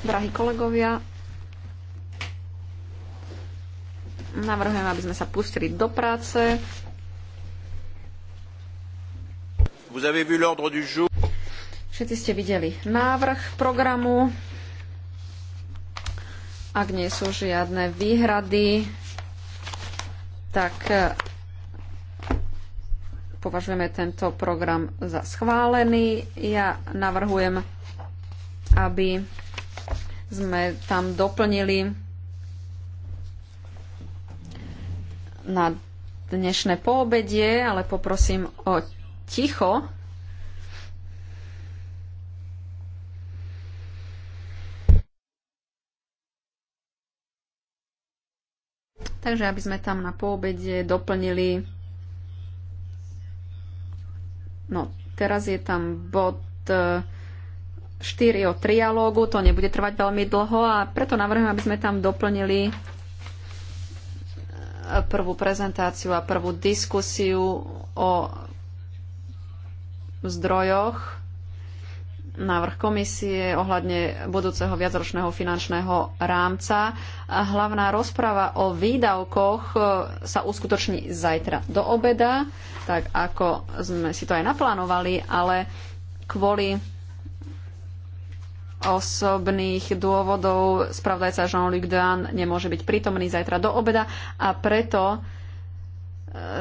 Drahí kolegovia, navrhujem, aby sme sa pustili do práce. Všetci ste videli návrh programu. Ak nie sú žiadne výhrady, tak považujeme tento program za schválený. Ja navrhujem, aby sme tam doplnili na dnešné poobedie, ale poprosím o ticho. Takže aby sme tam na poobede doplnili No, teraz je tam bod 4 e, o trialógu, to nebude trvať veľmi dlho a preto navrhujem, aby sme tam doplnili e, prvú prezentáciu a prvú diskusiu o zdrojoch návrh komisie ohľadne budúceho viacročného finančného rámca. Hlavná rozprava o výdavkoch e, sa uskutoční zajtra do obeda, tak ako sme si to aj naplánovali, ale kvôli osobných dôvodov spravodajca Jean-Luc Dehan nemôže byť prítomný zajtra do obeda a preto e,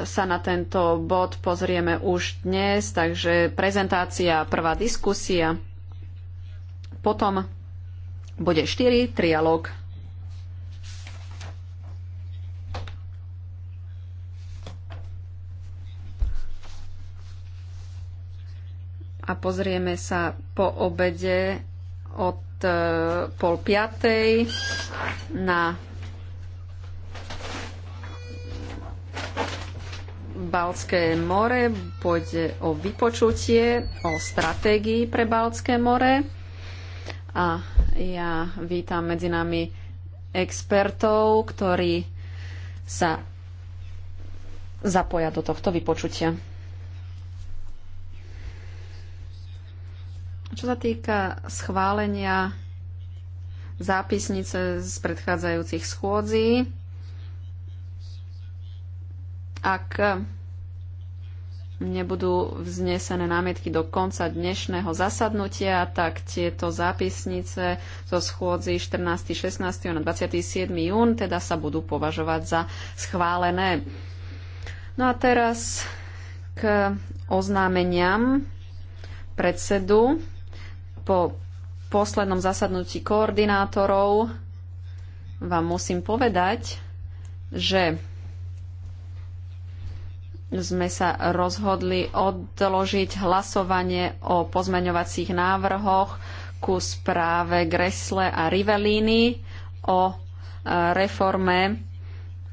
sa na tento bod pozrieme už dnes, takže prezentácia, prvá diskusia. Potom bude 4, trialóg. A pozrieme sa po obede od e, pol piatej na Balské more, pôjde o vypočutie, o stratégii pre Balské more a ja vítam medzi nami expertov, ktorí sa zapoja do tohto vypočutia. Čo sa týka schválenia zápisnice z predchádzajúcich schôdzí, ak nebudú vznesené námietky do konca dnešného zasadnutia, tak tieto zápisnice zo schôdzi 14. 16. na 27. jún teda sa budú považovať za schválené. No a teraz k oznámeniam predsedu po poslednom zasadnutí koordinátorov vám musím povedať, že sme sa rozhodli odložiť hlasovanie o pozmeňovacích návrhoch ku správe Gresle a Rivellini o e, reforme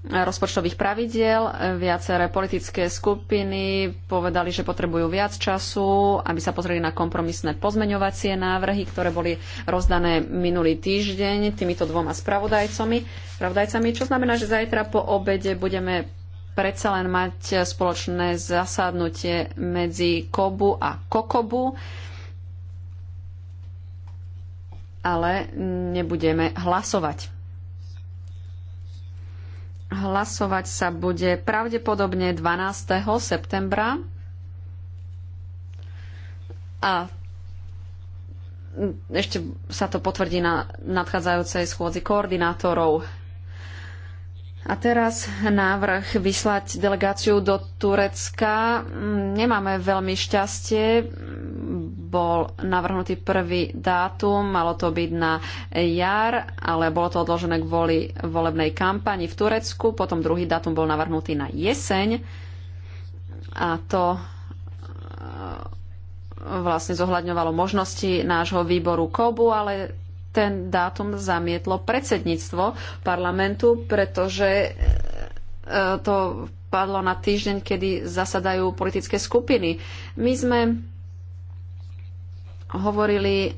rozpočtových pravidiel. Viaceré politické skupiny povedali, že potrebujú viac času, aby sa pozreli na kompromisné pozmeňovacie návrhy, ktoré boli rozdané minulý týždeň týmito dvoma spravodajcami, spravodajcami čo znamená, že zajtra po obede budeme predsa len mať spoločné zasadnutie medzi Kobu a Kokobu, ale nebudeme hlasovať. Hlasovať sa bude pravdepodobne 12. septembra a ešte sa to potvrdí na nadchádzajúcej schôdzi koordinátorov a teraz návrh vyslať delegáciu do Turecka. Nemáme veľmi šťastie. Bol navrhnutý prvý dátum, malo to byť na jar, ale bolo to odložené kvôli volebnej kampani v Turecku. Potom druhý dátum bol navrhnutý na jeseň. A to e, vlastne zohľadňovalo možnosti nášho výboru KOBU, ale ten dátum zamietlo predsedníctvo parlamentu, pretože e, to padlo na týždeň, kedy zasadajú politické skupiny. My sme hovorili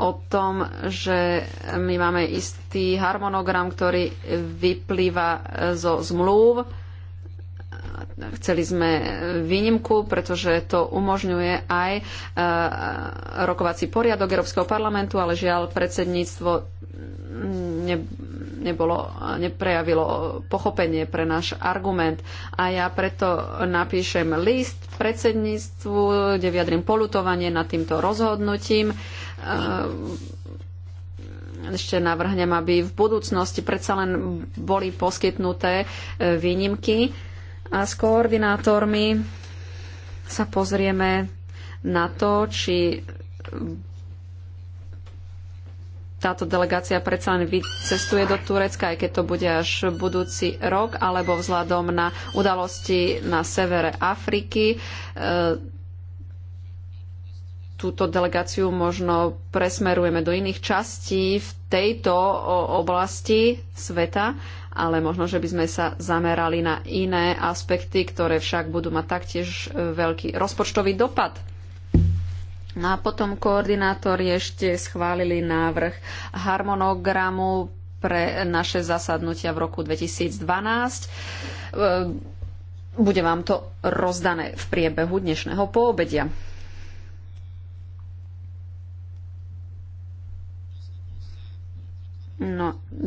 o tom, že my máme istý harmonogram, ktorý vyplýva zo zmluv chceli sme výnimku, pretože to umožňuje aj e, rokovací poriadok Európskeho parlamentu, ale žiaľ predsedníctvo ne, nebolo, neprejavilo pochopenie pre náš argument. A ja preto napíšem list predsedníctvu, kde vyjadrím polutovanie nad týmto rozhodnutím e, ešte navrhnem, aby v budúcnosti predsa len boli poskytnuté e, výnimky a s koordinátormi sa pozrieme na to, či táto delegácia predsa len vycestuje do Turecka, aj keď to bude až budúci rok, alebo vzhľadom na udalosti na severe Afriky. E, túto delegáciu možno presmerujeme do iných častí v tejto oblasti sveta, ale možno, že by sme sa zamerali na iné aspekty, ktoré však budú mať taktiež e, veľký rozpočtový dopad. No a potom koordinátori ešte schválili návrh harmonogramu pre naše zasadnutia v roku 2012. E, bude vám to rozdané v priebehu dnešného poobedia.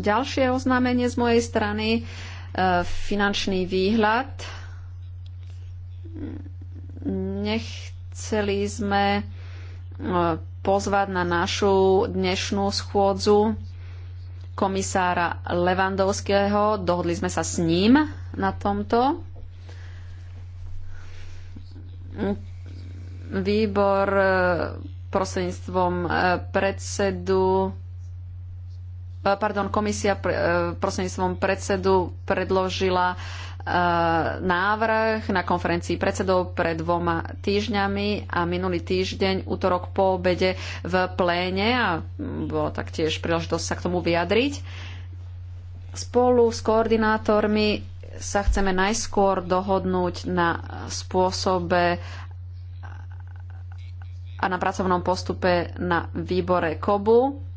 Ďalšie oznámenie z mojej strany, e, finančný výhľad. Nechceli sme e, pozvať na našu dnešnú schôdzu komisára Levandovského. Dohodli sme sa s ním na tomto. Výbor e, prostredníctvom predsedu pardon, komisia e, prostredníctvom predsedu predložila e, návrh na konferencii predsedov pred dvoma týždňami a minulý týždeň, útorok po obede v pléne a bolo taktiež príležitosť sa k tomu vyjadriť. Spolu s koordinátormi sa chceme najskôr dohodnúť na spôsobe a na pracovnom postupe na výbore KOBU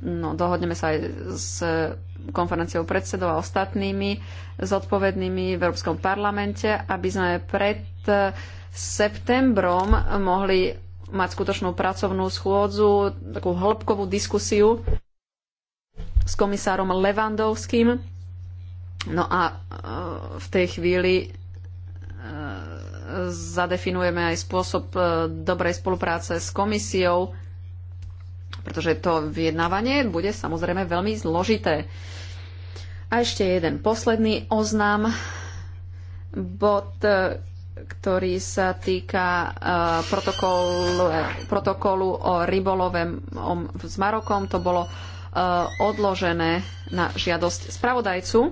No, dohodneme sa aj s konferenciou predsedov a ostatnými zodpovednými v Európskom parlamente, aby sme pred septembrom mohli mať skutočnú pracovnú schôdzu, takú hĺbkovú diskusiu s komisárom Levandovským. No a e, v tej chvíli e, zadefinujeme aj spôsob e, dobrej spolupráce s komisiou pretože to vyjednávanie bude samozrejme veľmi zložité. A ešte jeden posledný oznám, bod, e, ktorý sa týka e, protokolu, e, protokolu o rybolove s Marokom. To bolo odložené na žiadosť spravodajcu.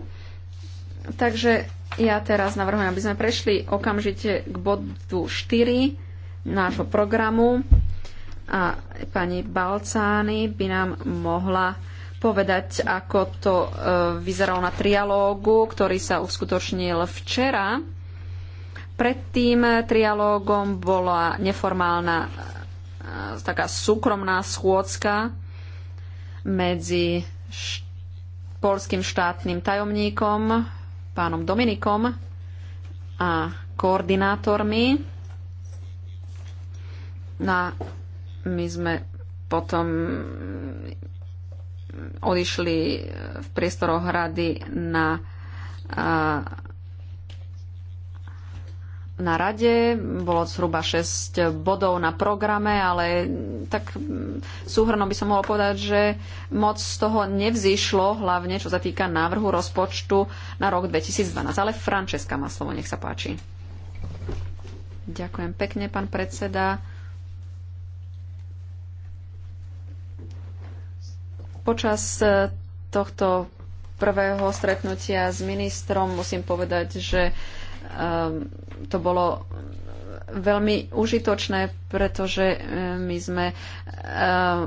Takže ja teraz navrhujem, aby sme prešli okamžite k bodu 4 nášho programu. A pani Balcány by nám mohla povedať, ako to e, vyzeralo na trialógu, ktorý sa uskutočnil včera. Pred tým trialógom bola neformálna e, taká súkromná schôdzka medzi polským štátnym tajomníkom, pánom Dominikom a koordinátormi na my sme potom odišli v priestoroch hrady na na rade, bolo zhruba 6 bodov na programe, ale tak súhrno by som mohol povedať, že moc z toho nevzýšlo, hlavne čo sa týka návrhu rozpočtu na rok 2012. Ale Frančeska má slovo, nech sa páči. Ďakujem pekne, pán predseda. Počas e, tohto prvého stretnutia s ministrom musím povedať, že e, to bolo veľmi užitočné, pretože e, my sme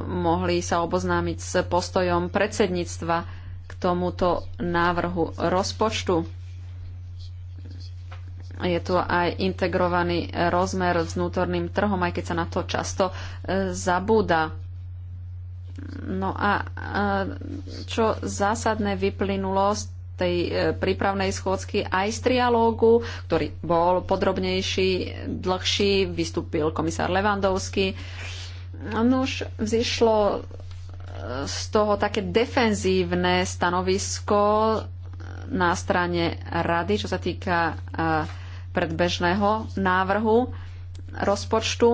mohli sa oboznámiť s postojom predsedníctva k tomuto návrhu rozpočtu. Je tu aj integrovaný rozmer s vnútorným trhom, aj keď sa na to často zabúda. No a čo zásadné vyplynulo z tej e, prípravnej schôdzky aj z trialógu, ktorý bol podrobnejší, dlhší, vystúpil komisár Levandovský. No už vzýšlo e, z toho také defenzívne stanovisko na strane rady, čo sa týka e, predbežného návrhu rozpočtu.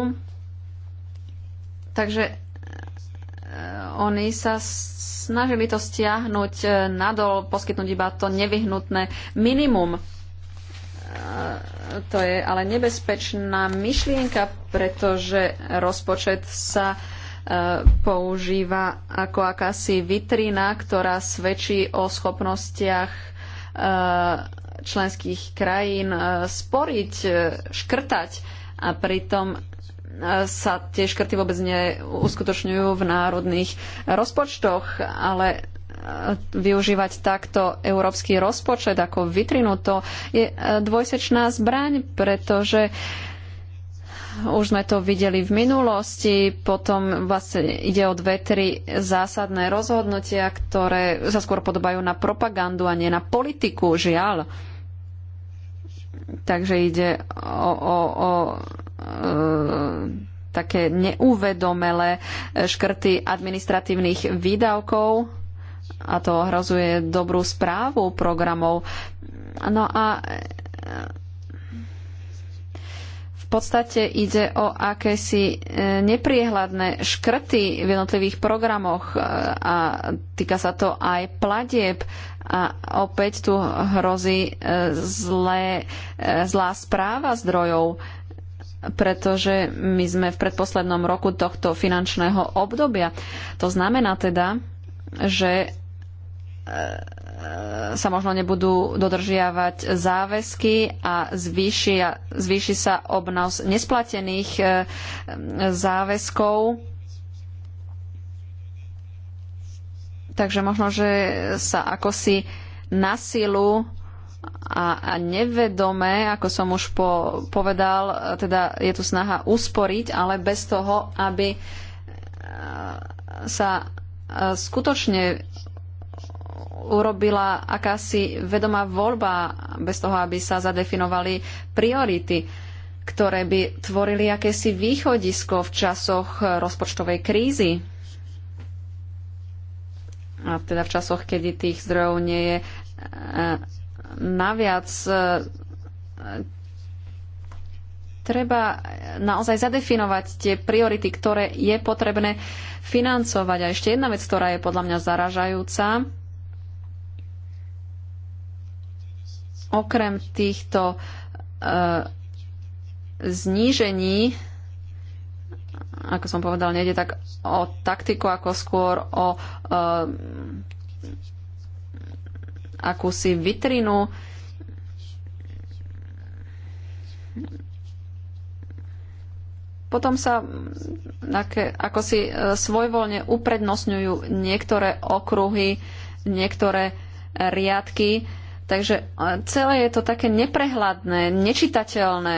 Takže oni sa snažili to stiahnuť e, nadol, poskytnúť iba to nevyhnutné minimum. E, to je ale nebezpečná myšlienka, pretože rozpočet sa e, používa ako akási vitrina, ktorá svedčí o schopnostiach členských krajín sporiť, škrtať a pritom sa tie škrty vôbec neuskutočňujú v národných rozpočtoch, ale e, využívať takto európsky rozpočet ako vitrinu, to je e, dvojsečná zbraň, pretože už sme to videli v minulosti, potom vlastne ide o dve, tri zásadné rozhodnutia, ktoré sa skôr podobajú na propagandu a nie na politiku, žiaľ. Takže ide o, o, o E, také neuvedomelé škrty administratívnych výdavkov a to ohrozuje dobrú správu programov. No a e, v podstate ide o akési e, nepriehľadné škrty v jednotlivých programoch a týka sa to aj platieb a opäť tu hrozí zlé, zlá správa zdrojov pretože my sme v predposlednom roku tohto finančného obdobia. To znamená teda, že e, e, sa možno nebudú dodržiavať záväzky a zvýši, zvýši sa obnos nesplatených e, záväzkov. Takže možno, že sa ako si na silu a, a nevedome, ako som už po, povedal, teda je tu snaha usporiť, ale bez toho, aby e, sa e, skutočne urobila akási vedomá voľba, bez toho, aby sa zadefinovali priority, ktoré by tvorili akési východisko v časoch rozpočtovej krízy. A teda v časoch, kedy tých zdrojov nie je e, naviac e, treba naozaj zadefinovať tie priority, ktoré je potrebné financovať. A ešte jedna vec, ktorá je podľa mňa zaražajúca. Okrem týchto e, znížení, ako som povedal, nejde tak o taktiku, ako skôr o e, akúsi vitrinu. Potom sa ako si e, svojvoľne uprednostňujú niektoré okruhy, niektoré e, riadky. Takže e, celé je to také neprehľadné, nečitateľné,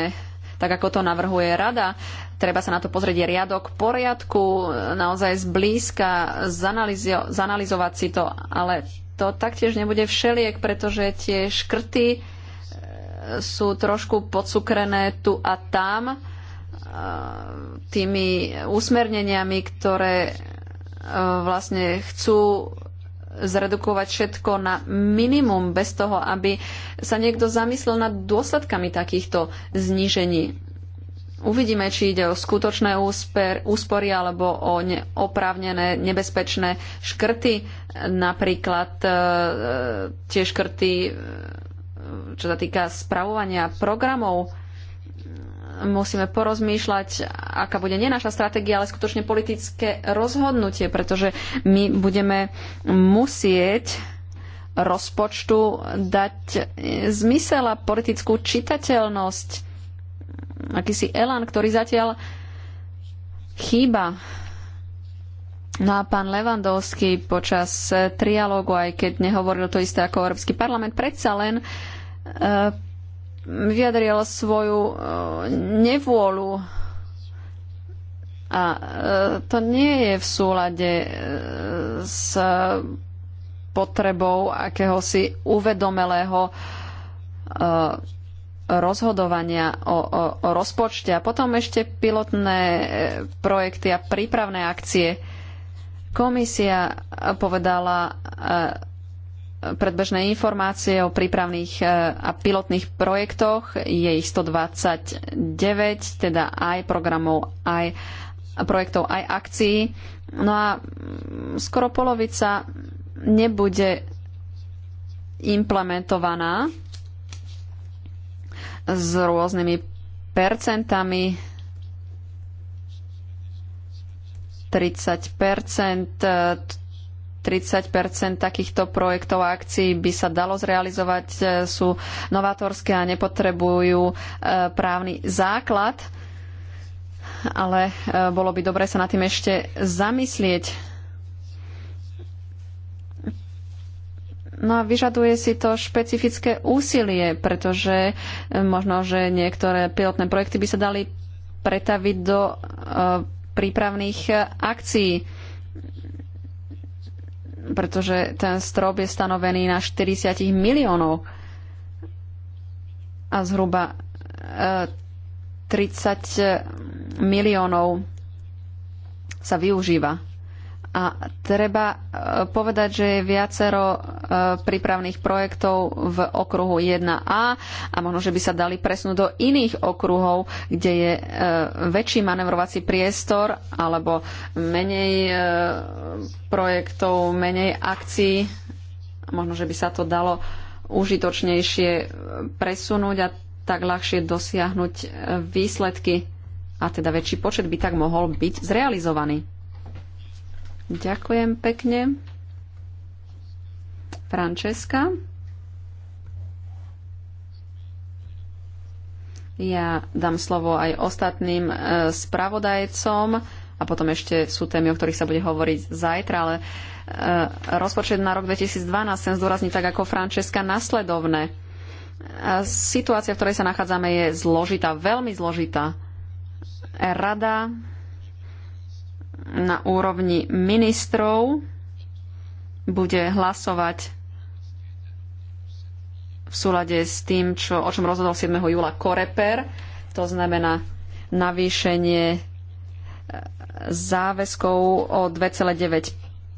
tak ako to navrhuje rada. Treba sa na to pozrieť riadok poriadku, naozaj zblízka, zanalizovať si to, ale to taktiež nebude všeliek, pretože tie škrty e, sú trošku podsukrené tu a tam e, tými usmerneniami, ktoré e, vlastne chcú zredukovať všetko na minimum bez toho, aby sa niekto zamyslel nad dôsledkami takýchto znížení. Uvidíme, či ide o skutočné úsper, úspory alebo o neoprávnené nebezpečné škrty, napríklad e, e tie škrty, e, čo sa týka spravovania programov. Musíme porozmýšľať, aká bude nie naša stratégia, ale skutočne politické rozhodnutie, pretože my budeme musieť rozpočtu dať e, zmysel a politickú čitateľnosť akýsi elan, ktorý zatiaľ chýba. No a pán Levandovský počas eh, trialógu, aj keď nehovoril to isté ako Európsky parlament, predsa len e, vyjadril svoju e, nevôľu a to nie je v súlade s potrebou akéhosi uvedomelého rozhodovania o, o, o rozpočte a potom ešte pilotné e, projekty a prípravné akcie. Komisia povedala e, predbežné informácie o prípravných e, a pilotných projektoch. Je ich 129, teda aj programov, aj projektov, aj akcií. No a skoro polovica nebude implementovaná s rôznymi percentami. 30 30 takýchto projektov a akcií by sa dalo zrealizovať, e, sú novátorské a nepotrebujú e, právny základ, ale e, bolo by dobre sa nad tým ešte zamyslieť No a vyžaduje si to špecifické úsilie, pretože e, možno, že niektoré pilotné projekty by sa dali pretaviť do e, prípravných e, akcií, pretože ten strop je stanovený na 40 miliónov a zhruba 30 miliónov sa využíva a treba e, povedať, že je viacero e, prípravných projektov v okruhu 1A a možno, že by sa dali presnúť do iných okruhov, kde je e, väčší manevrovací priestor alebo menej projektov, menej akcií. Možno, že by sa to dalo užitočnejšie presunúť a tak ľahšie dosiahnuť výsledky a teda väčší počet by tak mohol byť zrealizovaný. Ďakujem pekne. Francesca. Ja dám slovo aj ostatným e, spravodajcom a potom ešte sú témy, o ktorých sa bude hovoriť zajtra, ale e, rozpočet na rok 2012 chcem zdôrazniť tak ako Francesca nasledovné. E, situácia, v ktorej sa nachádzame, je zložitá, veľmi zložitá. Rada na úrovni ministrov bude hlasovať v súlade s tým, čo, o čom rozhodol 7. júla Koreper. To znamená navýšenie e, záväzkov o 2,9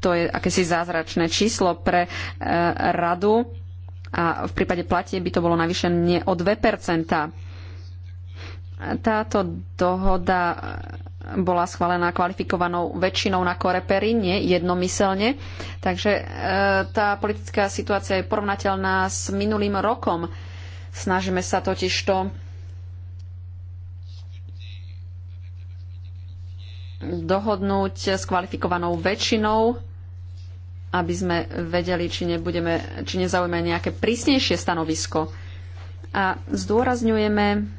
To je akési zázračné číslo pre e, radu a v prípade platie by to bolo navýšenie o 2 Táto dohoda bola schválená kvalifikovanou väčšinou na Korepery, nie jednomyselne. Takže e, tá politická situácia je porovnateľná s minulým rokom. Snažíme sa totiž to dohodnúť s kvalifikovanou väčšinou, aby sme vedeli, či, nebudeme, či nezaujme nejaké prísnejšie stanovisko. A zdôrazňujeme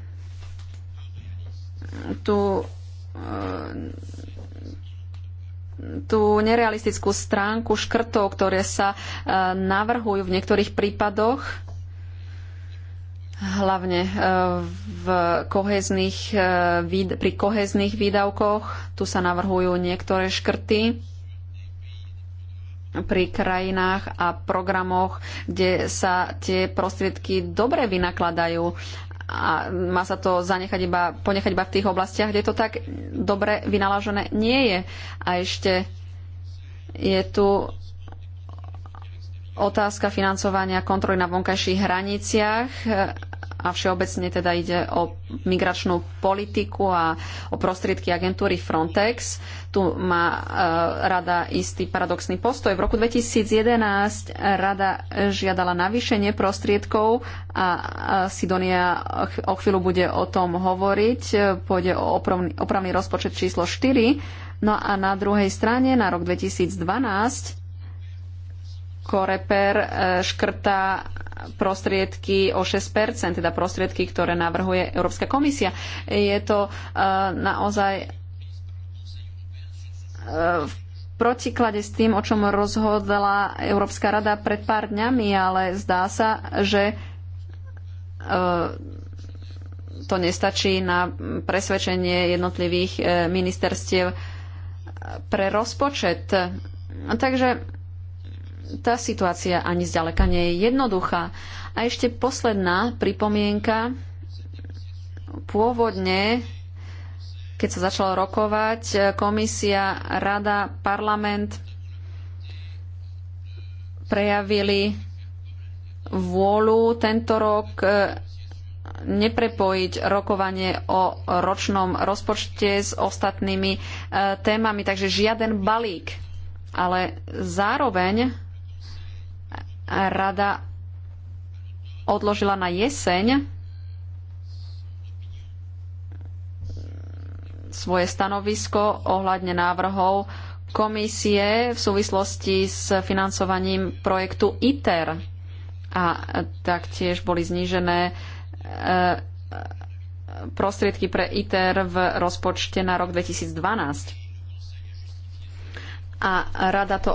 tú tú nerealistickú stránku škrtov, ktoré sa e, navrhujú v niektorých prípadoch, hlavne e, v kohezných, e, pri kohezných výdavkoch. Tu sa navrhujú niektoré škrty pri krajinách a programoch, kde sa tie prostriedky dobre vynakladajú a má sa to zanechať iba, ponechať iba v tých oblastiach, kde to tak dobre vynaložené nie je. A ešte je tu otázka financovania kontroly na vonkajších hraniciach a všeobecne teda ide o migračnú politiku a o prostriedky agentúry Frontex. Tu má e, rada istý paradoxný postoj. V roku 2011 rada žiadala navýšenie prostriedkov a Sidonia o chvíľu bude o tom hovoriť. Pôjde o opravný, opravný rozpočet číslo 4. No a na druhej strane na rok 2012 Koreper e, škrtá prostriedky o 6%, teda prostriedky, ktoré navrhuje Európska komisia. Je to e, naozaj e, v protiklade s tým, o čom rozhodla Európska rada pred pár dňami, ale zdá sa, že e, to nestačí na presvedčenie jednotlivých ministerstiev pre rozpočet. Takže tá situácia ani zďaleka nie je jednoduchá. A ešte posledná pripomienka. Pôvodne, keď sa začalo rokovať, komisia, rada, parlament prejavili vôľu tento rok e, neprepojiť rokovanie o ročnom rozpočte s ostatnými e, témami, takže žiaden balík. Ale zároveň rada odložila na jeseň svoje stanovisko ohľadne návrhov komisie v súvislosti s financovaním projektu ITER. A taktiež boli znížené e, prostriedky pre ITER v rozpočte na rok 2012. A rada to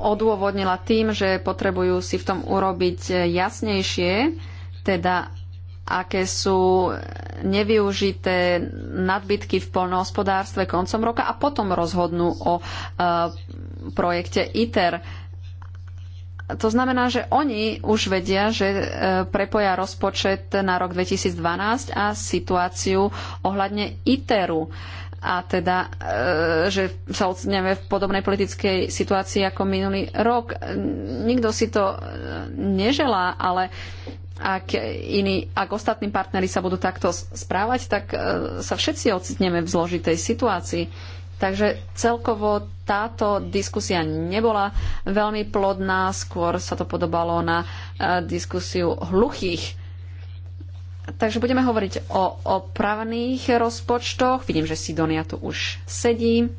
odôvodnila tým, že potrebujú si v tom urobiť jasnejšie, teda aké sú nevyužité nadbytky v poľnohospodárstve koncom roka a potom rozhodnú o e, projekte ITER. To znamená, že oni už vedia, že e, prepoja rozpočet na rok 2012 a situáciu ohľadne ITERu. E, a teda, e, že sa ocitneme v podobnej politickej situácii ako minulý rok. Nikto si to e, neželá, ale ak, iní, ak ostatní partnery sa budú takto správať, tak e, sa všetci ocitneme v zložitej situácii. Takže celkovo táto diskusia nebola veľmi plodná, skôr sa to podobalo na diskusiu hluchých Takže budeme hovoriť o opravných rozpočtoch. Vidím, že Sidonia tu už sedí.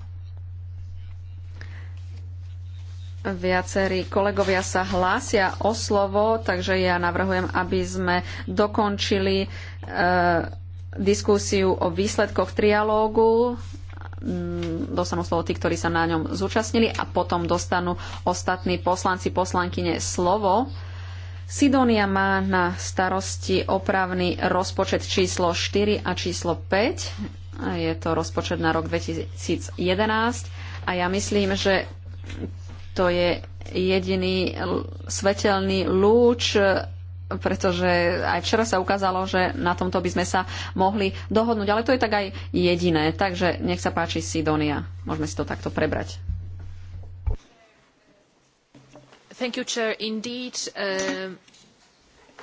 Viacerí kolegovia sa hlásia o slovo, takže ja navrhujem, aby sme dokončili e, diskusiu o výsledkoch trialógu. Mm, dostanú slovo tí, ktorí sa na ňom zúčastnili a potom dostanú ostatní poslanci, poslankyne slovo Sidonia má na starosti opravný rozpočet číslo 4 a číslo 5. Je to rozpočet na rok 2011 a ja myslím, že to je jediný svetelný lúč pretože aj včera sa ukázalo, že na tomto by sme sa mohli dohodnúť, ale to je tak aj jediné. Takže nech sa páči Sidonia, môžeme si to takto prebrať. Um,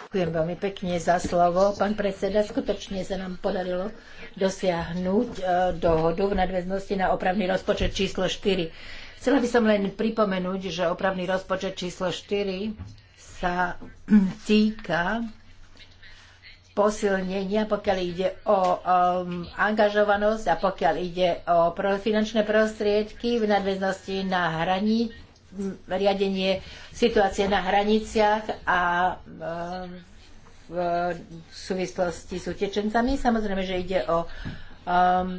Ďakujem veľmi pekne za slovo. Pán predseda, skutočne sa nám podarilo dosiahnuť e, dohodu v nadväznosti na opravný rozpočet číslo 4. Chcela by som len pripomenúť, že opravný rozpočet číslo 4 sa týka posilnenia, pokiaľ ide o um, angažovanosť a pokiaľ ide o finančné prostriedky v nadväznosti na hranice riadenie situácie na hraniciach a e, v súvislosti s utečencami. Samozrejme, že ide o um,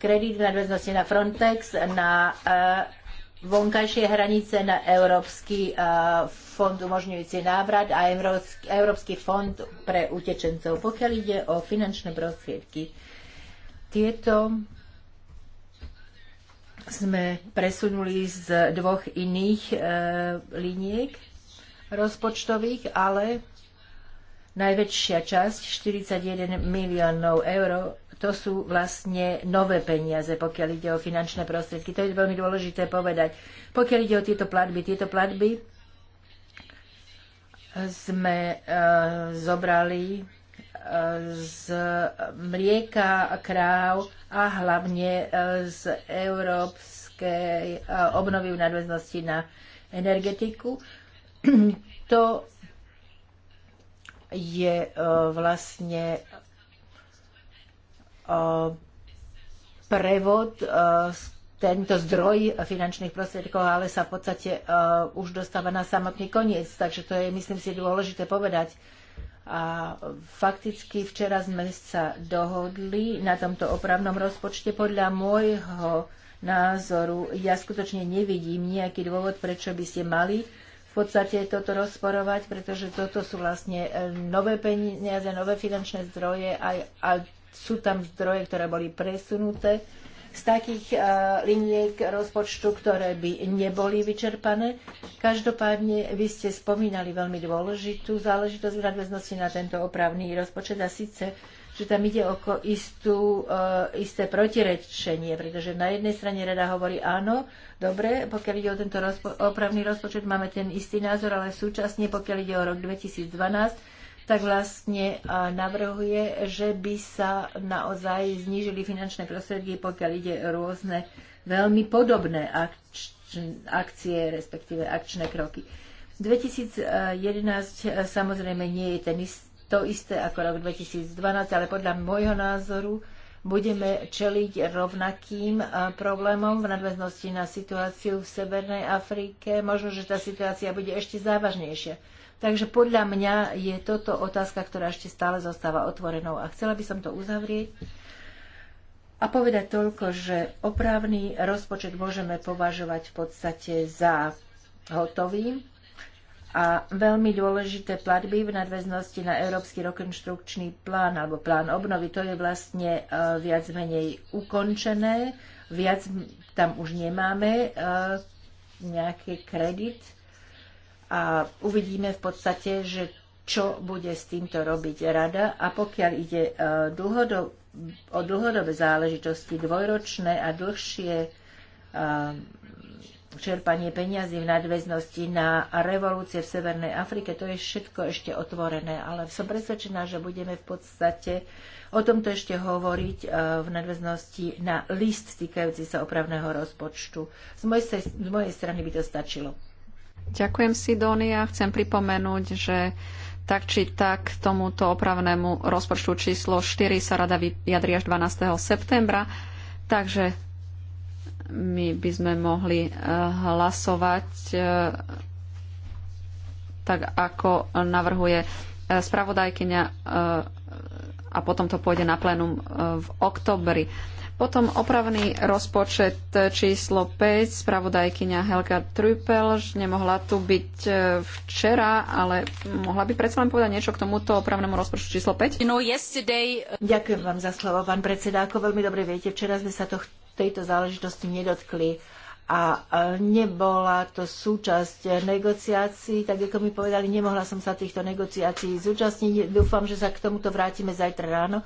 kredit v nadväznosti na Frontex, na e, vonkajšie hranice, na Európsky e, fond umožňujúci návrat a Európsky, Európsky fond pre utečencov. Pokiaľ ide o finančné prostriedky, tieto sme presunuli z dvoch iných e, liniek rozpočtových, ale najväčšia časť, 41 miliónov eur, to sú vlastne nové peniaze, pokiaľ ide o finančné prostriedky. To je veľmi dôležité povedať. Pokiaľ ide o tieto platby, tieto platby sme e, zobrali e, z mlieka, kráv, a hlavne e, z európskej e, obnovy v nadväznosti na energetiku. To je e, vlastne prevod tento zdroj finančných prostriedkov, ale sa v podstate už dostáva na samotný koniec. Takže to je, myslím si, dôležité povedať. A fakticky včera sme sa dohodli na tomto opravnom rozpočte. Podľa môjho názoru ja skutočne nevidím nejaký dôvod, prečo by ste mali v podstate toto rozporovať, pretože toto sú vlastne e, nové peniaze, nové finančné zdroje a, a sú tam zdroje, ktoré boli presunuté z takých e, liniek rozpočtu, ktoré by neboli vyčerpané. Každopádne vy ste spomínali veľmi dôležitú záležitosť v nadväznosti na tento opravný rozpočet a síce že tam ide o istú, e, isté protirečenie, pretože na jednej strane rada hovorí áno, dobre, pokiaľ ide o tento rozpo- opravný rozpočet, máme ten istý názor, ale súčasne, pokiaľ ide o rok 2012, tak vlastne navrhuje, že by sa naozaj znížili finančné prostriedky, pokiaľ ide rôzne veľmi podobné akcie, respektíve akčné kroky. 2011 e, samozrejme nie je ten ist- to isté ako rok 2012, ale podľa môjho názoru budeme čeliť rovnakým e, problémom v nadväznosti na situáciu v Severnej Afrike. Možno, že tá situácia bude ešte závažnejšia Takže podľa mňa je toto otázka, ktorá ešte stále zostáva otvorenou a chcela by som to uzavrieť a povedať toľko, že opravný rozpočet môžeme považovať v podstate za hotový a veľmi dôležité platby v nadväznosti na Európsky rekonštrukčný plán alebo plán obnovy, to je vlastne e, viac menej ukončené, viac tam už nemáme e, nejaký kredit a uvidíme v podstate, že čo bude s týmto robiť rada a pokiaľ ide e, o dlhodobé záležitosti, dvojročné a dlhšie e, čerpanie peňazí v nadväznosti na revolúcie v Severnej Afrike, to je všetko ešte otvorené, ale som presvedčená, že budeme v podstate o tomto ešte hovoriť e, v nadväznosti na list týkajúci sa opravného rozpočtu. z mojej strany by to stačilo. Ďakujem si Donia. Chcem pripomenúť, že tak či tak tomuto opravnému rozpočtu číslo 4 sa rada vyjadri až 12. septembra, takže my by sme mohli eh, hlasovať eh, tak, ako navrhuje eh, spravodajkyňa a potom to pôjde na plénum v oktobri. Potom opravný rozpočet číslo 5, spravodajkyňa Helga Trüpel, nemohla tu byť e, včera, ale mohla by predsa len povedať niečo k tomuto opravnému rozpočtu číslo 5? You know, yesterday... Uh, Ďakujem vám za slovo, pán predseda. Ako veľmi dobre viete, včera sme sa to, tejto záležitosti nedotkli a e, nebola to súčasť negociácií, tak ako mi povedali, nemohla som sa týchto negociácií zúčastniť. Dúfam, že sa k tomuto vrátime zajtra ráno,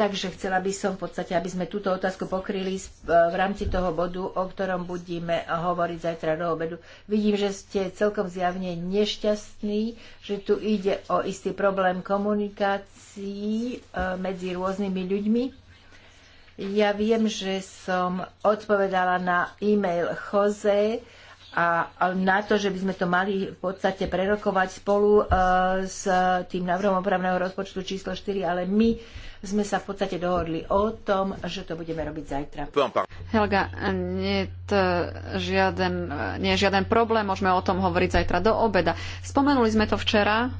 Takže chcela by som v podstate, aby sme túto otázku pokryli v rámci toho bodu, o ktorom budeme hovoriť zajtra do obedu. Vidím, že ste celkom zjavne nešťastní, že tu ide o istý problém komunikácií e, medzi rôznymi ľuďmi. Ja viem, že som odpovedala na e-mail Jose, a, na to, že by sme to mali v podstate prerokovať spolu e, s tým návrhom opravného rozpočtu číslo 4, ale my sme sa v podstate dohodli o tom, že to budeme robiť zajtra. Helga, nie je, žiaden, nie je žiaden problém, môžeme o tom hovoriť zajtra do obeda. Spomenuli sme to včera,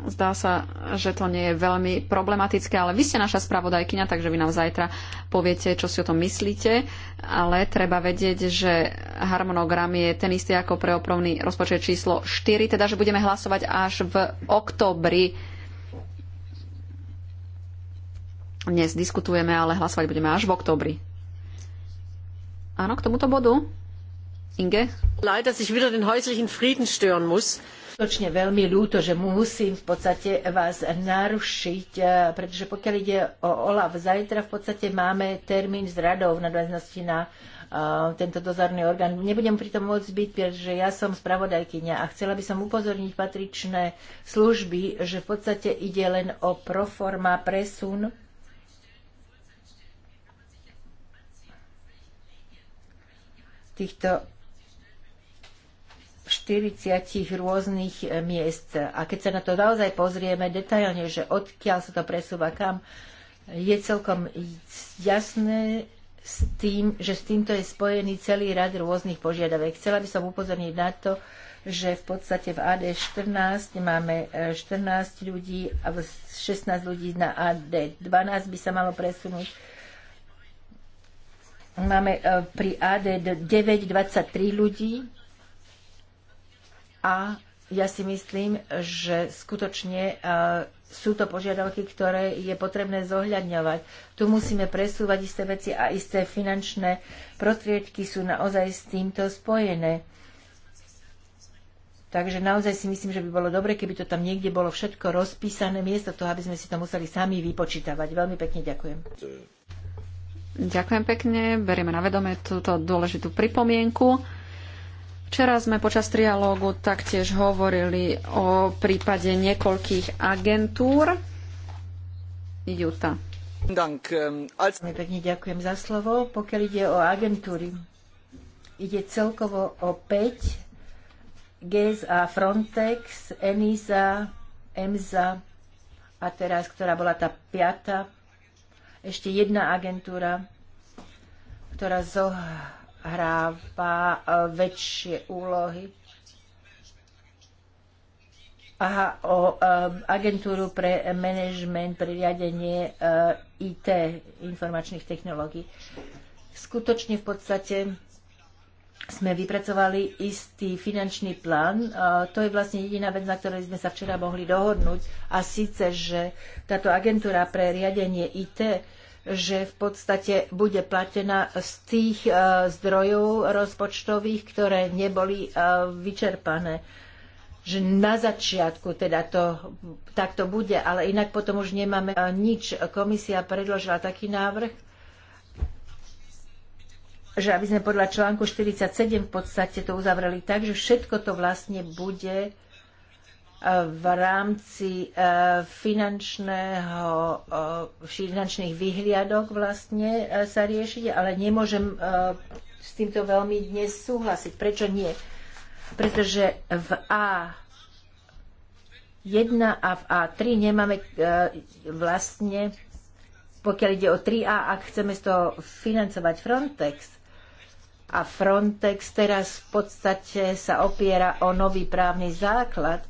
Zdá sa, že to nie je veľmi problematické, ale vy ste naša spravodajkyňa, takže vy nám zajtra poviete, čo si o tom myslíte. Ale treba vedieť, že harmonogram je ten istý ako pre opravný rozpočet číslo 4, teda že budeme hlasovať až v oktobri. Dnes diskutujeme, ale hlasovať budeme až v oktobri. Áno, k tomuto bodu. Inge? Leid, dass ich wieder den häuslichen Frieden stören muss skutočne veľmi ľúto, že musím v podstate vás narušiť, eh, pretože pokiaľ ide o OLAV, zajtra v podstate máme termín s radou v nadväznosti na eh, tento dozorný orgán. Nebudem pritom môcť byť, pretože ja som spravodajkyňa a chcela by som upozorniť patričné služby, že v podstate ide len o proforma presun týchto 40 rôznych e, miest. A keď sa na to naozaj pozrieme detailne, že odkiaľ sa to presúva kam, je celkom jasné s tým, že s týmto je spojený celý rad rôznych požiadavek. Chcela by som upozorniť na to, že v podstate v AD14 máme 14 e, ľudí a 16 ľudí na AD12 by sa malo presunúť máme e, pri AD 9 23 ľudí a ja si myslím, že skutočne e, sú to požiadavky, ktoré je potrebné zohľadňovať. Tu musíme presúvať isté veci a isté finančné prostriedky sú naozaj s týmto spojené. Takže naozaj si myslím, že by bolo dobre, keby to tam niekde bolo všetko rozpísané, miesto toho, aby sme si to museli sami vypočítavať. Veľmi pekne ďakujem. Ďakujem pekne, berieme na vedomie túto dôležitú pripomienku. Včera sme počas trialógu taktiež hovorili o prípade niekoľkých agentúr. Juta. Ehm, pekne ďakujem za slovo. Pokiaľ ide o agentúry, ide celkovo o 5 GSA, Frontex, ENISA, EMSA a teraz, ktorá bola tá piata, ešte jedna agentúra, ktorá zohá hráva e, väčšie úlohy Aha, o e, agentúru pre management, pre riadenie e, IT, informačných technológií. Skutočne v podstate sme vypracovali istý finančný plán. To je vlastne jediná vec, na ktorej sme sa včera mohli dohodnúť. A síce, že táto agentúra pre riadenie IT že v podstate bude platená z tých e, zdrojov rozpočtových, ktoré neboli e, vyčerpané. Že na začiatku teda to takto bude, ale inak potom už nemáme e, nič. Komisia predložila taký návrh, že aby sme podľa článku 47 v podstate to uzavreli tak, že všetko to vlastne bude v rámci e, finančného, e, finančných vyhliadok vlastne e, sa riešiť, ale nemôžem s týmto veľmi dnes súhlasiť. Prečo nie? Pretože v A 1 a v A3 nemáme vlastne, pokiaľ ide o 3A, ak chceme z toho financovať Frontex, a Frontex teraz v podstate sa opiera o nový právny základ,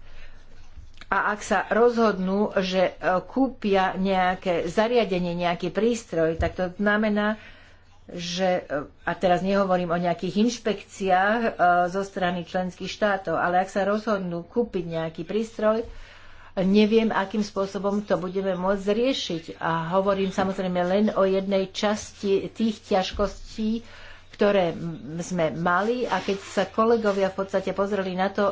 a ak sa rozhodnú, že e, kúpia nejaké zariadenie, nejaký prístroj, tak to znamená, že, e, a teraz nehovorím o nejakých inšpekciách e, zo strany členských štátov, ale ak sa rozhodnú kúpiť nejaký prístroj, neviem, akým spôsobom to budeme môcť riešiť. A hovorím samozrejme len o jednej časti tých ťažkostí, ktoré sme mali a keď sa kolegovia v podstate pozreli na to,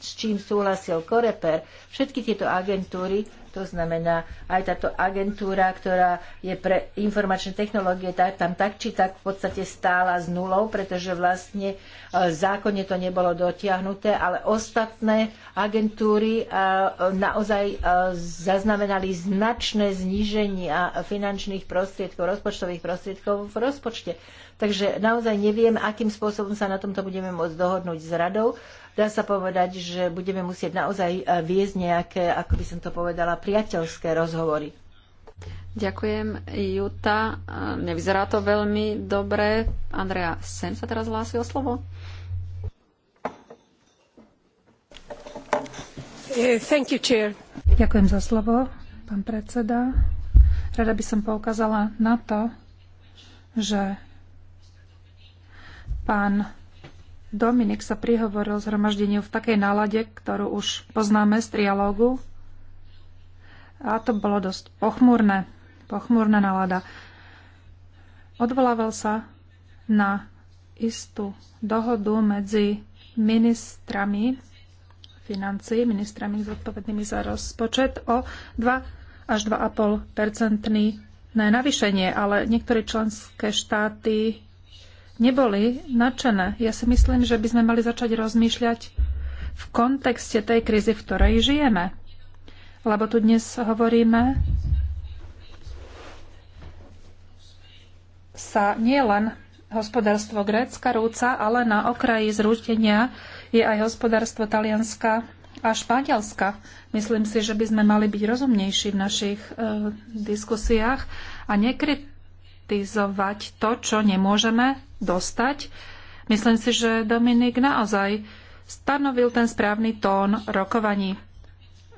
s čím súhlasil Koreper, všetky tieto agentúry, to znamená aj táto agentúra, ktorá je pre informačné technológie, tam tak či tak v podstate stála s nulou, pretože vlastne e, zákonne to nebolo dotiahnuté, ale ostatné agentúry e, naozaj e, zaznamenali značné zníženie finančných prostriedkov, rozpočtových prostriedkov v rozpočte. Takže naozaj neviem, akým spôsobom sa na tomto budeme môcť dohodnúť s radou. Dá sa povedať, že budeme musieť naozaj e, viesť nejaké, ako by som to povedala, priateľské rozhovory. Ďakujem, Juta. E, nevyzerá to veľmi dobre. Andrea sem sa teraz hlási o slovo. E, you, Ďakujem za slovo, pán predseda. Rada by som poukázala na to, že Pán Dominik sa prihovoril zhromaždeniu v takej nálade, ktorú už poznáme z trialógu. A to bolo dosť pochmúrne. Pochmúrna nálada. Odvolával sa na istú dohodu medzi ministrami financí, ministrami zodpovednými za rozpočet o 2 až 2,5 percentný navýšenie, ale niektoré členské štáty neboli nadšené. Ja si myslím, že by sme mali začať rozmýšľať v kontexte tej krízy, v ktorej žijeme. Lebo tu dnes hovoríme sa nielen hospodárstvo Grécka rúca, ale na okraji zrútenia je aj hospodárstvo Talianska a Španielska. Myslím si, že by sme mali byť rozumnejší v našich e, diskusiách a nekritizovať to, čo nemôžeme dostať. Myslím si, že Dominik naozaj stanovil ten správny tón rokovaní.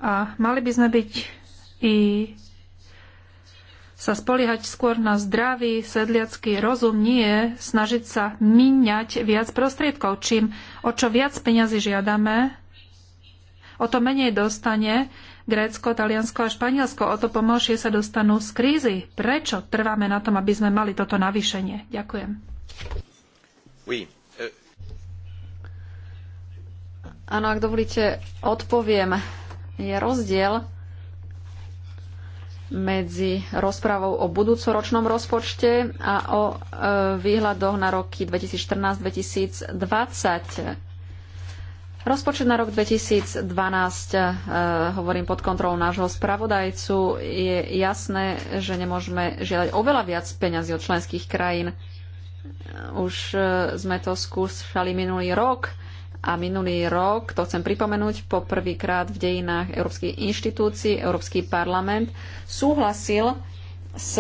A mali by sme byť i sa spoliehať skôr na zdravý sedliacký rozum, nie snažiť sa míňať viac prostriedkov. Čím o čo viac peňazí žiadame, o to menej dostane Grécko, Taliansko a Španielsko. O to pomalšie sa dostanú z krízy. Prečo trváme na tom, aby sme mali toto navýšenie? Ďakujem. Eh. Áno, ak dovolíte, odpoviem. Je rozdiel medzi rozprávou o budúcoročnom rozpočte a o e, výhľadoch na roky 2014-2020. Rozpočet na rok 2012, e, eh, hovorím pod kontrolou nášho spravodajcu, je jasné, že nemôžeme žiadať oveľa viac peňazí od členských krajín. Už e, sme to skúšali minulý rok a minulý rok, to chcem pripomenúť, poprvýkrát v dejinách Európskej inštitúcii, Európsky parlament súhlasil s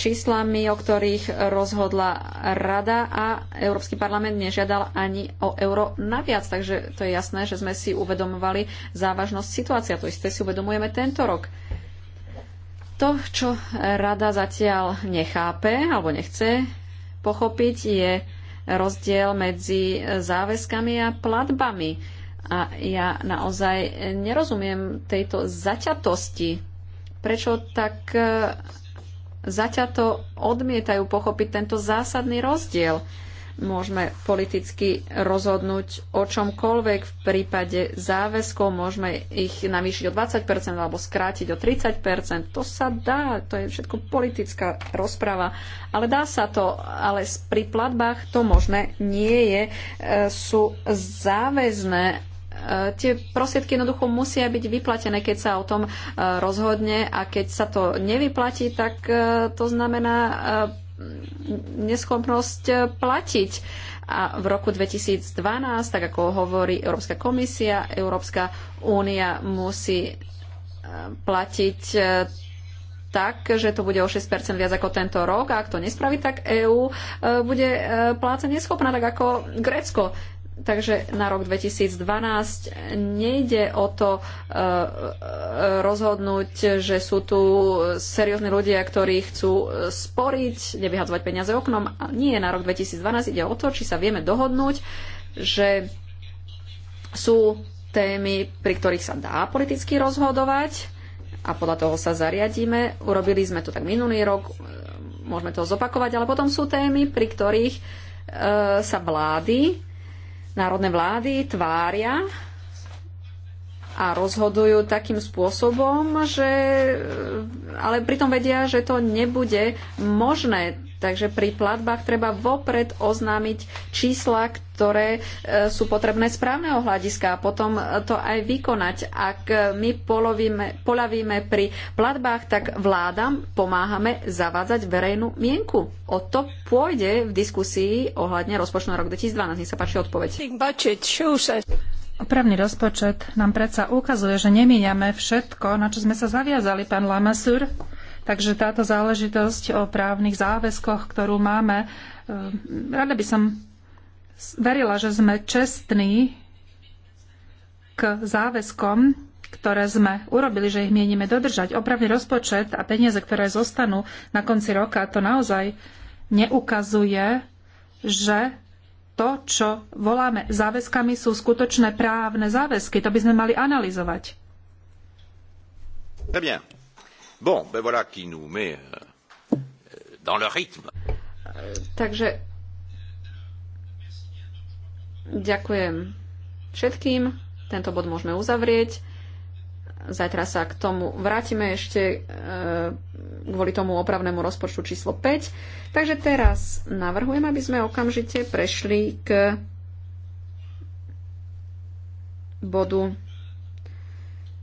číslami, o ktorých rozhodla Rada a Európsky parlament nežiadal ani o euro naviac. Takže to je jasné, že sme si uvedomovali závažnosť situácia. To isté si uvedomujeme tento rok. To, čo rada zatiaľ nechápe alebo nechce pochopiť, je rozdiel medzi záväzkami a platbami. A ja naozaj nerozumiem tejto zaťatosti. Prečo tak e, zaťato odmietajú pochopiť tento zásadný rozdiel? Môžeme politicky rozhodnúť o čomkoľvek v prípade záväzkov. Môžeme ich navýšiť o 20% alebo skrátiť o 30%. To sa dá, to je všetko politická rozprava. Ale dá sa to, ale pri platbách to možné nie je. E, sú záväzné e, tie prostriedky jednoducho musia byť vyplatené, keď sa o tom e, rozhodne a keď sa to nevyplatí, tak to znamená neschopnosť eh, platiť. A v roku 2012, tak ako hovorí Európska komisia, Európska únia musí eh, platiť eh, tak, že to bude o 6% viac ako tento rok a ak to nespraví, tak EÚ bude pláca neschopná, tak ako Grécko. Takže na rok 2012 nejde o to e, e, rozhodnúť, že sú tu seriózni ľudia, ktorí chcú e, sporiť, nevyhadzovať peniaze oknom. Nie, na rok 2012 ide o to, či sa vieme dohodnúť, že sú témy, pri ktorých sa dá politicky rozhodovať a podľa toho sa zariadíme. Urobili sme to tak minulý rok, môžeme to zopakovať, ale potom sú témy, pri ktorých sa vlády národné vlády tvária a rozhodujú takým spôsobom, že ale pritom vedia, že to nebude možné. Takže pri platbách treba vopred oznámiť čísla, ktoré e, sú potrebné správneho hľadiska a potom e, to aj vykonať. Ak e, my polovíme, polavíme pri platbách, tak vládam pomáhame zavádzať verejnú mienku. O to pôjde v diskusii ohľadne rozpočtu na rok 2012. Nech sa páči odpoveď. Opravný rozpočet nám predsa ukazuje, že nemíňame všetko, na čo sme sa zaviazali, pán Lamasur. Takže táto záležitosť o právnych záväzkoch, ktorú máme, e, rada by som verila, že sme čestní k záväzkom, ktoré sme urobili, že ich mienime dodržať. Opravný rozpočet a peniaze, ktoré zostanú na konci roka, to naozaj neukazuje, že to, čo voláme záväzkami, sú skutočné právne záväzky. To by sme mali analyzovať. Bon, ben voilà qui nous met euh, dans le rythme. Takže ďakujem všetkým. Tento bod môžeme uzavrieť. Zajtra sa k tomu vrátime ešte e, kvôli tomu opravnému rozpočtu číslo 5. Takže teraz navrhujem, aby sme okamžite prešli k bodu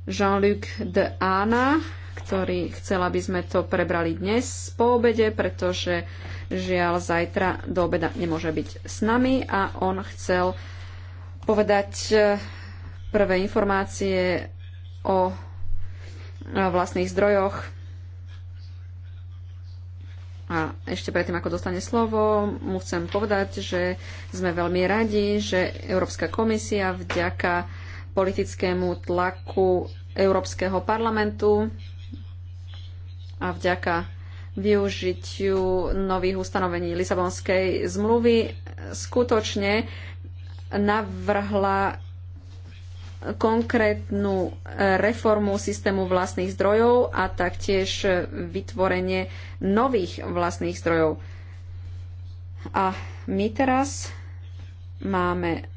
Jean-Luc de Ana ktorý chcel, aby sme to prebrali dnes po obede, pretože žiaľ zajtra do obeda nemôže byť s nami a on chcel povedať eh, prvé informácie o eh, vlastných zdrojoch. A ešte predtým, ako dostane slovo, mu chcem povedať, že sme veľmi radi, že Európska komisia vďaka politickému tlaku Európskeho parlamentu a vďaka využitiu nových ustanovení Lisabonskej zmluvy skutočne navrhla konkrétnu e, reformu systému vlastných zdrojov a taktiež vytvorenie nových vlastných zdrojov. A my teraz máme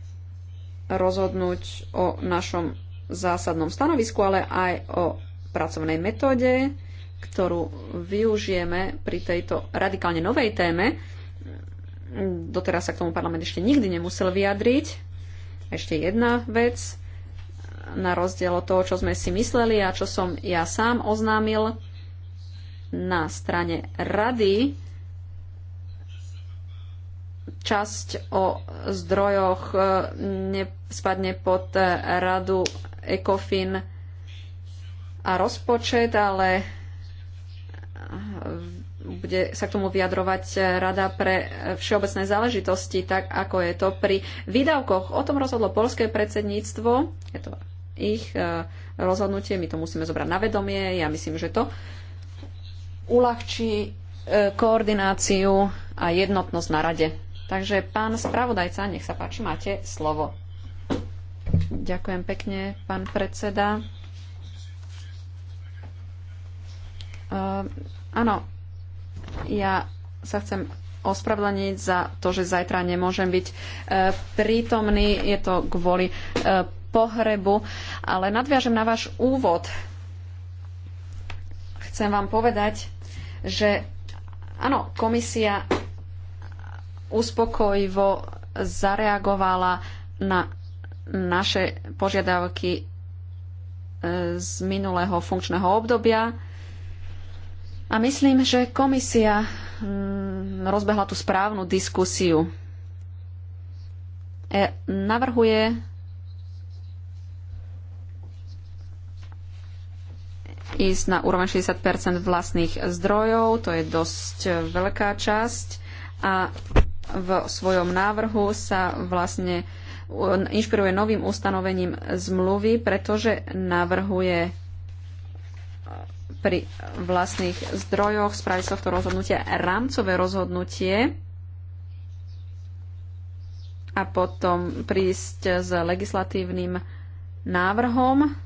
rozhodnúť o našom zásadnom stanovisku, ale aj o pracovnej metóde, ktorú využijeme pri tejto radikálne novej téme. Doteraz sa k tomu parlament ešte nikdy nemusel vyjadriť. Ešte jedna vec, na rozdiel od toho, čo sme si mysleli a čo som ja sám oznámil na strane rady, časť o zdrojoch e, spadne pod radu ECOFIN a rozpočet, ale bude sa k tomu vyjadrovať Rada pre všeobecné záležitosti, tak ako je to pri výdavkoch. O tom rozhodlo polské predsedníctvo. Je to ich e, rozhodnutie, my to musíme zobrať na vedomie. Ja myslím, že to uľahčí e, koordináciu a jednotnosť na rade. Takže pán spravodajca, nech sa páči, máte slovo. Ďakujem pekne, pán predseda. Ehm, áno, ja sa chcem ospravedlniť za to, že zajtra nemôžem byť e, prítomný. Je to kvôli e, pohrebu. Ale nadviažem na váš úvod. Chcem vám povedať, že áno, komisia uspokojivo zareagovala na naše požiadavky e, z minulého funkčného obdobia a myslím, že komisia mm, rozbehla tú správnu diskusiu. E, navrhuje ísť na úroveň 60 vlastných zdrojov, to je dosť veľká časť a v svojom návrhu sa vlastne inšpiruje novým ustanovením zmluvy, pretože navrhuje pri vlastných zdrojoch, spraviť z tohto rozhodnutia rámcové rozhodnutie a potom prísť s legislatívnym návrhom.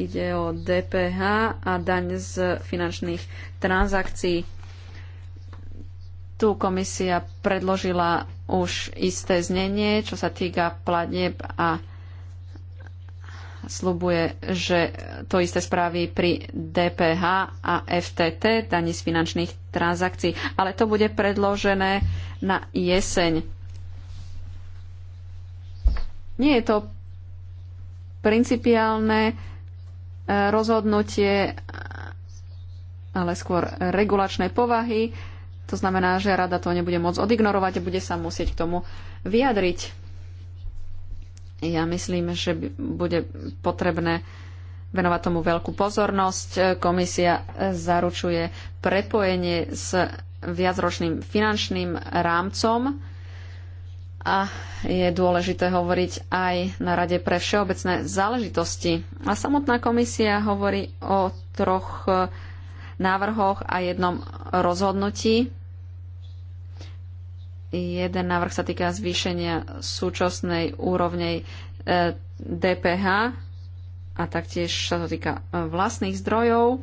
Ide o DPH a daň z finančných transakcií. Tu komisia predložila už isté znenie, čo sa týka platieb a slubuje, že to isté spraví pri DPH a FTT, daní z finančných transakcií. Ale to bude predložené na jeseň. Nie je to principiálne e, rozhodnutie, ale skôr regulačnej povahy. To znamená, že rada to nebude môcť odignorovať a bude sa musieť k tomu vyjadriť. Ja myslím, že bude potrebné venovať tomu veľkú pozornosť. Komisia zaručuje prepojenie s viacročným finančným rámcom a je dôležité hovoriť aj na Rade pre všeobecné záležitosti. A samotná komisia hovorí o troch eh, návrhoch a jednom rozhodnutí. Jeden návrh sa týka zvýšenia súčasnej úrovnej e, DPH a taktiež sa to týka e, vlastných zdrojov.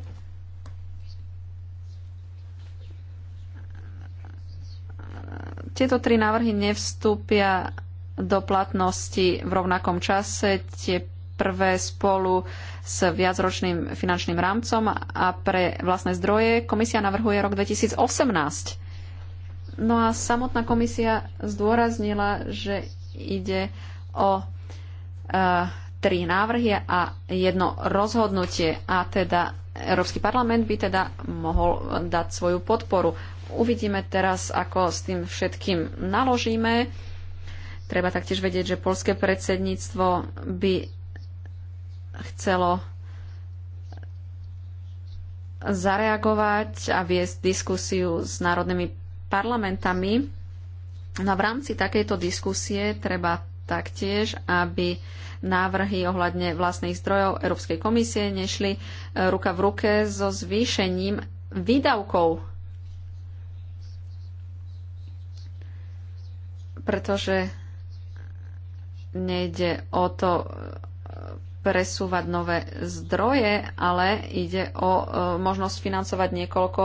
Tieto tri návrhy nevstúpia do platnosti v rovnakom čase. Tie prvé spolu s viacročným finančným rámcom a pre vlastné zdroje komisia navrhuje rok 2018. No a samotná komisia zdôraznila, že ide o e, tri návrhy a jedno rozhodnutie a teda Európsky parlament by teda mohol dať svoju podporu. Uvidíme teraz, ako s tým všetkým naložíme. Treba taktiež vedieť, že polské predsedníctvo by chcelo zareagovať a viesť diskusiu s národnými parlamentami. No v rámci takejto diskusie treba taktiež, aby návrhy ohľadne vlastných zdrojov Európskej komisie nešli e, ruka v ruke so zvýšením výdavkov. Pretože nejde o to e, presúvať nové zdroje, ale ide o e, možnosť financovať niekoľko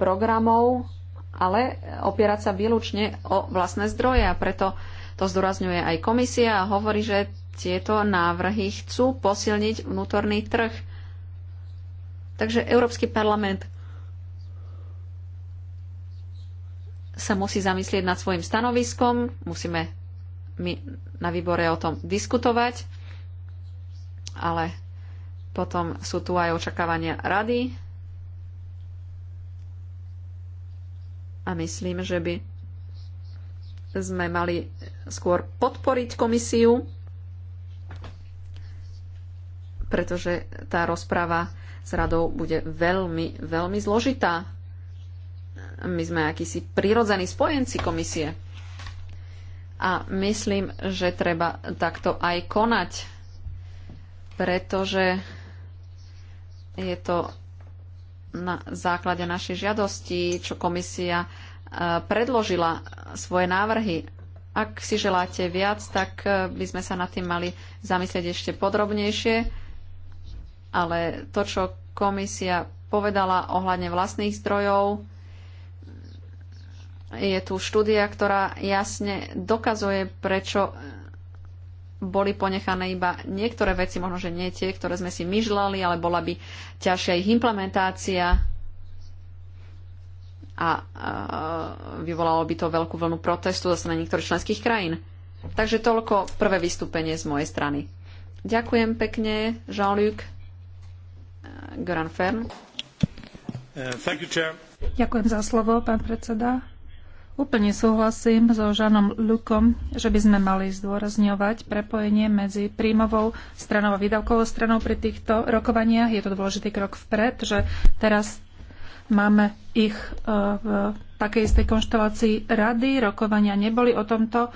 programov, ale opierať sa výlučne o vlastné zdroje a preto to zdôrazňuje aj komisia a hovorí, že tieto návrhy chcú posilniť vnútorný trh. Takže Európsky parlament sa musí zamyslieť nad svojim stanoviskom, musíme my na výbore o tom diskutovať, ale potom sú tu aj očakávania rady, A myslím, že by sme mali skôr podporiť komisiu, pretože tá rozpráva s radou bude veľmi, veľmi zložitá. My sme akýsi prirodzení spojenci komisie. A myslím, že treba takto aj konať, pretože je to na základe našej žiadosti, čo komisia e, predložila svoje návrhy. Ak si želáte viac, tak e, by sme sa nad tým mali zamyslieť ešte podrobnejšie, ale to, čo komisia povedala ohľadne vlastných zdrojov, je tu štúdia, ktorá jasne dokazuje, prečo boli ponechané iba niektoré veci, možno, že nie tie, ktoré sme si myžľali, ale bola by ťažšia ich implementácia a vyvolalo by to veľkú vlnu protestu zase na niektorých členských krajín. Takže toľko prvé vystúpenie z mojej strany. Ďakujem pekne, Jean-Luc. Göran Fern. Uh, you, Ďakujem za slovo, pán predseda. Úplne súhlasím so Žanom Lukom, že by sme mali zdôrazňovať prepojenie medzi príjmovou stranou a výdavkovou stranou pri týchto rokovaniach. Je to dôležitý krok vpred, že teraz máme ich e, v takej istej konštelácii rady. Rokovania neboli o tomto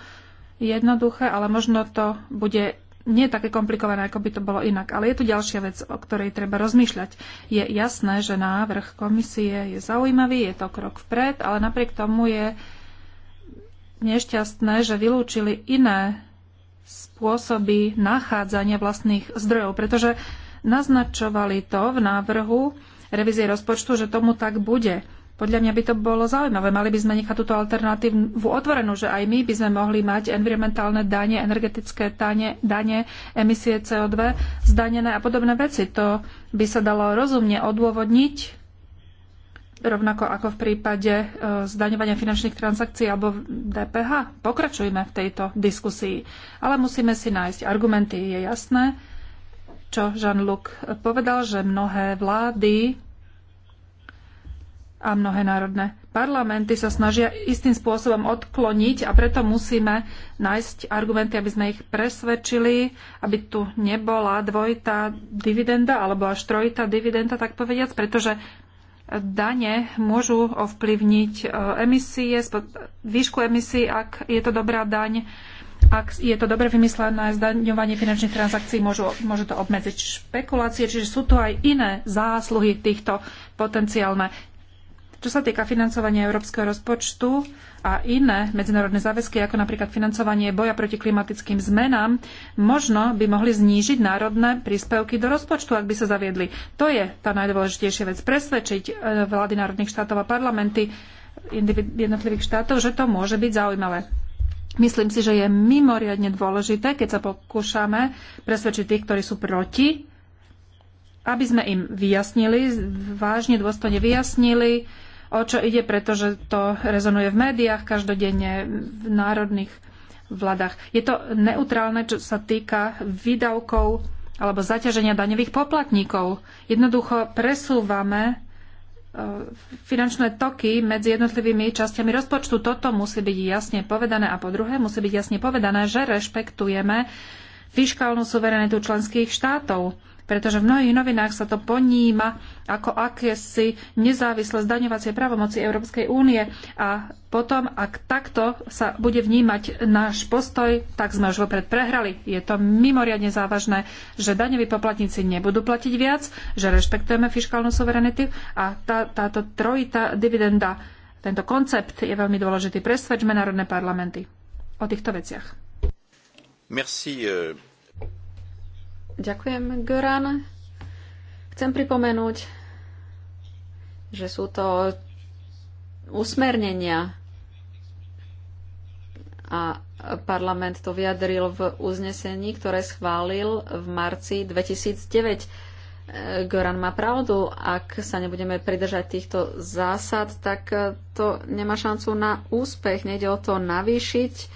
jednoduché, ale možno to bude nie je také komplikované, ako by to bolo inak. Ale je tu ďalšia vec, o ktorej treba rozmýšľať. Je jasné, že návrh komisie je zaujímavý, je to krok vpred, ale napriek tomu je nešťastné, že vylúčili iné spôsoby nachádzania vlastných zdrojov, pretože naznačovali to v návrhu revízie rozpočtu, že tomu tak bude. Podľa mňa by to bolo zaujímavé. Mali by sme nechať túto alternatívu otvorenú, že aj my by sme mohli mať environmentálne dane, energetické dane, dane emisie CO2 zdanené a podobné veci. To by sa dalo rozumne odôvodniť rovnako ako v prípade e, zdaňovania finančných transakcií alebo DPH. Pokračujme v tejto diskusii, ale musíme si nájsť argumenty. Je jasné, čo Jean-Luc povedal, že mnohé vlády a mnohé národné parlamenty sa snažia istým spôsobom odkloniť a preto musíme nájsť argumenty, aby sme ich presvedčili, aby tu nebola dvojitá dividenda alebo až trojitá dividenda, tak povediac, pretože dane môžu ovplyvniť e, emisie, výšku emisí, ak je to dobrá daň, ak je to dobre vymyslené zdaňovanie finančných transakcií, môžu, môže to obmedziť špekulácie, čiže sú tu aj iné zásluhy týchto potenciálne čo sa týka financovania európskeho rozpočtu a iné medzinárodné záväzky, ako napríklad financovanie boja proti klimatickým zmenám, možno by mohli znížiť národné príspevky do rozpočtu, ak by sa zaviedli. To je tá najdôležitejšia vec. Presvedčiť e, vlády národných štátov a parlamenty jednotlivých štátov, že to môže byť zaujímavé. Myslím si, že je mimoriadne dôležité, keď sa pokúšame presvedčiť tých, ktorí sú proti, aby sme im vyjasnili, vážne dôstojne vyjasnili, o čo ide, pretože to rezonuje v médiách každodenne, v národných vládach. Je to neutrálne, čo sa týka výdavkov alebo zaťaženia daňových poplatníkov. Jednoducho presúvame e, finančné toky medzi jednotlivými časťami rozpočtu. Toto musí byť jasne povedané a po druhé musí byť jasne povedané, že rešpektujeme fiskálnu suverenitu členských štátov pretože v mnohých novinách sa to poníma ako akési nezávislé zdaňovacie právomoci Európskej únie a potom, ak takto sa bude vnímať náš postoj, tak sme už vopred prehrali. Je to mimoriadne závažné, že daňoví poplatníci nebudú platiť viac, že rešpektujeme fiskálnu suverenitu a tá, táto trojitá dividenda, tento koncept je veľmi dôležitý. Presvedčme národné parlamenty o týchto veciach. Merci, uh... Ďakujem, Göran. Chcem pripomenúť, že sú to usmernenia a parlament to vyjadril v uznesení, ktoré schválil v marci 2009 Goran má pravdu, ak sa nebudeme pridržať týchto zásad, tak e, to nemá šancu na úspech. Nejde o to navýšiť e,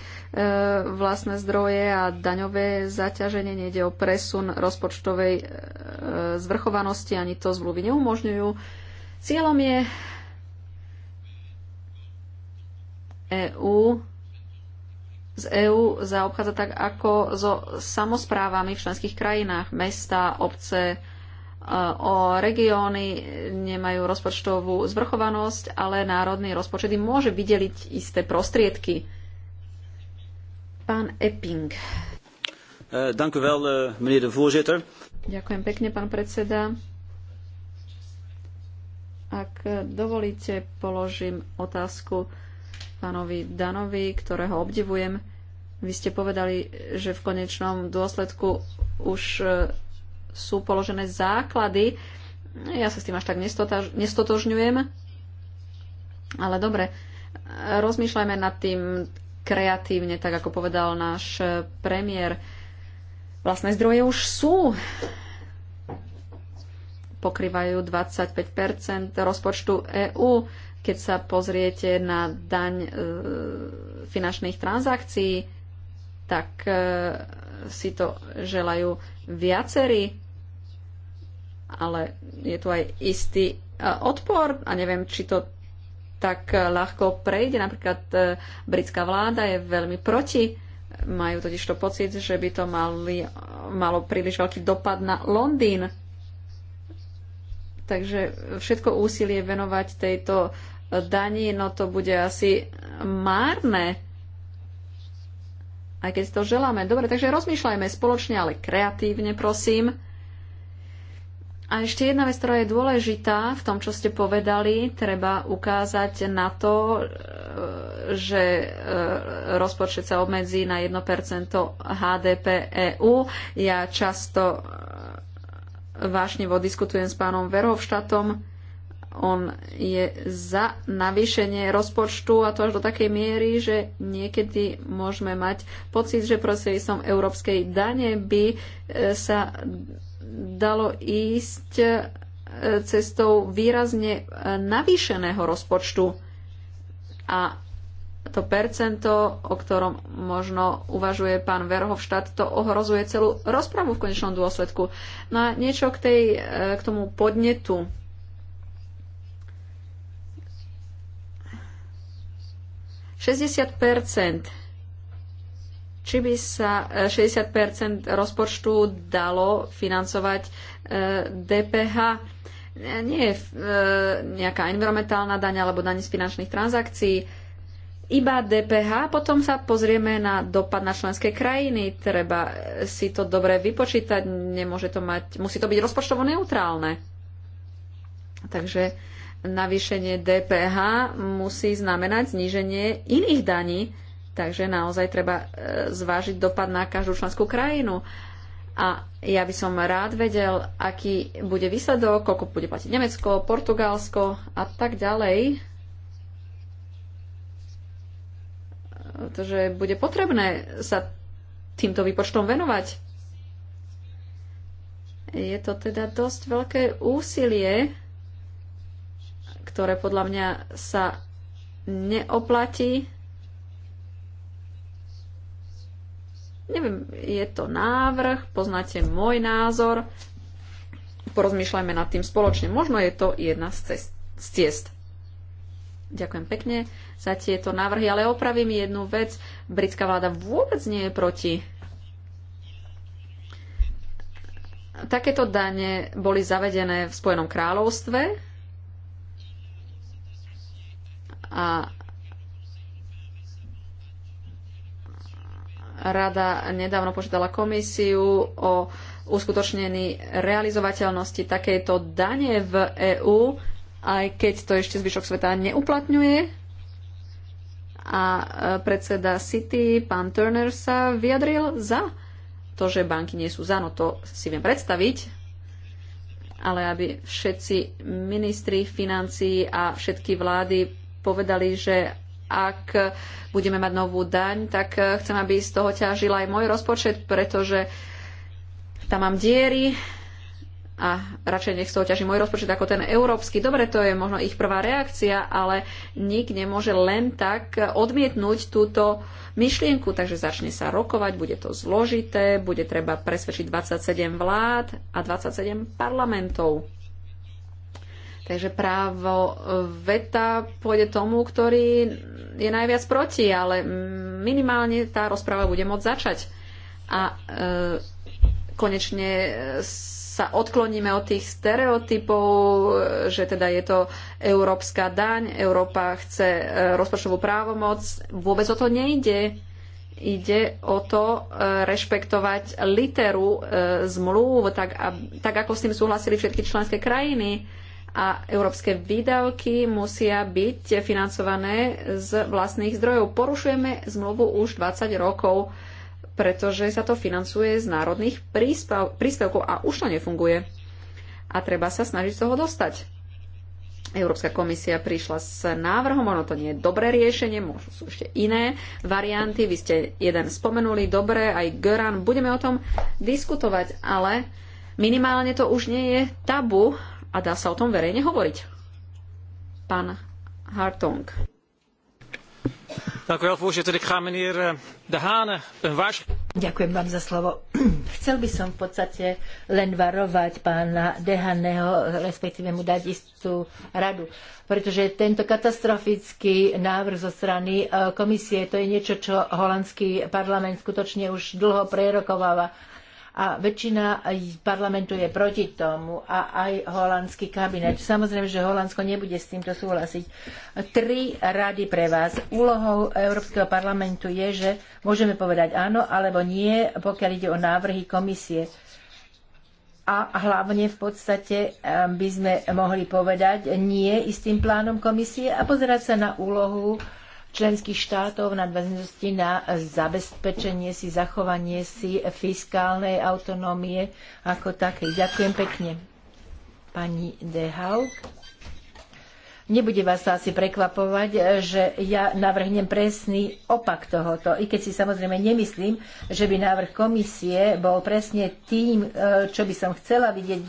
vlastné zdroje a daňové zaťaženie, nejde o presun rozpočtovej e, zvrchovanosti, ani to zvluvy neumožňujú. Cieľom je EU z EÚ zaobchádza tak ako so samozprávami v členských krajinách, mesta, obce, o regióny nemajú rozpočtovú zvrchovanosť, ale národný rozpočet im môže vydeliť isté prostriedky. Pán Epping. Eh, eh, Ďakujem pekne, pán predseda. Ak dovolíte, položím otázku pánovi Danovi, ktorého obdivujem. Vy ste povedali, že v konečnom dôsledku už eh, sú položené základy. Ja sa s tým až tak nestotožňujem. Ale dobre, rozmýšľajme nad tým kreatívne, tak ako povedal náš premiér. Vlastné zdroje už sú. Pokrývajú 25 rozpočtu EÚ. Keď sa pozriete na daň e, finančných transakcií, tak e, si to želajú viacerí ale je tu aj istý e, odpor a neviem, či to tak e, ľahko prejde. Napríklad e, britská vláda je veľmi proti. Majú totiž to pocit, že by to mali, malo príliš veľký dopad na Londýn. Takže všetko úsilie venovať tejto dani no to bude asi márne. Aj keď to želáme. Dobre, takže rozmýšľajme spoločne, ale kreatívne, prosím a ešte jedna vec, ktorá je dôležitá v tom, čo ste povedali, treba ukázať na to, e, že e, rozpočet sa obmedzí na 1% HDP EU. Ja často e, vášnivo diskutujem s pánom Verhofštatom. On je za navýšenie rozpočtu a to až do takej miery, že niekedy môžeme mať pocit, že prostredníctvom európskej dane by sa dalo ísť e, cestou výrazne e, navýšeného rozpočtu a to percento, o ktorom možno uvažuje pán Verhofštát, to ohrozuje celú rozpravu v konečnom dôsledku. No a niečo k, tej, e, k tomu podnetu. Šesťdesiat percent či by sa 60 e, rozpočtu dalo financovať e, DPH. E, nie je nejaká environmentálna daň alebo daň z finančných transakcií, iba DPH, potom sa pozrieme na dopad na členské krajiny. Treba si to dobre vypočítať, nemôže to mať, musí to byť rozpočtovo neutrálne. Takže navýšenie DPH musí znamenať zníženie iných daní, Takže naozaj treba e, zvážiť dopad na každú členskú krajinu. A ja by som rád vedel, aký bude výsledok, koľko bude platiť Nemecko, Portugalsko a tak ďalej. Takže bude potrebné sa týmto výpočtom venovať. Je to teda dosť veľké úsilie, ktoré podľa mňa sa neoplatí Neviem, je to návrh, poznáte môj názor, porozmýšľajme nad tým spoločne. Možno je to jedna z, cest, z ciest. Ďakujem pekne za tieto návrhy, ale opravím jednu vec. Britská vláda vôbec nie je proti. Takéto dane boli zavedené v Spojenom kráľovstve a Rada nedávno požiadala komisiu o uskutočnení realizovateľnosti takejto dane v EÚ, aj keď to ešte zvyšok sveta neuplatňuje. A e, predseda City, pán Turner, sa vyjadril za to, že banky nie sú za, no to si viem predstaviť, ale aby všetci ministri financií a všetky vlády povedali, že ak budeme mať novú daň, tak eh, chcem, aby z toho ťažil aj môj rozpočet, pretože tam mám diery a radšej nech z toho ťaží môj rozpočet ako ten európsky. Dobre, to je možno ich prvá reakcia, ale nik nemôže len tak odmietnúť túto myšlienku, takže začne sa rokovať, bude to zložité, bude treba presvedčiť 27 vlád a 27 parlamentov. Takže právo e, veta pôjde tomu, ktorý je najviac proti, ale minimálne tá rozpráva bude môcť začať. A e, konečne e, sa odkloníme od tých stereotypov, e, že teda je to európska daň, Európa chce rozpočtovú právomoc. Vôbec o to nejde. Ide o to rešpektovať literu zmluv, tak, tak ako s tým súhlasili všetky členské krajiny a európske výdavky musia byť financované z vlastných zdrojov. Porušujeme zmluvu už 20 rokov, pretože sa to financuje z národných príspev príspevkov a už to nefunguje. A treba sa snažiť z toho dostať. Európska komisia prišla s návrhom, ono to nie je dobré riešenie, možno sú ešte iné varianty, vy ste jeden spomenuli, dobre, aj Göran, budeme o tom diskutovať, ale minimálne to už nie je tabu a dá sa o tom verejne hovoriť. Pán Hartong. Ďakujem vám za slovo. Chcel by som v podstate len varovať pána Dehaneho, respektíve mu dať istú radu. Pretože tento katastrofický návrh zo strany eh, komisie, to je niečo, čo holandský parlament skutočne už dlho prerokováva a väčšina parlamentu je proti tomu a aj holandský kabinet. Samozrejme, že Holandsko nebude s týmto súhlasiť. Tri rady pre vás. Úlohou Európskeho parlamentu je, že môžeme povedať áno alebo nie, pokiaľ ide o návrhy komisie. A hlavne v podstate ehm, by sme mohli povedať nie istým plánom komisie a pozerať sa na úlohu členských štátov v nadväznosti na zabezpečenie si, zachovanie si fiskálnej autonómie ako takej. Ďakujem pekne. Pani De Haug. Nebude vás to asi prekvapovať, že ja navrhnem presný opak tohoto, i keď si samozrejme nemyslím, že by návrh komisie bol presne tým, e, čo by som chcela vidieť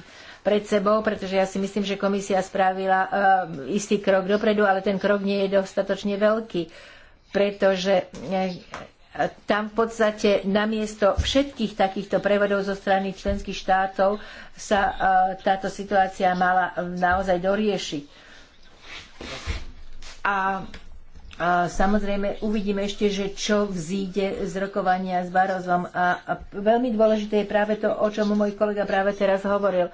pred sebou, pretože ja si myslím, že komisia spravila eh, istý krok dopredu, ale ten krok nie je dostatočne veľký, pretože eh, tam v podstate namiesto všetkých takýchto prevodov zo strany členských štátov sa eh, táto situácia mala naozaj doriešiť. A a samozrejme uvidíme ešte, že čo vzíde z rokovania s Barozom. A, a veľmi dôležité je práve to, o čom môj kolega práve teraz hovoril. Uh,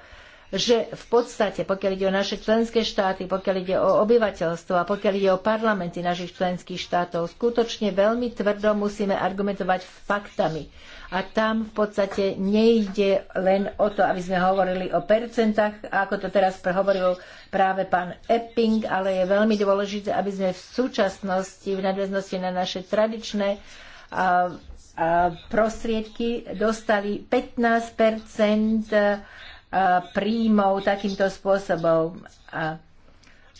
že v podstate, pokiaľ ide o naše členské štáty, pokiaľ ide o obyvateľstvo a pokiaľ ide o parlamenty našich členských štátov, skutočne veľmi tvrdo musíme argumentovať faktami. A tam v podstate nejde len o to, aby sme hovorili o percentách, ako to teraz prehovoril práve pán Epping, ale je veľmi dôležité, aby sme v súčasnosti, v nadväznosti na naše tradičné a, a prostriedky dostali 15 príjmov takýmto spôsobom.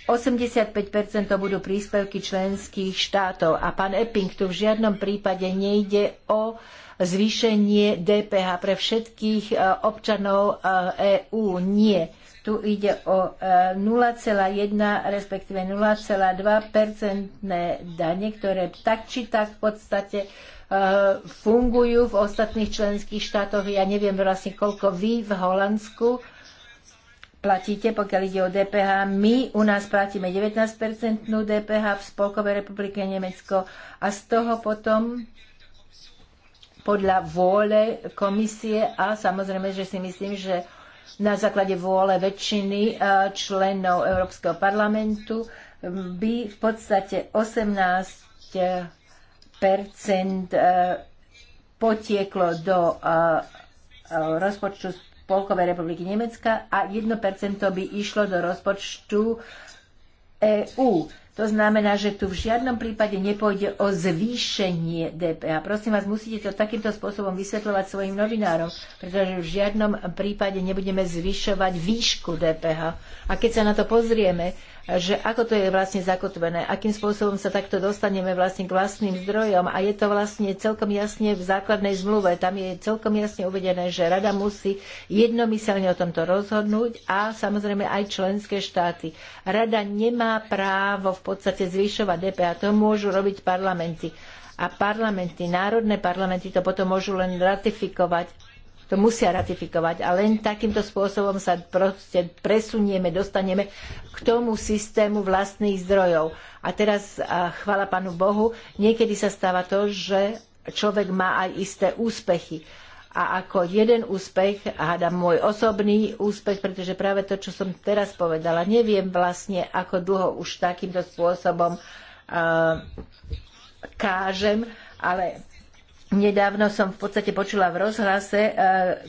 85 to budú príspevky členských štátov a pán Epping tu v žiadnom prípade nejde o zvýšenie DPH pre všetkých e, občanov EÚ. E Nie. Tu ide o 0,1 e, respektíve 0,2 dane, ktoré tak či tak v podstate E, fungujú v ostatných členských štátoch. Ja neviem vlastne, koľko vy v Holandsku platíte, pokiaľ ide o DPH. My u nás platíme 19-percentnú DPH v Spolkovej republike Nemecko a z toho potom podľa vôle komisie a samozrejme, že si myslím, že na základe vôle väčšiny e, členov Európskeho parlamentu by v podstate 18 E, potieklo do e, e, rozpočtu Spolkovej republiky Nemecka a 1% by išlo do rozpočtu EÚ. To znamená, že tu v žiadnom prípade nepôjde o zvýšenie DPH. Prosím vás, musíte to takýmto spôsobom vysvetľovať svojim novinárom, pretože v žiadnom prípade nebudeme zvyšovať výšku DPH. A keď sa na to pozrieme, že ako to je vlastne zakotvené, akým spôsobom sa takto dostaneme vlastne k vlastným zdrojom a je to vlastne celkom jasne v základnej zmluve. Tam je celkom jasne uvedené, že rada musí jednomyselne o tomto rozhodnúť a samozrejme aj členské štáty. Rada nemá právo v podstate zvyšovať DPH, to môžu robiť parlamenty. A parlamenty, národné parlamenty to potom môžu len ratifikovať to musia ratifikovať. A len takýmto spôsobom sa proste presunieme, dostaneme k tomu systému vlastných zdrojov. A teraz, chvala Pánu Bohu, niekedy sa stáva to, že človek má aj isté úspechy a ako jeden úspech, hádam môj osobný úspech, pretože práve to, čo som teraz povedala, neviem vlastne, ako dlho už takýmto spôsobom uh, kážem, ale Nedávno som v podstate počula v rozhlase, eh,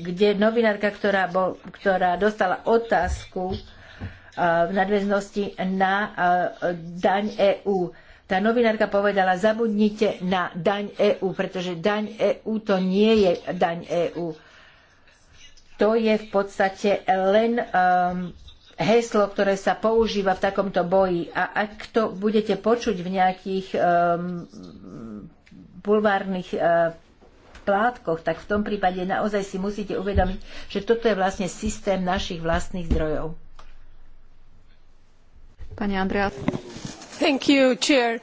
kde novinárka, ktorá, bol, ktorá dostala otázku eh, v nadväznosti na eh, daň EÚ. Tá novinárka povedala, zabudnite na daň EÚ, pretože daň EÚ to nie je daň EÚ. To je v podstate len um, heslo, ktoré sa používa v takomto boji. A ak to budete počuť v nejakých um, bulvárnych e, plátkoch, tak v tom prípade naozaj si musíte uvedomiť, že toto je vlastne systém našich vlastných zdrojov. Pani Andrea. Thank you, chair.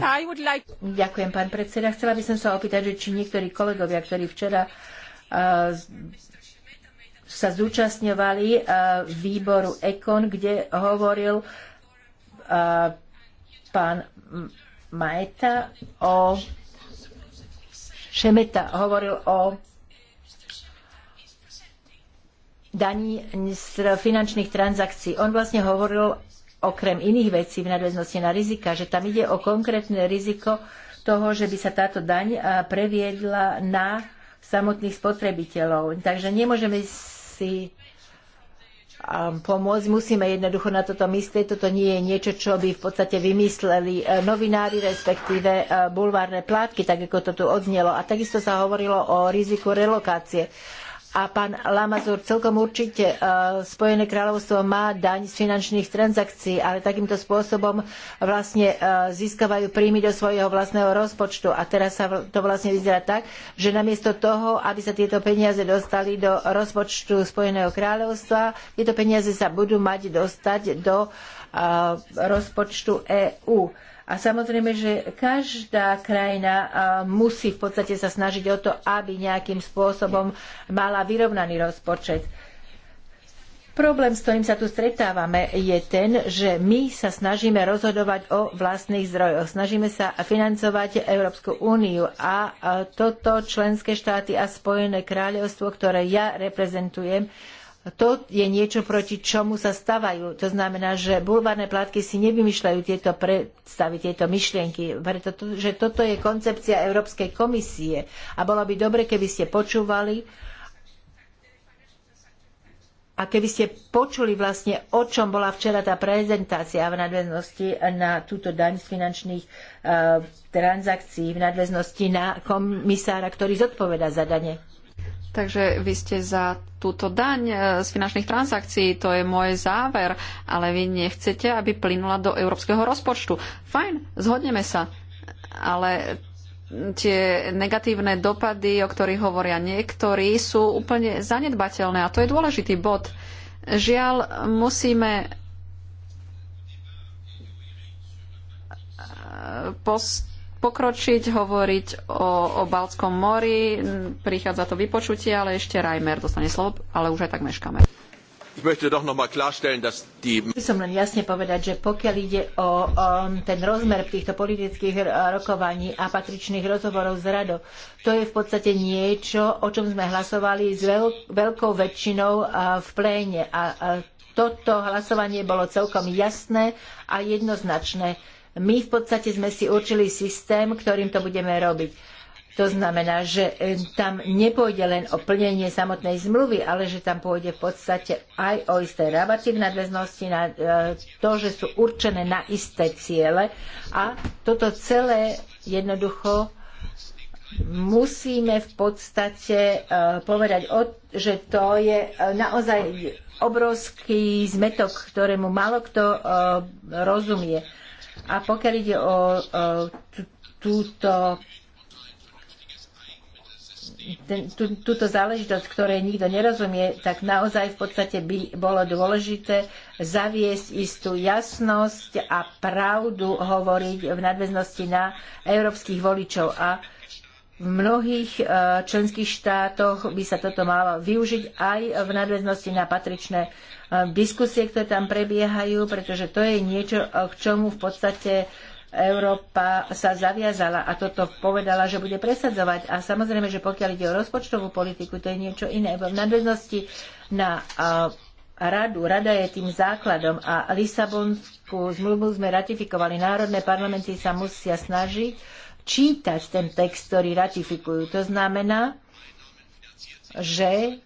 I would like... Ďakujem, pán predseda. Chcela by som sa opýtať, že či niektorí kolegovia, ktorí včera uh, sa zúčastňovali uh, výboru ECON, kde hovoril uh, pán Majeta o Šemeta hovoril o daní z finančných transakcií. On vlastne hovoril okrem iných vecí v nadväznosti na rizika, že tam ide o konkrétne riziko toho, že by sa táto daň previedla na samotných spotrebiteľov. Takže nemôžeme si pomôcť. Musíme jednoducho na toto myslieť. Toto nie je niečo, čo by v podstate vymysleli e, novinári, respektíve e, bulvárne plátky, tak ako to tu odznelo. A takisto sa hovorilo o riziku relokácie. A pán Lamazur, celkom určite e, Spojené kráľovstvo má daň z finančných transakcií, ale takýmto spôsobom vlastne e, získavajú príjmy do svojho vlastného rozpočtu. A teraz sa to vlastne vyzerá tak, že namiesto toho, aby sa tieto peniaze dostali do rozpočtu Spojeného kráľovstva, tieto peniaze sa budú mať dostať do e, rozpočtu EÚ. A samozrejme, že každá krajina musí v podstate sa snažiť o to, aby nejakým spôsobom mala vyrovnaný rozpočet. Problém, s ktorým sa tu stretávame, je ten, že my sa snažíme rozhodovať o vlastných zdrojoch. Snažíme sa financovať Európsku úniu a toto členské štáty a Spojené kráľovstvo, ktoré ja reprezentujem, to je niečo, proti čomu sa stavajú. To znamená, že bulvárne plátky si nevymýšľajú tieto predstavy, tieto myšlienky, pretože toto je koncepcia Európskej komisie. A bolo by dobre, keby ste počúvali a keby ste počuli vlastne, o čom bola včera tá prezentácia v nadväznosti na túto daň z finančných uh, transakcií, v nadväznosti na komisára, ktorý zodpoveda za dane. Takže vy ste za túto daň e, z finančných transakcií, to je môj záver, ale vy nechcete, aby plynula do európskeho rozpočtu. Fajn, zhodneme sa, ale tie negatívne dopady, o ktorých hovoria niektorí, sú úplne zanedbateľné a to je dôležitý bod. Žiaľ, musíme e, post pokročiť, hovoriť o, o Balckom mori. Prichádza to vypočutie, ale ešte Reimer dostane slovo, ale už aj tak meškáme. Chcem som len jasne povedať, že pokiaľ ide o, ten rozmer týchto politických rokovaní a patričných rozhovorov s radou, to je v podstate niečo, o čom sme hlasovali s veľkou väčšinou v pléne. A, toto hlasovanie bolo celkom jasné a jednoznačné my v podstate sme si určili systém, ktorým to budeme robiť. To znamená, že e, tam nepôjde len o plnenie samotnej zmluvy, ale že tam pôjde v podstate aj o isté rabaty v nadväznosti na e, to, že sú určené na isté ciele. A toto celé jednoducho musíme v podstate e, povedať, že to je naozaj obrovský zmetok, ktorému málo kto rozumie. A pokiaľ ide o, o túto ten, tú, túto záležitosť, ktorej nikto nerozumie, tak naozaj v podstate by bolo dôležité zaviesť istú jasnosť a pravdu hovoriť v nadväznosti na európskych voličov. A uh, v mnohých e, členských štátoch by sa toto malo využiť aj v nadväznosti na patričné e, diskusie, ktoré tam prebiehajú, pretože to je niečo, e, k čomu v podstate Európa sa zaviazala a toto povedala, že bude presadzovať. A samozrejme, že pokiaľ ide o rozpočtovú politiku, to je niečo iné. V nadväznosti na radu. Rada je tým základom a Lisabonskú zmluvu sme ratifikovali. Národné parlamenty sa musia snažiť čítať ten text, ktorý ratifikujú. To znamená, že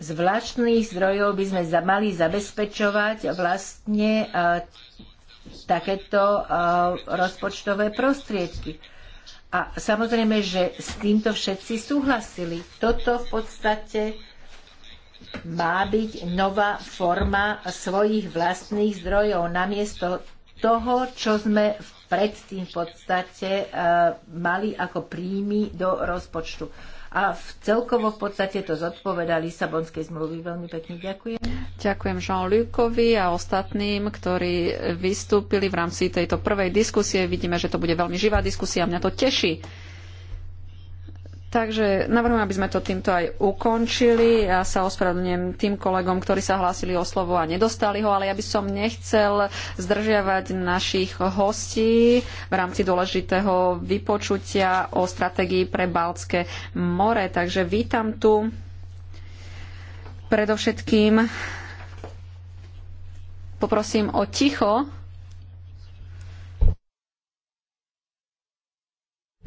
z vlastných zdrojov by sme mali zabezpečovať vlastne takéto rozpočtové prostriedky. A samozrejme, že s týmto všetci súhlasili. Toto v podstate má byť nová forma svojich vlastných zdrojov namiesto toho, čo sme predtým v podstate e, mali ako príjmy do rozpočtu. A v celkovo v podstate to zodpoveda Lisabonskej zmluvy. Veľmi pekne ďakujem. Ďakujem Jean-Lucovi a ostatným, ktorí vystúpili v rámci tejto prvej diskusie. Vidíme, že to bude veľmi živá diskusia. Mňa to teší. Takže navrhujem, aby sme to týmto aj ukončili. Ja sa ospravedlňujem tým kolegom, ktorí sa hlásili o slovo a nedostali ho, ale ja by som nechcel zdržiavať našich hostí v rámci dôležitého vypočutia o stratégii pre Baltské more. Takže vítam tu predovšetkým poprosím o ticho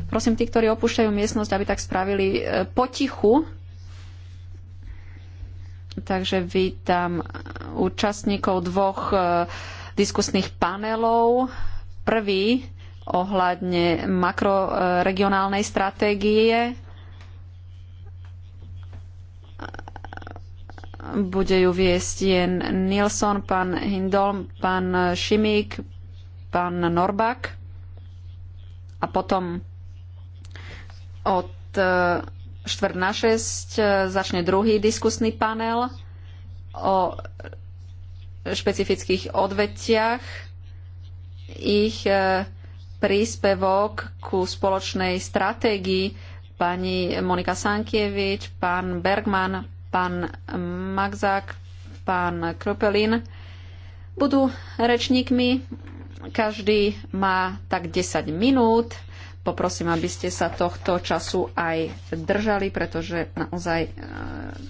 Prosím tí, ktorí opúšťajú miestnosť, aby tak spravili e, potichu. Takže vítam e, účastníkov dvoch e, diskusných panelov. Prvý ohľadne makroregionálnej stratégie. Bude ju viesť Jen Nilsson, pán Hindol, pán Šimík, pán Norbak a potom od štvrt e, na 6 e, začne druhý diskusný panel o špecifických odvetiach. Ich e, príspevok ku spoločnej stratégii pani Monika Sankievič, pán Bergman, pán Magzak, pán Kropelin budú rečníkmi. Každý má tak 10 minút Poprosím, aby ste sa tohto času aj držali, pretože naozaj e,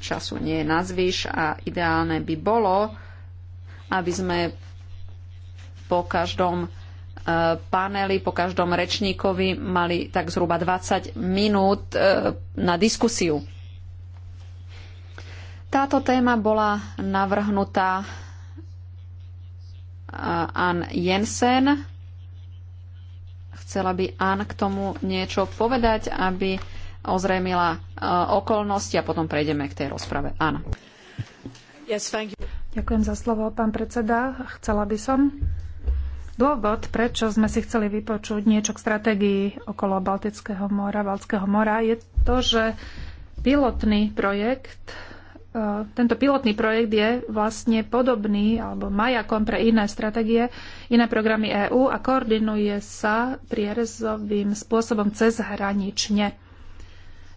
času nie je nazvyš a ideálne by bolo, aby sme po každom e, paneli, po každom rečníkovi mali tak zhruba 20 minút e, na diskusiu. Táto téma bola navrhnutá Ann Jensen, Chcela by Ann k tomu niečo povedať, aby ozrejmila e, okolnosti a potom prejdeme k tej rozprave. Ann. Yes, Ďakujem za slovo, pán predseda. Chcela by som Dôvod, prečo sme si chceli vypočuť niečo k stratégii okolo Baltického mora, Baltského mora, je to, že pilotný projekt E, tento pilotný projekt je vlastne podobný alebo majakom pre iné stratégie, iné programy EÚ a koordinuje sa prierezovým spôsobom cez hranične.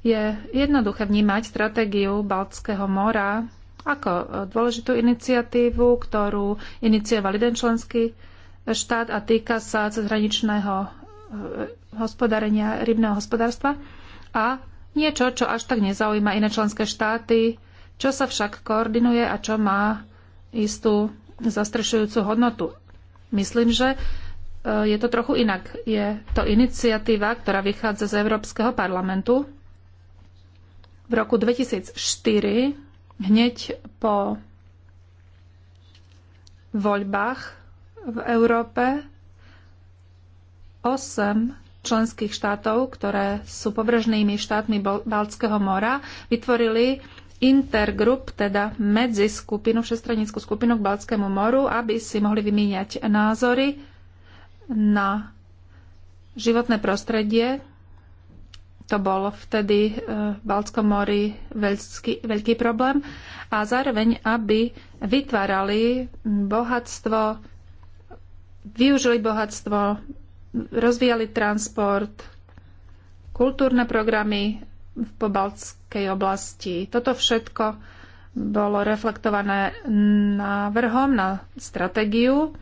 Je jednoduché vnímať stratégiu Baltského mora ako e, dôležitú iniciatívu, ktorú inicioval jeden členský štát a týka sa cezhraničného e, hospodárenia rybného hospodárstva a niečo, čo až tak nezaujíma iné členské štáty, čo sa však koordinuje a čo má istú zastrešujúcu hodnotu. Myslím, že e, je to trochu inak. Je to iniciatíva, ktorá vychádza z Európskeho parlamentu. V roku 2004, hneď po voľbách v Európe, 8 členských štátov, ktoré sú pobrežnými štátmi Baltského mora, vytvorili intergrup, teda medzi skupinu, všestranickú skupinu k Balckému moru, aby si mohli vymieňať názory na životné prostredie. To bol vtedy e, v Balckom mori veľký, veľký problém. A zároveň, aby vytvárali bohatstvo, využili bohatstvo, rozvíjali transport, kultúrne programy v Balckom leteckej oblasti. Toto všetko bolo reflektované návrhom na stratégiu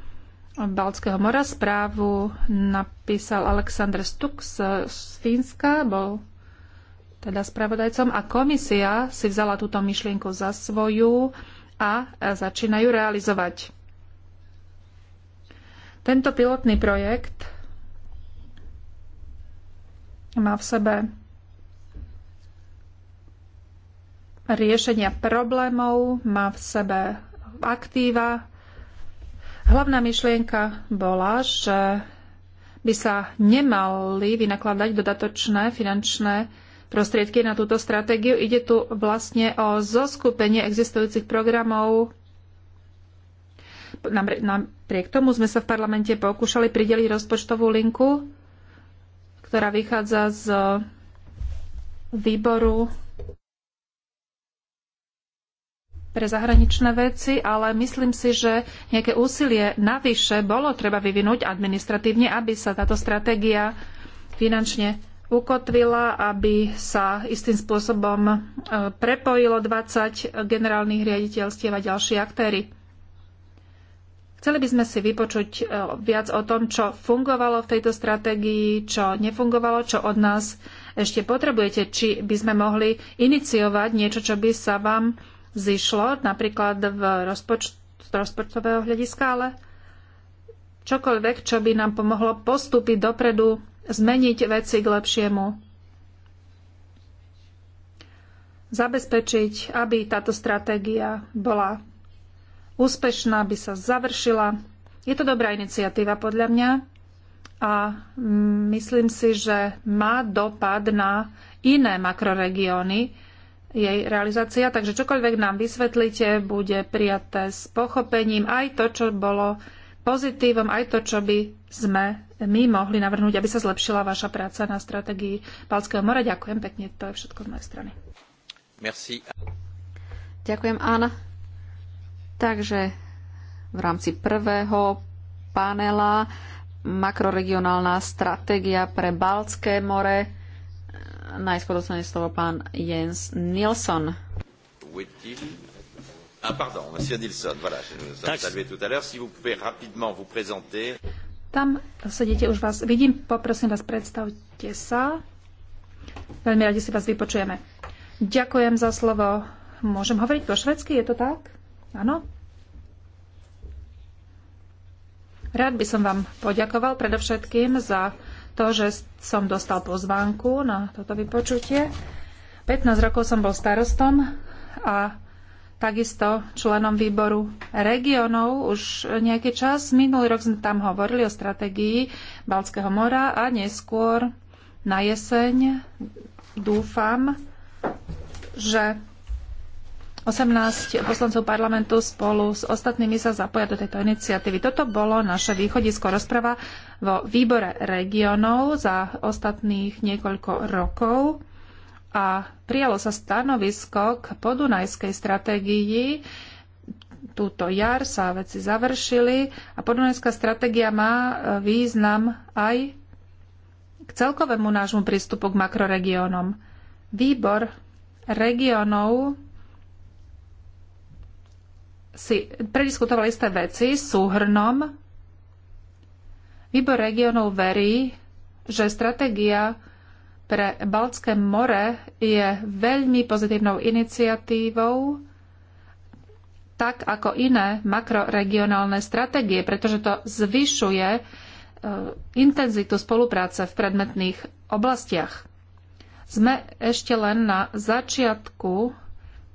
Balckého mora. Správu napísal Aleksandr Stuk z, z Fínska, bol teda spravodajcom a komisia si vzala túto myšlienku za svoju a začínajú realizovať. Tento pilotný projekt má v sebe riešenia problémov, má v sebe aktíva. Hlavná myšlienka bola, že by sa nemali vynakladať dodatočné finančné prostriedky na túto stratégiu. Ide tu vlastne o zoskupenie existujúcich programov. Napriek tomu sme sa v parlamente pokúšali prideliť rozpočtovú linku, ktorá vychádza z výboru pre zahraničné veci, ale myslím si, že nejaké úsilie navyše bolo treba vyvinúť administratívne, aby sa táto stratégia finančne ukotvila, aby sa istým spôsobom e, prepojilo 20 generálnych riaditeľstiev a ďalší aktéry. Chceli by sme si vypočuť e, viac o tom, čo fungovalo v tejto stratégii, čo nefungovalo, čo od nás ešte potrebujete, či by sme mohli iniciovať niečo, čo by sa vám zišlo, napríklad v rozpoč- z rozpočtového hľadiska, ale čokoľvek, čo by nám pomohlo postúpiť dopredu, zmeniť veci k lepšiemu, zabezpečiť, aby táto stratégia bola úspešná, aby sa završila. Je to dobrá iniciatíva podľa mňa a myslím si, že má dopad na iné makroregióny, jej realizácia. Takže čokoľvek nám vysvetlíte, bude prijaté s pochopením aj to, čo bolo pozitívom, aj to, čo by sme my mohli navrhnúť, aby sa zlepšila vaša práca na stratégii Balského mora. Ďakujem pekne, to je všetko z mojej strany. Merci. Ďakujem, Anna. Takže v rámci prvého panela makroregionálna stratégia pre Balské more Najskôr dostane slovo pán Jens Nilsson. Ah, pardon, monsieur Nilsson, voilà, je vous ai salué tout à l'heure. Si vous pouvez rapidement vous présenter. Tam sedíte, už vás vidím, poprosím vás, predstavte sa. Veľmi radi si vás vypočujeme. Ďakujem za slovo. Môžem hovoriť po švedsky, je to tak? Áno? Rád by som vám poďakoval predovšetkým za to, že som dostal pozvánku na toto vypočutie. 15 rokov som bol starostom a takisto členom výboru regionov. Už nejaký čas, minulý rok sme tam hovorili o stratégii Balckého mora a neskôr na jeseň dúfam, že 18 poslancov parlamentu spolu s ostatnými sa zapoja do tejto iniciatívy. Toto bolo naše východisko rozprava vo výbore regionov za ostatných niekoľko rokov a prijalo sa stanovisko k podunajskej stratégii. Túto jar sa veci završili a podunajská stratégia má e, význam aj k celkovému nášmu prístupu k makroregiónom. Výbor regionov si prediskutovali isté veci súhrnom. Výbor regionov verí, že stratégia pre Baltské more je veľmi pozitívnou iniciatívou, tak ako iné makroregionálne stratégie, pretože to zvyšuje e, intenzitu spolupráce v predmetných oblastiach. Sme ešte len na začiatku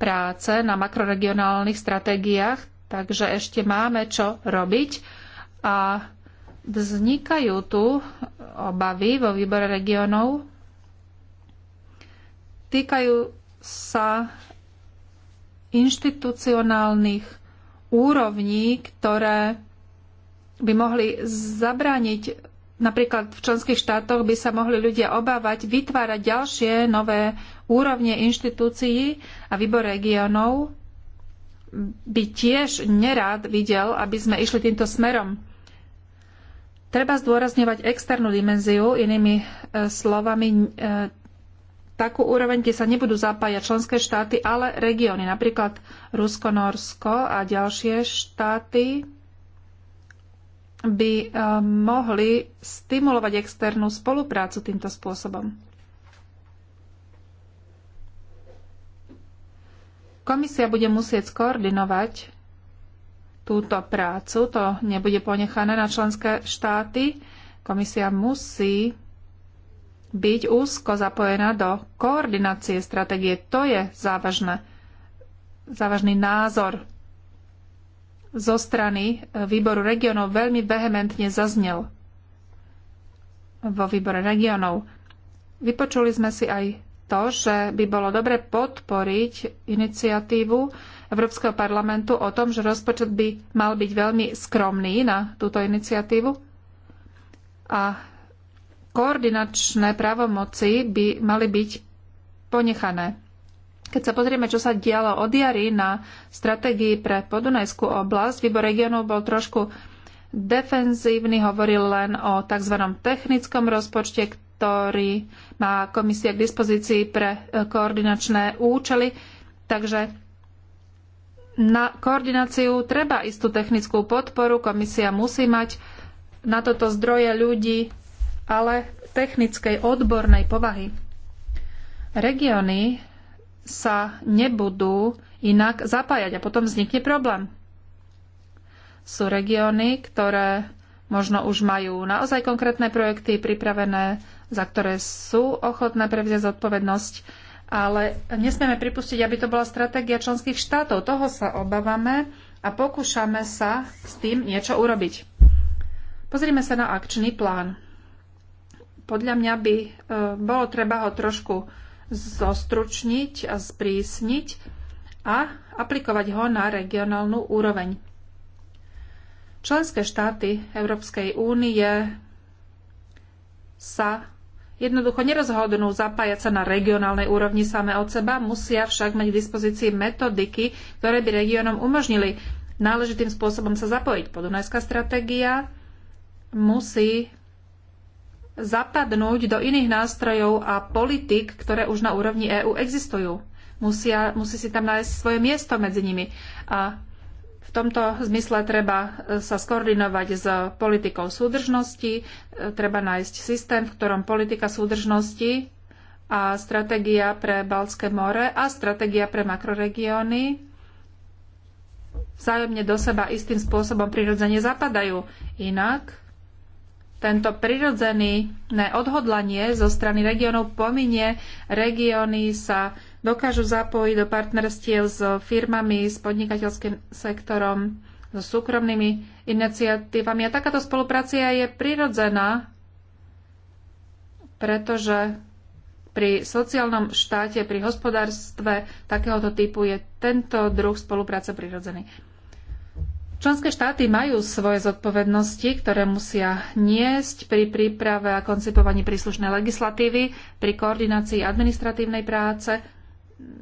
práce na makroregionálnych stratégiách, takže ešte máme čo robiť a vznikajú tu obavy vo výbore regionov. Týkajú sa inštitucionálnych úrovní, ktoré by mohli zabrániť Napríklad v členských štátoch by sa mohli ľudia obávať vytvárať ďalšie nové úrovne inštitúcií a výbor regionov by tiež nerád videl, aby sme išli týmto smerom. Treba zdôrazňovať externú dimenziu, inými e, slovami, e, takú úroveň, kde sa nebudú zapájať členské štáty, ale regióny, napríklad Rusko, Norsko a ďalšie štáty by e, mohli stimulovať externú spoluprácu týmto spôsobom. Komisia bude musieť skoordinovať túto prácu, to nebude ponechané na členské štáty. Komisia musí byť úzko zapojená do koordinácie stratégie. To je závažné, závažný názor zo strany výboru regionov veľmi vehementne zaznel vo výbore regionov. Vypočuli sme si aj to, že by bolo dobre podporiť iniciatívu Európskeho parlamentu o tom, že rozpočet by mal byť veľmi skromný na túto iniciatívu a koordinačné právomoci by mali byť ponechané. Keď sa pozrieme, čo sa dialo od jary na stratégii pre Podunajskú oblasť, výbor regionov bol trošku defenzívny, hovoril len o tzv. technickom rozpočte, ktorý má komisia k dispozícii pre e, koordinačné účely. Takže na koordináciu treba istú technickú podporu, komisia musí mať na toto zdroje ľudí, ale technickej odbornej povahy. Regióny sa nebudú inak zapájať a potom vznikne problém. Sú regióny, ktoré možno už majú naozaj konkrétne projekty pripravené, za ktoré sú ochotné prevziať zodpovednosť, ale nesmieme pripustiť, aby to bola stratégia členských štátov. Toho sa obávame a pokúšame sa s tým niečo urobiť. Pozrime sa na akčný plán. Podľa mňa by e, bolo treba ho trošku zostručniť a sprísniť a aplikovať ho na regionálnu úroveň. Členské štáty Európskej únie sa jednoducho nerozhodnú zapájať sa na regionálnej úrovni same od seba, musia však mať k dispozícii metodiky, ktoré by regiónom umožnili náležitým spôsobom sa zapojiť. Podunajská stratégia musí zapadnúť do iných nástrojov a politik, ktoré už na úrovni EÚ existujú. Musia, musí si tam nájsť svoje miesto medzi nimi. A v tomto zmysle treba e, sa skoordinovať s politikou súdržnosti, e, treba nájsť systém, v ktorom politika súdržnosti a stratégia pre Baltské more a stratégia pre makroregióny vzájomne do seba istým spôsobom prirodzene zapadajú. Inak tento prirodzené odhodlanie zo strany regiónov pominie, regióny sa dokážu zapojiť do partnerstiev s firmami, s podnikateľským sektorom, so súkromnými iniciatívami. A takáto spoluprácia je prirodzená, pretože pri sociálnom štáte, pri hospodárstve takéhoto typu je tento druh spolupráce prirodzený. Členské štáty majú svoje zodpovednosti, ktoré musia niesť pri príprave a koncipovaní príslušnej legislatívy, pri koordinácii administratívnej práce,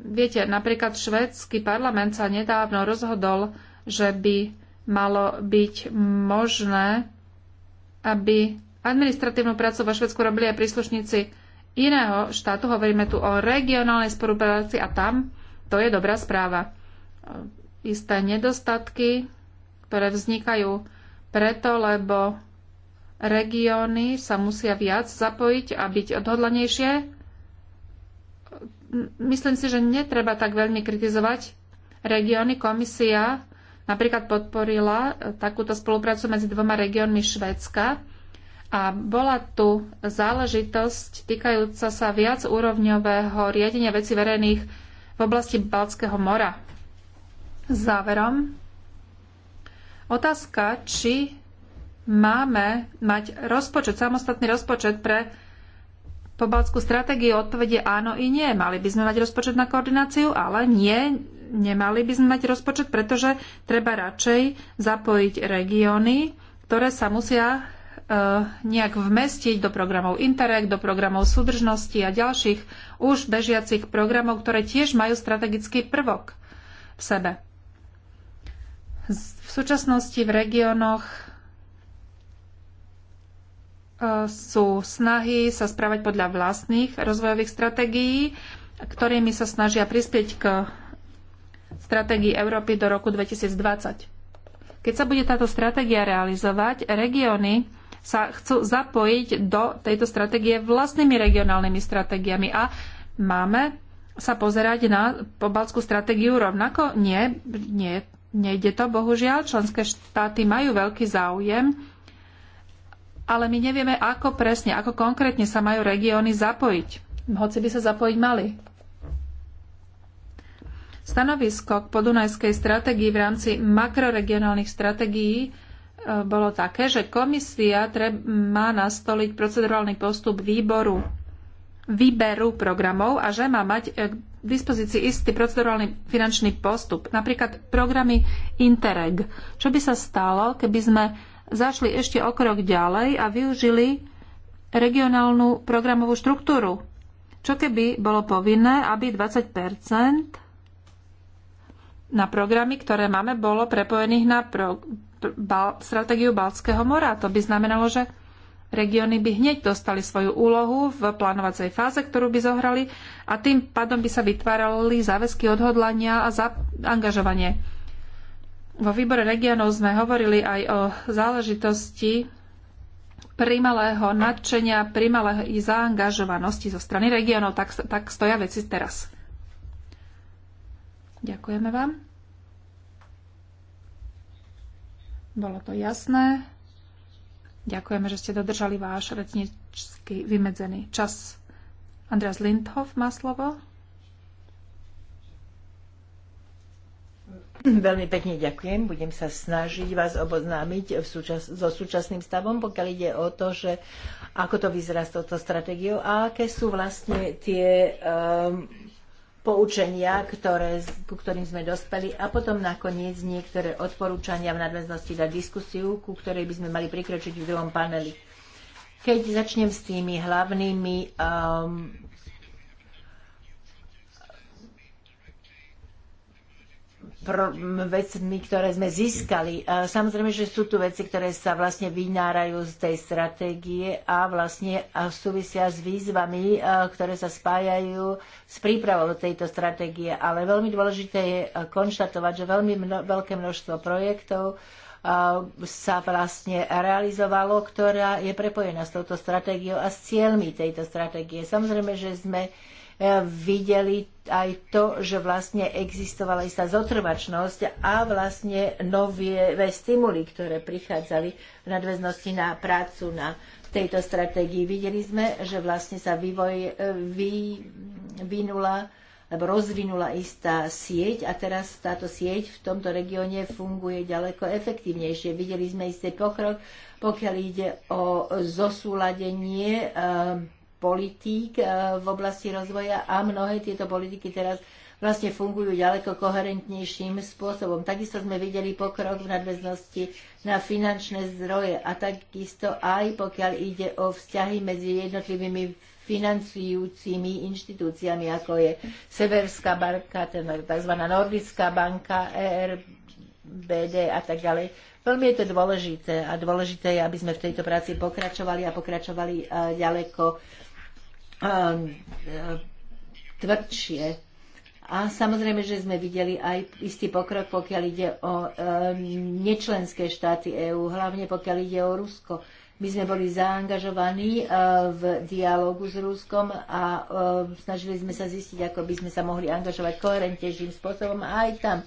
Viete, napríklad švédsky parlament sa nedávno rozhodol, že by malo byť možné, aby administratívnu prácu vo Švedsku robili aj príslušníci iného štátu. Hovoríme tu o regionálnej spolupráci a tam to je dobrá správa. Isté nedostatky, ktoré vznikajú preto, lebo regióny sa musia viac zapojiť a byť odhodlanejšie myslím si, že netreba tak veľmi kritizovať regióny. Komisia napríklad podporila e, takúto spoluprácu medzi dvoma regiónmi Švédska a bola tu záležitosť týkajúca sa viac úrovňového riadenia veci verejných v oblasti Baltského mora. Záverom, otázka, či máme mať rozpočet, samostatný rozpočet pre po balckú stratégiu odpovede áno i nie. Mali by sme mať rozpočet na koordináciu, ale nie, nemali by sme mať rozpočet, pretože treba radšej zapojiť regióny, ktoré sa musia e, nejak vmestiť do programov Interreg, do programov súdržnosti a ďalších už bežiacich programov, ktoré tiež majú strategický prvok v sebe. V súčasnosti v regiónoch sú snahy sa správať podľa vlastných rozvojových stratégií, ktorými sa snažia prispieť k stratégii Európy do roku 2020. Keď sa bude táto stratégia realizovať, regióny sa chcú zapojiť do tejto stratégie vlastnými regionálnymi stratégiami a máme sa pozerať na pobalskú stratégiu rovnako? Nie, nie, nejde to, bohužiaľ. Členské štáty majú veľký záujem ale my nevieme, ako presne, ako konkrétne sa majú regióny zapojiť, hoci by sa zapojiť mali. Stanovisko k podunajskej stratégii v rámci makroregionálnych stratégií e, bolo také, že komisia má nastoliť procedurálny postup výboru výberu programov a že má mať e, k dispozícii istý procedurálny finančný postup, napríklad programy Interreg. Čo by sa stalo, keby sme zašli ešte o krok ďalej a využili regionálnu programovú štruktúru. Čo keby bolo povinné, aby 20 na programy, ktoré máme, bolo prepojených na pro, pr, bal, stratégiu Baltského mora. To by znamenalo, že regióny by hneď dostali svoju úlohu v plánovacej fáze, ktorú by zohrali a tým pádom by sa vytvárali záväzky odhodlania a zaangažovanie. Vo výbore regionov sme hovorili aj o záležitosti primalého nadšenia, primalej zaangažovanosti zo strany regionov. Tak, tak stoja veci teraz. Ďakujeme vám. Bolo to jasné. Ďakujeme, že ste dodržali váš rečnícky vymedzený čas. Andreas Lindhoff má slovo. Veľmi pekne ďakujem. Budem sa snažiť vás oboznámiť súčas, so súčasným stavom, pokiaľ ide o to, že ako to vyzerá s touto stratégiou a aké sú vlastne tie um, poučenia, ktoré, ku ktorým sme dospeli a potom nakoniec niektoré odporúčania v nadväznosti na diskusiu, ku ktorej by sme mali prikročiť v druhom paneli. Keď začnem s tými hlavnými um, vecmi, ktoré sme získali. Samozrejme, že sú tu veci, ktoré sa vlastne vynárajú z tej stratégie a vlastne súvisia s výzvami, ktoré sa spájajú s prípravou tejto stratégie. Ale veľmi dôležité je konštatovať, že veľmi mno, veľké množstvo projektov sa vlastne realizovalo, ktorá je prepojená s touto stratégiou a s cieľmi tejto stratégie. Samozrejme, že sme videli aj to, že vlastne existovala istá zotrvačnosť a vlastne nové stimuly, ktoré prichádzali v nadväznosti na prácu na tejto stratégii. Videli sme, že vlastne sa vývoj e, vyvinula alebo rozvinula istá sieť a teraz táto sieť v tomto regióne funguje ďaleko efektívnejšie. Videli sme istý pokrok, pokiaľ ide o zosúladenie e, politík e, v oblasti rozvoja a mnohé tieto politiky teraz vlastne fungujú ďaleko koherentnejším spôsobom. Takisto sme videli pokrok v nadväznosti na finančné zdroje a takisto aj pokiaľ ide o vzťahy medzi jednotlivými financujúcimi inštitúciami, ako je Severská banka, tzv. Nordická banka, ERBD a tak ďalej. Veľmi je to dôležité a dôležité je, aby sme v tejto práci pokračovali a pokračovali e, ďaleko Eh, tvrdšie. A samozrejme, že sme videli aj istý pokrok, pokiaľ ide o eh, nečlenské štáty EÚ, hlavne pokiaľ ide o Rusko. My sme boli zaangažovaní eh, v dialogu s Ruskom a snažili sme sa zistiť, ako by sme sa mohli angažovať koherentnejším spôsobom a aj tam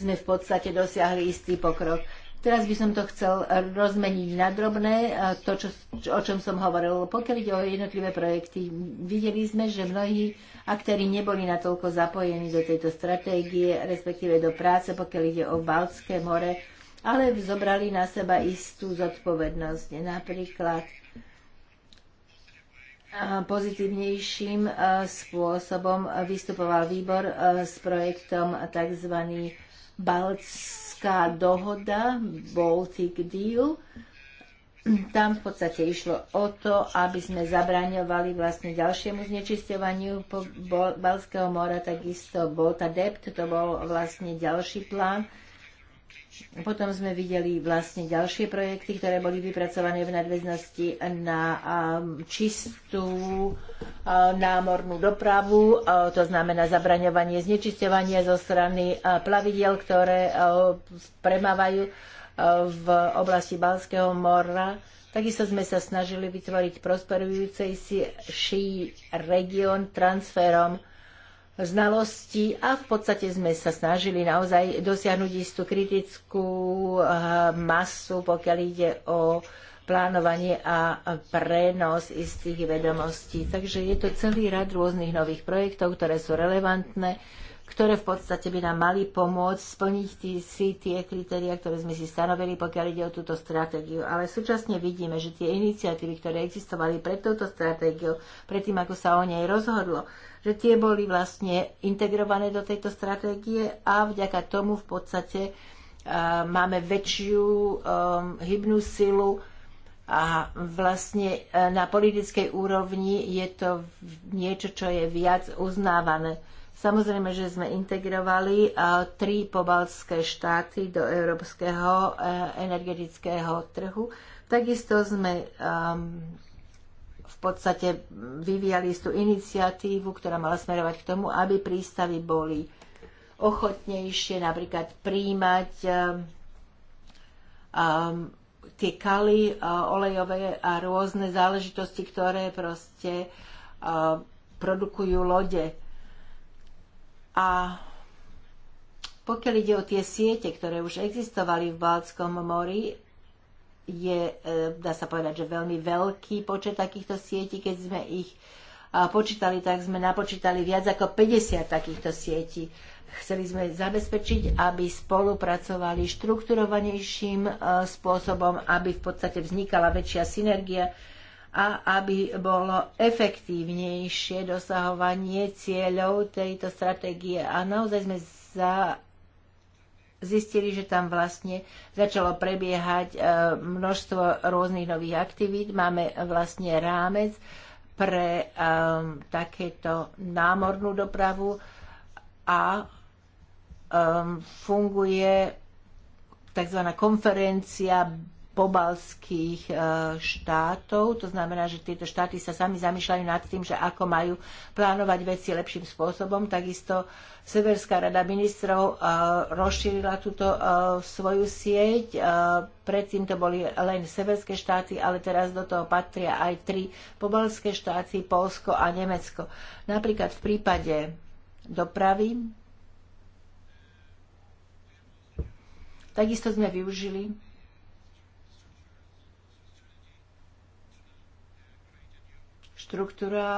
sme v podstate dosiahli istý pokrok. Teraz by som to chcel rozmeniť na drobné, to, čo, o čom som hovoril. Pokiaľ ide o jednotlivé projekty, videli sme, že mnohí aktéry neboli natoľko zapojení do tejto stratégie, respektíve do práce, pokiaľ ide o Baltské more, ale zobrali na seba istú zodpovednosť. Napríklad pozitívnejším spôsobom vystupoval výbor s projektom tzv. Baltský Baltická dohoda, Baltic Deal, tam v podstate išlo o to, aby sme zabraňovali vlastne ďalšiemu znečisťovaniu Balského mora, takisto bol dept, to bol vlastne ďalší plán, potom sme videli vlastne ďalšie projekty, ktoré boli vypracované v nadväznosti na um, čistú uh, námornú dopravu, uh, to znamená zabraňovanie znečisťovania zo strany uh, plavidiel, ktoré premávajú v oblasti Balského mora. Takisto sme sa snažili vytvoriť prosperujúcejší región transferom znalosti a v podstate sme sa snažili naozaj dosiahnuť istú kritickú eh, masu, pokiaľ ide o plánovanie a prenos istých vedomostí. Takže je to celý rad rôznych nových projektov, ktoré sú relevantné, ktoré v podstate by nám mali pomôcť splniť tí, si tie kritéria, ktoré sme si stanovili, pokiaľ ide o túto stratégiu. Ale súčasne vidíme, že tie iniciatívy, ktoré existovali pred touto stratégiou, pred tým, ako sa o nej rozhodlo, že tie boli vlastne integrované do tejto stratégie a vďaka tomu v podstate e, máme väčšiu um, hybnú silu a vlastne e, na politickej úrovni je to niečo, čo je viac uznávané. Samozrejme, že sme integrovali e, tri pobaltské štáty do európskeho energetického trhu. Takisto sme um, podstate vyvíjali istú iniciatívu, ktorá mala smerovať k tomu, aby prístavy boli ochotnejšie napríklad príjmať um, um, tie kaly uh, olejové a rôzne záležitosti, ktoré proste uh, produkujú lode. A pokiaľ ide o tie siete, ktoré už existovali v Balckom mori, je, e, dá sa povedať, že veľmi veľký počet takýchto sietí. Keď sme ich počítali, tak sme napočítali viac ako 50 takýchto sietí. Chceli sme zabezpečiť, aby spolupracovali štrukturovanejším e, spôsobom, aby v podstate vznikala väčšia synergia a aby bolo efektívnejšie dosahovanie cieľov tejto stratégie. A naozaj sme za, zistili, že tam vlastne začalo prebiehať e, množstvo rôznych nových aktivít. Máme vlastne rámec pre um, takéto námornú dopravu a um, funguje tzv. konferencia pobalských e, štátov. To znamená, že tieto štáty sa sami zamýšľajú nad tým, že ako majú plánovať veci lepším spôsobom. Takisto Severská rada ministrov e, rozšírila túto e, svoju sieť. Predtým to boli len severské štáty, ale teraz do toho patria aj tri pobalské štáty, Polsko a Nemecko. Napríklad v prípade dopravy Takisto sme využili štruktúra,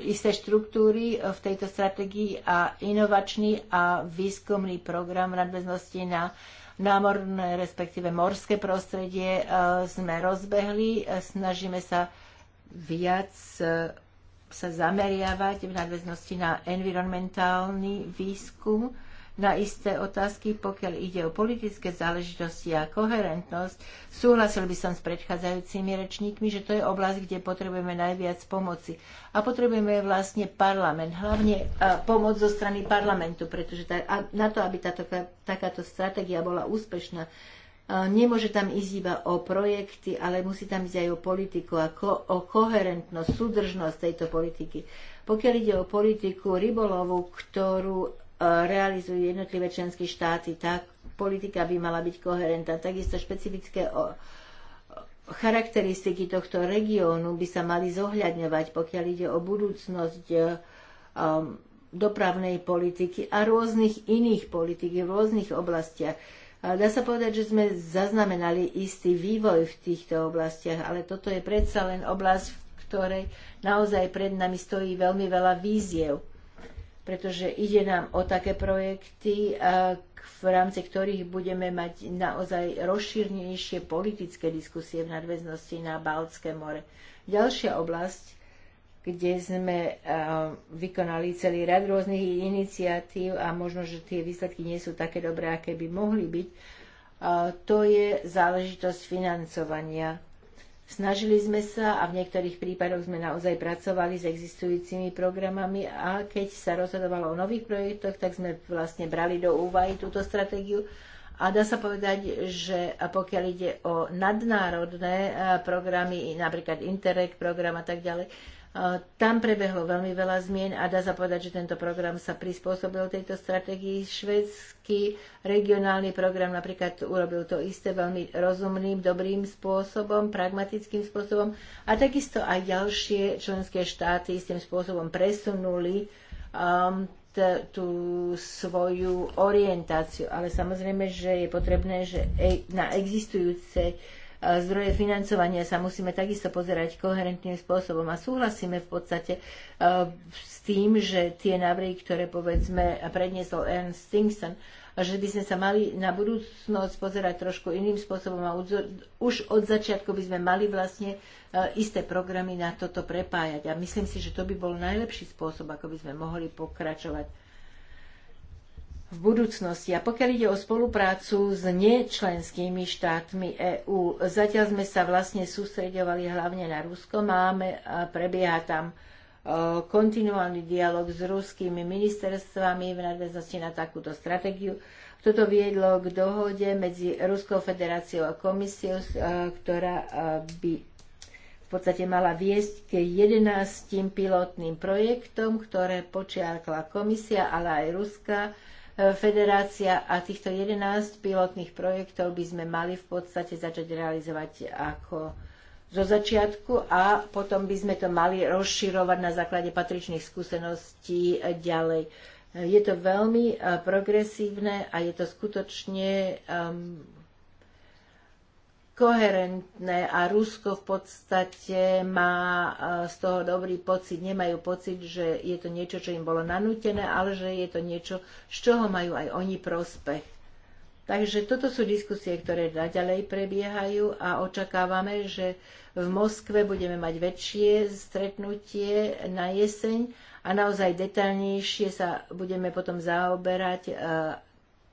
isté štruktúry v tejto stratégii a inovačný a výskumný program v nadväznosti na námorné, respektíve morské prostredie e, sme rozbehli. E, snažíme sa viac e, sa zameriavať v nadväznosti na environmentálny výskum na isté otázky, pokiaľ ide o politické záležitosti a koherentnosť. Súhlasil by som s predchádzajúcimi rečníkmi, že to je oblasť, kde potrebujeme najviac pomoci. A potrebujeme vlastne parlament, hlavne e, pomoc zo strany parlamentu, pretože na to, aby táto, takáto stratégia bola úspešná, e, Nemôže tam ísť iba o projekty, ale musí tam ísť aj o politiku a ko- o koherentnosť, súdržnosť tejto politiky. Pokiaľ ide o politiku rybolovu, ktorú realizujú jednotlivé členské štáty, tak politika by mala byť koherentná. Takisto špecifické charakteristiky tohto regiónu by sa mali zohľadňovať, pokiaľ ide o budúcnosť e, um, dopravnej politiky a rôznych iných politik v rôznych oblastiach. Dá sa povedať, že sme zaznamenali istý vývoj v týchto oblastiach, ale toto je predsa len oblasť, v ktorej naozaj pred nami stojí veľmi veľa víziev pretože ide nám o také projekty, v rámci ktorých budeme mať naozaj rozšírnejšie politické diskusie v nadväznosti na Baltské more. Ďalšia oblasť, kde sme vykonali celý rad rôznych iniciatív a možno, že tie výsledky nie sú také dobré, aké by mohli byť, to je záležitosť financovania Snažili sme sa a v niektorých prípadoch sme naozaj pracovali s existujúcimi programami a keď sa rozhodovalo o nových projektoch, tak sme vlastne brali do úvahy túto stratégiu. A dá sa povedať, že pokiaľ ide o nadnárodné programy, napríklad Interreg program a tak ďalej, tam prebehlo veľmi veľa zmien a dá sa povedať, že tento program sa prispôsobil tejto stratégii. Švedský regionálny program napríklad urobil to isté veľmi rozumným, dobrým spôsobom, pragmatickým spôsobom a takisto aj ďalšie členské štáty istým spôsobom presunuli um, t- tú svoju orientáciu. Ale samozrejme, že je potrebné, že e- na existujúcej zdroje financovania sa musíme takisto pozerať koherentným spôsobom. A súhlasíme v podstate e, s tým, že tie návrhy, ktoré povedzme predniesol Ernst Stinson, že by sme sa mali na budúcnosť pozerať trošku iným spôsobom a už od začiatku by sme mali vlastne e, isté programy na toto prepájať. A myslím si, že to by bol najlepší spôsob, ako by sme mohli pokračovať v budúcnosti. A pokiaľ ide o spoluprácu s nečlenskými štátmi EÚ, zatiaľ sme sa vlastne sústredovali hlavne na Rusko. Máme, a prebieha tam e, kontinuálny dialog s ruskými ministerstvami v nadväznosti na takúto stratégiu. Toto viedlo k dohode medzi Ruskou federáciou a komisiou, e, ktorá e, by v podstate mala viesť k 11 pilotným projektom, ktoré počiarkla komisia, ale aj Ruska federácia a týchto 11 pilotných projektov by sme mali v podstate začať realizovať ako zo začiatku a potom by sme to mali rozširovať na základe patričných skúseností ďalej. Je to veľmi eh, progresívne a je to skutočne um, koherentné a Rusko v podstate má e, z toho dobrý pocit, nemajú pocit, že je to niečo, čo im bolo nanútené, ale že je to niečo, z čoho majú aj oni prospech. Takže toto sú diskusie, ktoré naďalej prebiehajú a očakávame, že v Moskve budeme mať väčšie stretnutie na jeseň a naozaj detaľnejšie sa budeme potom zaoberať e,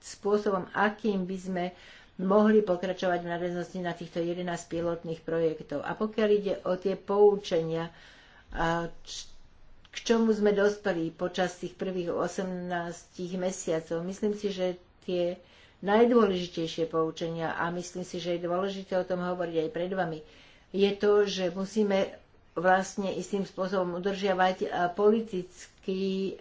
spôsobom, akým by sme mohli pokračovať v nadväznosti na týchto 11 pilotných projektov. A pokiaľ ide o tie poučenia, k čomu sme dospeli počas tých prvých 18 mesiacov, myslím si, že tie najdôležitejšie poučenia, a myslím si, že je dôležité o tom hovoriť aj pred vami, je to, že musíme vlastne istým spôsobom udržiavať politický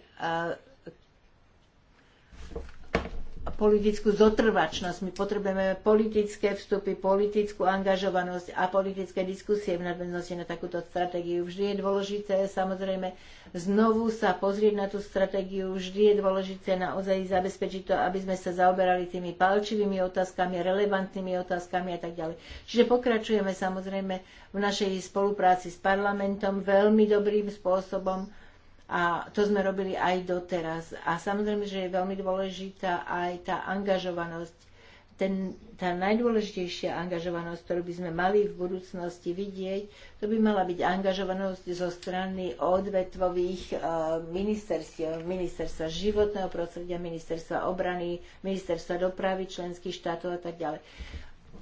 politickú zotrvačnosť. My potrebujeme politické vstupy, politickú angažovanosť a politické diskusie v nadväznosti na takúto stratégiu. Vždy je dôležité samozrejme znovu sa pozrieť na tú stratégiu. Vždy je dôležité naozaj zabezpečiť to, aby sme sa zaoberali tými palčivými otázkami, relevantnými otázkami a tak ďalej. Čiže pokračujeme samozrejme v našej spolupráci s parlamentom veľmi dobrým spôsobom a to sme robili aj doteraz. A samozrejme, že je veľmi dôležitá aj tá angažovanosť ten, tá najdôležitejšia angažovanosť, ktorú by sme mali v budúcnosti vidieť, to by mala byť angažovanosť zo strany odvetvových eh, ministerstiev, ministerstva životného prostredia, ministerstva obrany, ministerstva dopravy členských štátov a tak ďalej.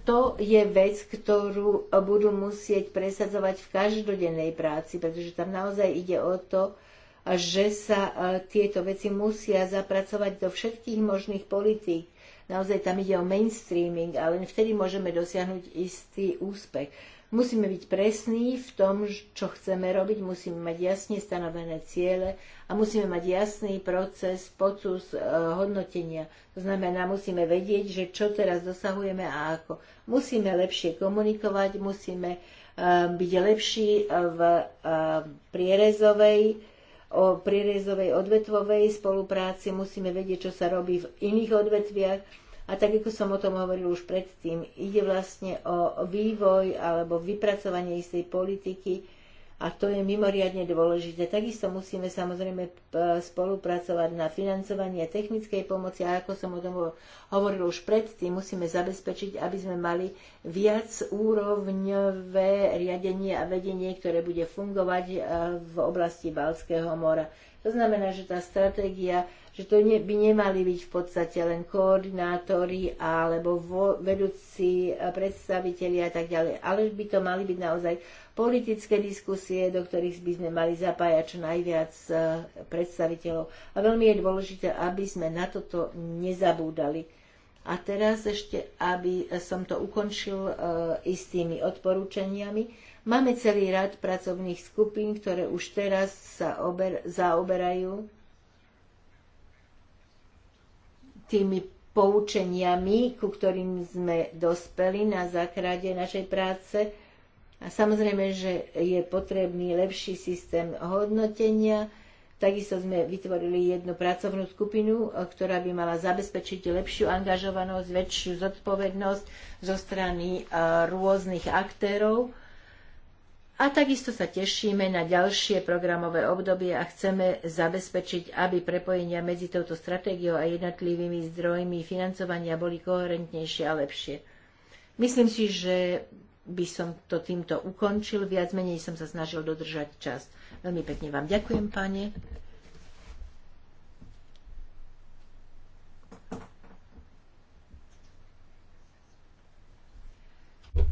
To je vec, ktorú budú musieť presadzovať v každodennej práci, pretože tam naozaj ide o to, že sa e, tieto veci musia zapracovať do všetkých možných politík. Naozaj tam ide o mainstreaming a len vtedy môžeme dosiahnuť istý úspech. Musíme byť presní v tom, čo chceme robiť, musíme mať jasne stanovené ciele a musíme mať jasný proces, pocus e, hodnotenia. To znamená, musíme vedieť, že čo teraz dosahujeme a ako. Musíme lepšie komunikovať, musíme e, byť lepší v prierezovej o prierezovej odvetvovej spolupráci, musíme vedieť, čo sa robí v iných odvetviach. A tak, ako som o tom hovoril už predtým, ide vlastne o vývoj alebo vypracovanie istej politiky, a to je mimoriadne dôležité. Takisto musíme samozrejme e, spolupracovať na financovanie technickej pomoci a ako som o tom hovoril už predtým, musíme zabezpečiť, aby sme mali viac úrovňové riadenie a vedenie, ktoré bude fungovať e, v oblasti Balského mora. To znamená, že tá stratégia že to ne, by nemali byť v podstate len koordinátori alebo vo, vedúci predstavitelia a tak ďalej, ale by to mali byť naozaj politické diskusie, do ktorých by sme mali zapájať čo najviac e, predstaviteľov. A veľmi je dôležité, aby sme na toto nezabúdali. A teraz ešte, aby som to ukončil e, istými odporúčaniami. Máme celý rad pracovných skupín, ktoré už teraz sa ober, zaoberajú tými poučeniami, ku ktorým sme dospeli na základe našej práce. A samozrejme, že je potrebný lepší systém hodnotenia. Takisto sme vytvorili jednu pracovnú skupinu, eh, ktorá by mala zabezpečiť lepšiu angažovanosť, väčšiu zodpovednosť zo strany eh, rôznych aktérov a takisto sa tešíme na ďalšie programové obdobie a chceme zabezpečiť, aby prepojenia medzi touto stratégiou a jednotlivými zdrojmi financovania boli koherentnejšie a lepšie. Myslím si, že by som to týmto ukončil. Viac menej som sa snažil dodržať čas. Veľmi pekne vám ďakujem, pane.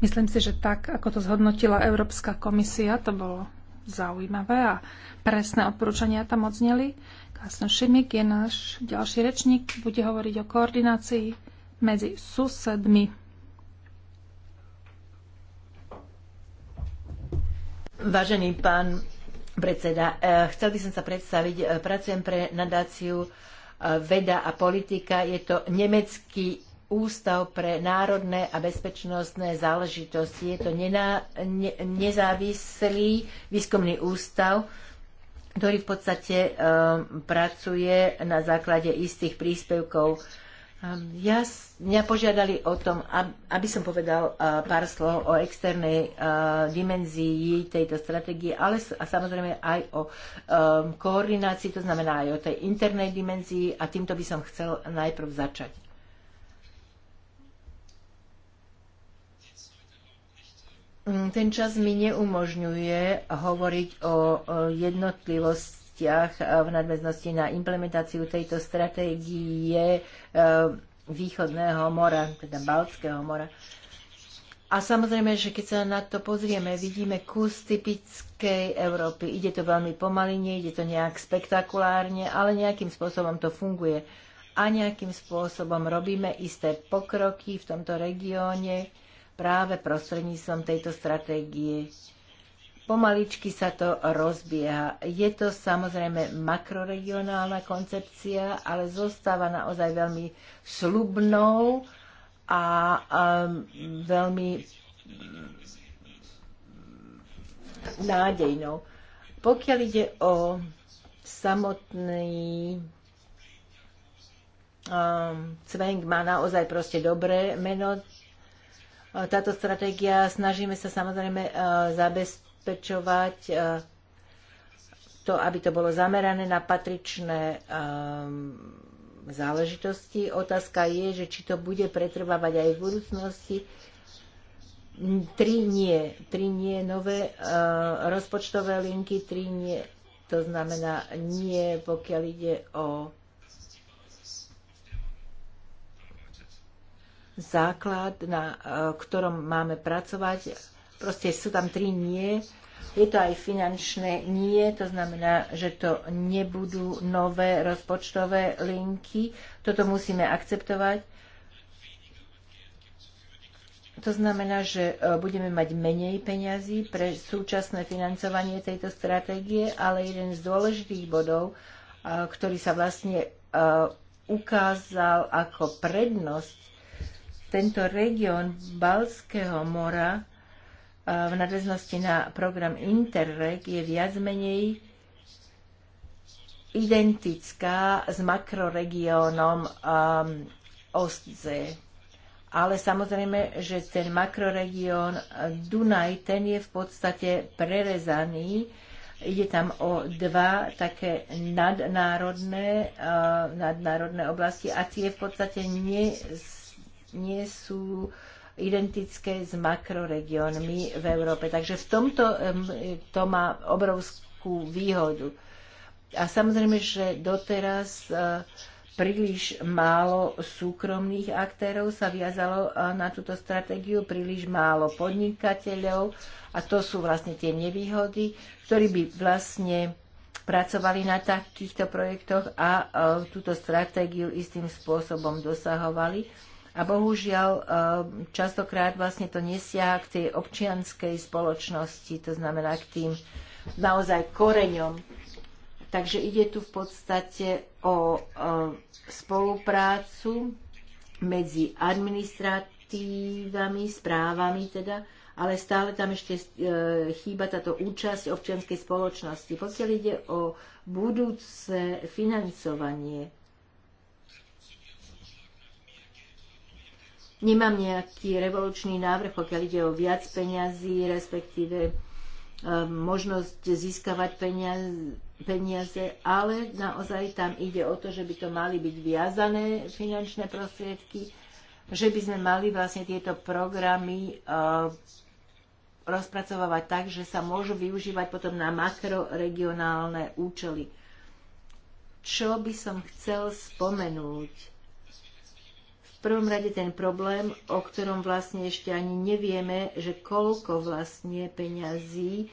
Myslím si, že tak, ako to zhodnotila Európska komisia, to bolo zaujímavé a presné odporúčania tam odzneli. Kasno Šimik je náš ďalší rečník, bude hovoriť o koordinácii medzi susedmi. Vážený pán predseda, eh, chcel by som sa predstaviť. Eh, pracujem pre nadáciu eh, Veda a politika. Je to nemecký Ústav pre národné a bezpečnostné záležitosti. Je to nená, ne, nezávislý výskumný ústav, ktorý v podstate um, pracuje na základe istých príspevkov. Um, ja, mňa požiadali o tom, ab, aby som povedal uh, pár slov o externej uh, dimenzii tejto stratégie, ale a samozrejme aj o um, koordinácii, to znamená aj o tej internej dimenzii a týmto by som chcel najprv začať. Mm, ten čas mi neumožňuje hovoriť o jednotlivostiach v nadväznosti na implementáciu tejto stratégie e, východného mora, teda Baltského mora. A samozrejme, že keď sa na to pozrieme, vidíme kus typickej Európy. Ide to veľmi pomaly, ide to nejak spektakulárne, ale nejakým spôsobom to funguje. A nejakým spôsobom robíme isté pokroky v tomto regióne práve prostredníctvom tejto stratégie. Pomaličky sa to rozbieha. Je to samozrejme makroregionálna koncepcia, ale zostáva naozaj veľmi slubnou a um, veľmi nádejnou. Pokiaľ ide o samotný um, Cvenk má naozaj proste dobré meno, táto stratégia. Snažíme sa samozrejme e, zabezpečovať e, to, aby to bolo zamerané na patričné e, záležitosti. Otázka je, že či to bude pretrvávať aj v budúcnosti. Tri nie. Tri nie nové rozpočtové linky, tri nie. To znamená nie, pokiaľ ide o základ, na e, ktorom máme pracovať. Proste sú tam tri nie. Je to aj finančné nie, to znamená, že to nebudú nové rozpočtové linky. Toto musíme akceptovať. To znamená, že e, budeme mať menej peňazí pre súčasné financovanie tejto stratégie, ale jeden z dôležitých bodov, e, ktorý sa vlastne ukázal ako prednosť tento región Balského mora v nadväznosti na program Interreg je viac menej identická s makroregiónom um, Ostze. Ale samozrejme, že ten makroregión Dunaj, ten je v podstate prerezaný. Ide tam o dva také nadnárodné, uh, nadnárodné oblasti a tie v podstate nie nie sú identické s makroregiónmi v Európe. Takže v tomto to má obrovskú výhodu. A samozrejme, že doteraz e, príliš málo súkromných aktérov sa viazalo e, na túto stratégiu, príliš málo podnikateľov a to sú vlastne tie nevýhody, ktorí by vlastne pracovali na takýchto projektoch a e, túto stratégiu istým spôsobom dosahovali a bohužiaľ, eh, častokrát vlastne to nesia k tej občianskej spoločnosti, to znamená k tým naozaj koreňom. Takže ide tu v podstate o eh, spoluprácu medzi administratívami, správami teda, ale stále tam ešte eh, chýba táto účasť občianskej spoločnosti. Pokiaľ ide o budúce financovanie, Nemám nejaký revolučný návrh, pokiaľ ide o viac peňazí, respektíve e, možnosť získavať peniaze, peniaze, ale naozaj tam ide o to, že by to mali byť viazané finančné prostriedky, že by sme mali vlastne tieto programy e, rozpracovávať tak, že sa môžu využívať potom na makroregionálne účely. Čo by som chcel spomenúť? prvom rade ten problém, o ktorom vlastne ešte ani nevieme, že koľko vlastne peňazí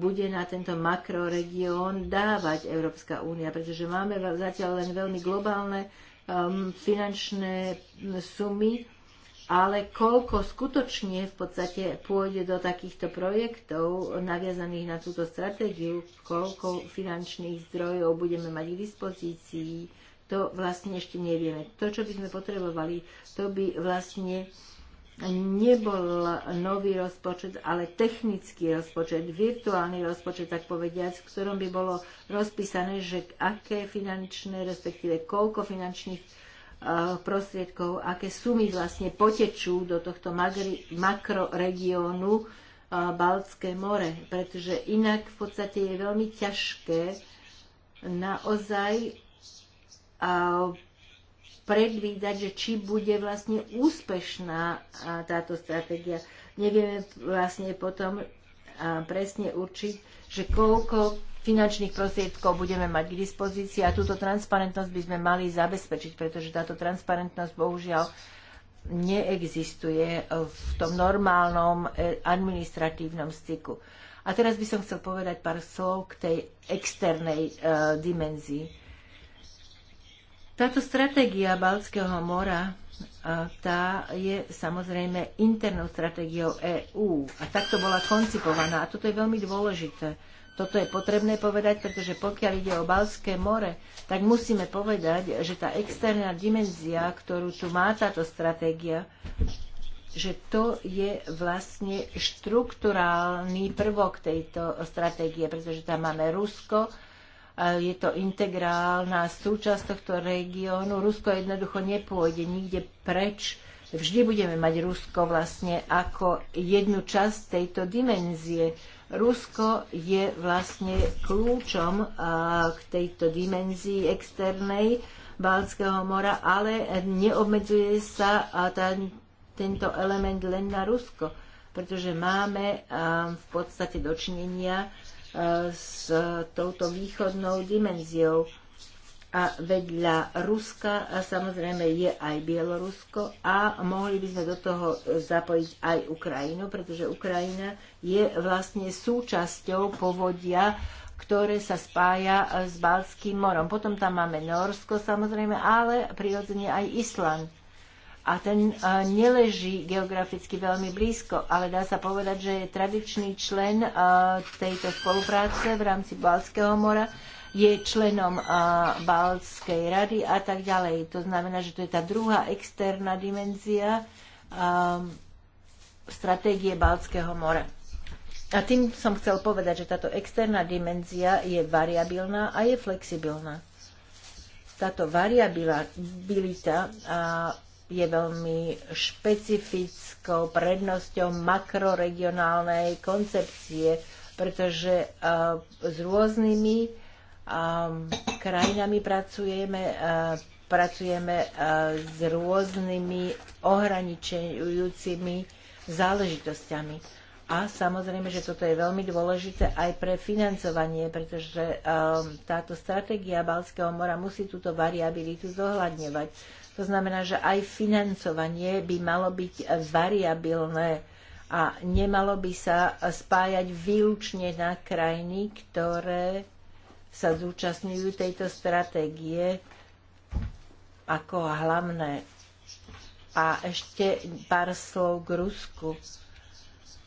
bude na tento makroregión dávať Európska únia, pretože máme zatiaľ len veľmi globálne um, finančné sumy, ale koľko skutočne v podstate pôjde do takýchto projektov naviazaných na túto stratégiu, koľko finančných zdrojov budeme mať k dispozícii, to vlastne ešte nevieme. To, čo by sme potrebovali, to by vlastne nebol nový rozpočet, ale technický rozpočet, virtuálny rozpočet, tak povediať, v ktorom by bolo rozpísané, že aké finančné, respektíve koľko finančných eh, prostriedkov, aké sumy vlastne potečú do tohto makroregiónu eh, Baltské more, pretože inak v podstate je veľmi ťažké naozaj predvídať, že či bude vlastne úspešná táto stratégia. Nevieme vlastne potom presne určiť, že koľko finančných prostriedkov budeme mať k dispozícii a túto transparentnosť by sme mali zabezpečiť, pretože táto transparentnosť bohužiaľ neexistuje v tom normálnom e, administratívnom styku. A teraz by som chcel povedať pár slov k tej externej e, dimenzii. Táto stratégia Baltského mora tá je samozrejme internou stratégiou EÚ a takto bola koncipovaná. A toto je veľmi dôležité. Toto je potrebné povedať, pretože pokiaľ ide o Balské more, tak musíme povedať, že tá externá dimenzia, ktorú tu má táto stratégia, že to je vlastne štruktúrálny prvok tejto stratégie, pretože tam máme Rusko, je to integrálna súčasť tohto regiónu. Rusko jednoducho nepôjde nikde preč. Vždy budeme mať Rusko vlastne ako jednu časť tejto dimenzie. Rusko je vlastne kľúčom k tejto dimenzii externej Balckého mora, ale neobmedzuje sa tento element len na Rusko, pretože máme v podstate dočinenia s touto východnou dimenziou. A vedľa Ruska a samozrejme je aj Bielorusko a mohli by sme do toho zapojiť aj Ukrajinu, pretože Ukrajina je vlastne súčasťou povodia, ktoré sa spája s Balským morom. Potom tam máme Norsko samozrejme, ale prirodzene aj Island a ten e, neleží geograficky veľmi blízko, ale dá sa povedať, že je tradičný člen e, tejto spolupráce v rámci Balského mora, je členom e, Balskej rady a tak ďalej. To znamená, že to je tá druhá externá dimenzia stratégie Balského mora. A tým som chcel povedať, že táto externá dimenzia je variabilná a je flexibilná. Táto variabilita je veľmi špecifickou prednosťou makroregionálnej koncepcie, pretože eh, s rôznymi eh, krajinami pracujeme, eh, pracujeme s rôznymi ohraničujúcimi záležitosťami. A samozrejme, že toto je veľmi dôležité aj pre financovanie, pretože táto stratégia Balského mora musí túto variabilitu zohľadňovať to znamená, že aj financovanie by malo byť variabilné a nemalo by sa spájať výlučne na krajiny, ktoré sa zúčastňujú tejto stratégie ako hlavné. A ešte pár slov k Rusku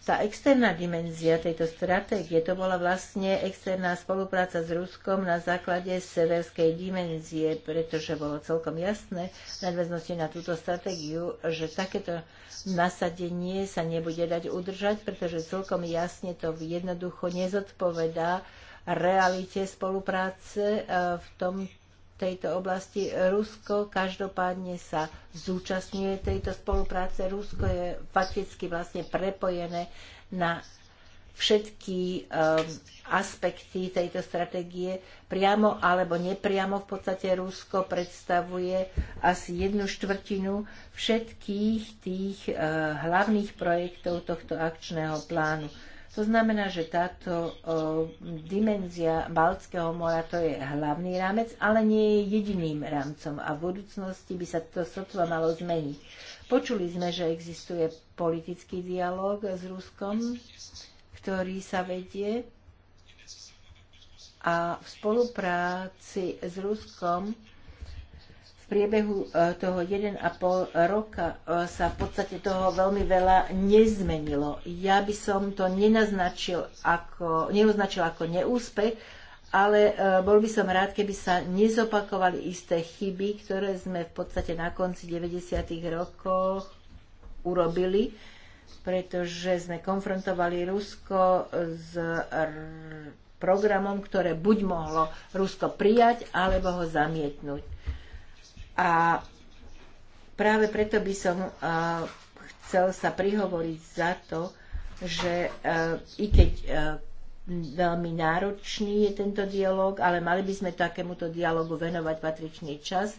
tá externá dimenzia tejto stratégie, to bola vlastne externá spolupráca s Ruskom na základe severskej dimenzie, pretože bolo celkom jasné v nadväznosti na túto stratégiu, že takéto nasadenie sa nebude dať udržať, pretože celkom jasne to jednoducho nezodpovedá realite spolupráce e, v tom tejto oblasti. Rusko každopádne sa zúčastňuje tejto spolupráce. Rusko je fakticky vlastne prepojené na všetky um, aspekty tejto stratégie. Priamo alebo nepriamo v podstate Rusko predstavuje asi jednu štvrtinu všetkých tých uh, hlavných projektov tohto akčného plánu. To znamená, že táto dimenzia Baltského mora to je hlavný rámec, ale nie je jediným rámcom a v budúcnosti by sa to sotva malo zmeniť. Počuli sme, že existuje politický dialog s Ruskom, ktorý sa vedie a v spolupráci s Ruskom priebehu e, toho 1,5 roka e, sa v podstate toho veľmi veľa nezmenilo. Ja by som to nenaznačil ako, neuznačil ako neúspech, ale e, bol by som rád, keby sa nezopakovali isté chyby, ktoré sme v podstate na konci 90. rokov urobili, pretože sme konfrontovali Rusko s programom, ktoré buď mohlo Rusko prijať, alebo ho zamietnúť. A práve preto by som e, chcel sa prihovoriť za to, že e, i keď e, veľmi náročný je tento dialog, ale mali by sme takémuto dialogu venovať patričný čas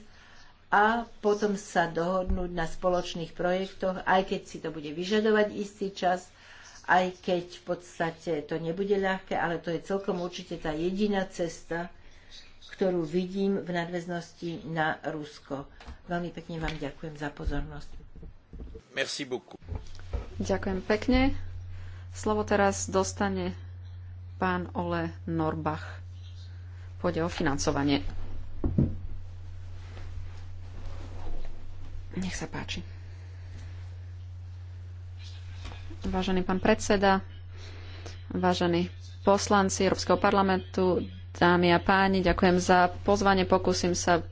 a potom sa dohodnúť na spoločných projektoch, aj keď si to bude vyžadovať istý čas, aj keď v podstate to nebude ľahké, ale to je celkom určite tá jediná cesta, ktorú vidím v nadväznosti na Rusko. Veľmi pekne vám ďakujem za pozornosť. Merci beaucoup. Ďakujem pekne. Slovo teraz dostane pán Ole Norbach. Pôjde o financovanie. Nech sa páči. Vážený pán predseda, vážení poslanci Európskeho parlamentu, Dámy a páni, ďakujem za pozvanie. Pokúsim sa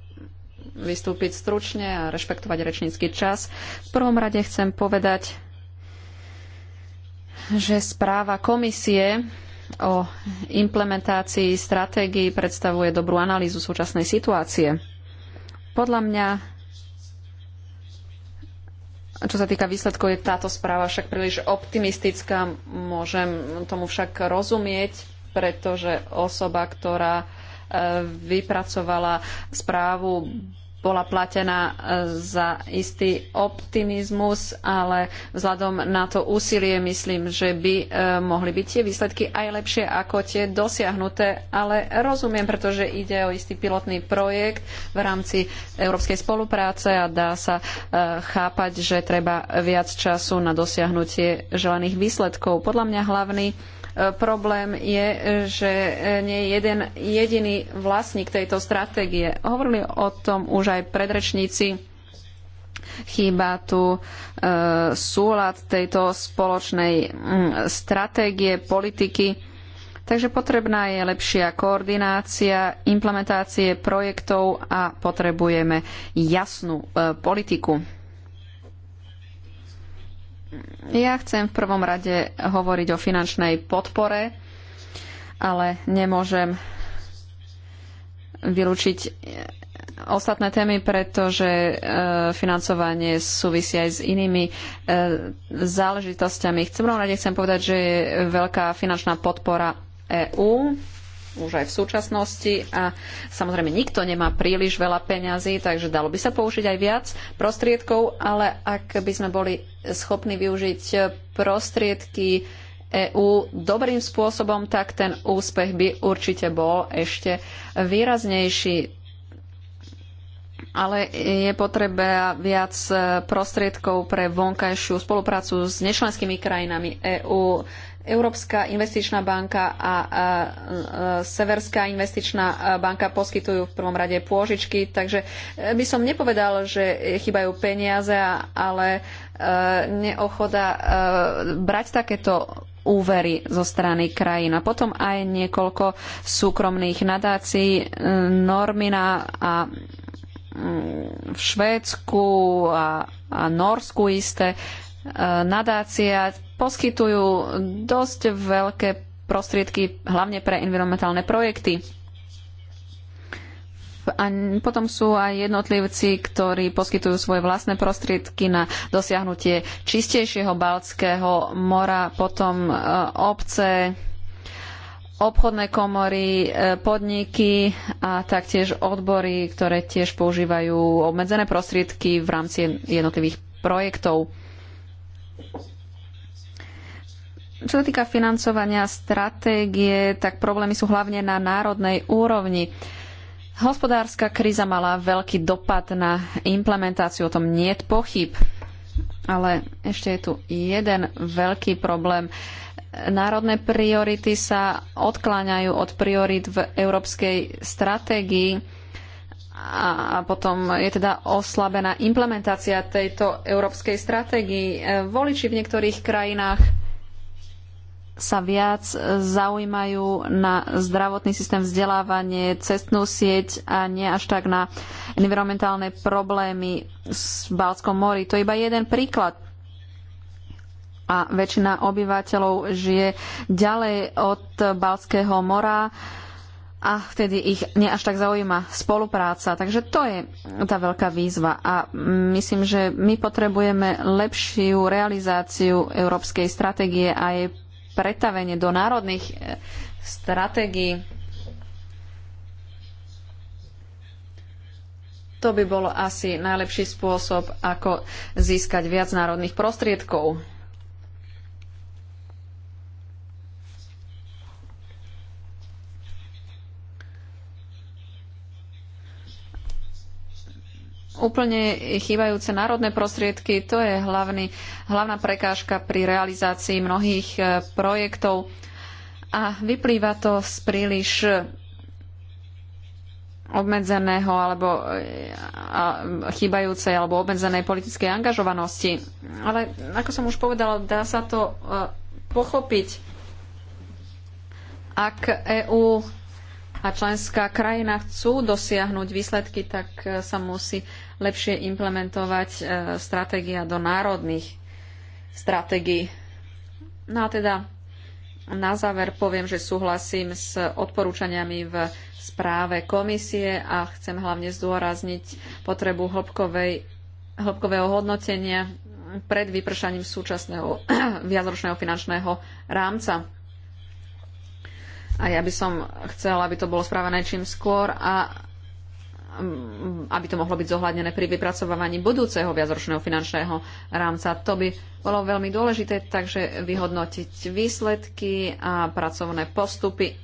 vystúpiť stručne a rešpektovať rečnícky čas. V prvom rade chcem povedať, že správa komisie o implementácii stratégií predstavuje dobrú analýzu súčasnej situácie. Podľa mňa, čo sa týka výsledkov, je táto správa však príliš optimistická. Môžem tomu však rozumieť pretože osoba, ktorá e, vypracovala správu, bola platená e, za istý optimizmus, ale vzhľadom na to úsilie myslím, že by e, mohli byť tie výsledky aj lepšie ako tie dosiahnuté, ale rozumiem, pretože ide o istý pilotný projekt v rámci európskej spolupráce a dá sa chápať, že treba viac času na dosiahnutie želaných výsledkov. Podľa mňa hlavný Problém je, že nie je jeden jediný vlastník tejto stratégie. Hovorili o tom už aj predrečníci. Chýba tu e, súlad tejto spoločnej m, mm, stratégie, politiky. Takže potrebná je lepšia koordinácia, implementácie projektov a potrebujeme jasnú e, politiku. Ja chcem v prvom rade hovoriť o finančnej podpore, ale nemôžem vylúčiť e, ostatné témy, pretože e, financovanie súvisí aj s inými e, záležitosťami. Chcem prvom rade chcem povedať, že je veľká finančná podpora EÚ už aj v súčasnosti a samozrejme nikto nemá príliš veľa peňazí, takže dalo by sa použiť aj viac prostriedkov, ale ak by sme boli schopní využiť prostriedky EÚ dobrým spôsobom, tak ten úspech by určite bol ešte výraznejší. Ale je potreba viac prostriedkov pre vonkajšiu spoluprácu s nečlenskými krajinami EÚ. Európska investičná banka a, Severská investičná banka poskytujú v prvom rade pôžičky, takže by som nepovedal, že chýbajú peniaze, ale E, neochoda e, brať takéto úvery zo strany krajín. A potom aj niekoľko súkromných nadácií e, Normina a mm, v Švédsku a, a Norsku isté nadácia poskytujú dosť veľké prostriedky hlavne pre environmentálne projekty a potom sú aj jednotlivci, ktorí poskytujú svoje vlastné prostriedky na dosiahnutie čistejšieho Baltského mora, potom e, obce, obchodné komory, e, podniky a taktiež odbory, ktoré tiež používajú obmedzené prostriedky v rámci jednotlivých projektov. Čo sa týka financovania stratégie, tak problémy sú hlavne na národnej úrovni. Uh, Hospodárska kríza mala veľký dopad na implementáciu, o tom nie je pochyb. Ale ešte je tu jeden veľký problém. Národné priority sa odkláňajú od priorit v európskej stratégii a potom je teda oslabená implementácia tejto európskej stratégii. Voliči v niektorých krajinách sa viac e, zaujímajú na zdravotný systém vzdelávanie, cestnú sieť a nie až tak na environmentálne problémy s Balskom mori. To je iba jeden príklad. A väčšina obyvateľov žije ďalej od Balského mora a vtedy ich nie až tak zaujíma spolupráca. Takže to je tá veľká výzva a myslím, že my potrebujeme lepšiu realizáciu európskej stratégie a jej pretavenie do národných e, stratégií. To by bol asi najlepší spôsob, ako získať viac národných prostriedkov. úplne chýbajúce národné prostriedky. To je hlavný, hlavná prekážka pri realizácii mnohých e, projektov a vyplýva to z príliš obmedzeného alebo e, chýbajúcej alebo obmedzenej politickej angažovanosti. Ale ako som už povedala, dá sa to e, pochopiť, ak EÚ a členská krajina chcú dosiahnuť výsledky, tak e, sa musí lepšie implementovať e, stratégia do národných stratégií. No a teda na záver poviem, že súhlasím s odporúčaniami v správe komisie a chcem hlavne zdôrazniť potrebu hĺbkovej, hĺbkového hodnotenia pred vypršaním súčasného viacročného finančného rámca. A ja by som chcela, aby to bolo spravené čím skôr a mm, aby to mohlo byť zohľadnené pri vypracovávaní budúceho viacročného finančného rámca. To by bolo veľmi dôležité, takže vyhodnotiť výsledky a pracovné postupy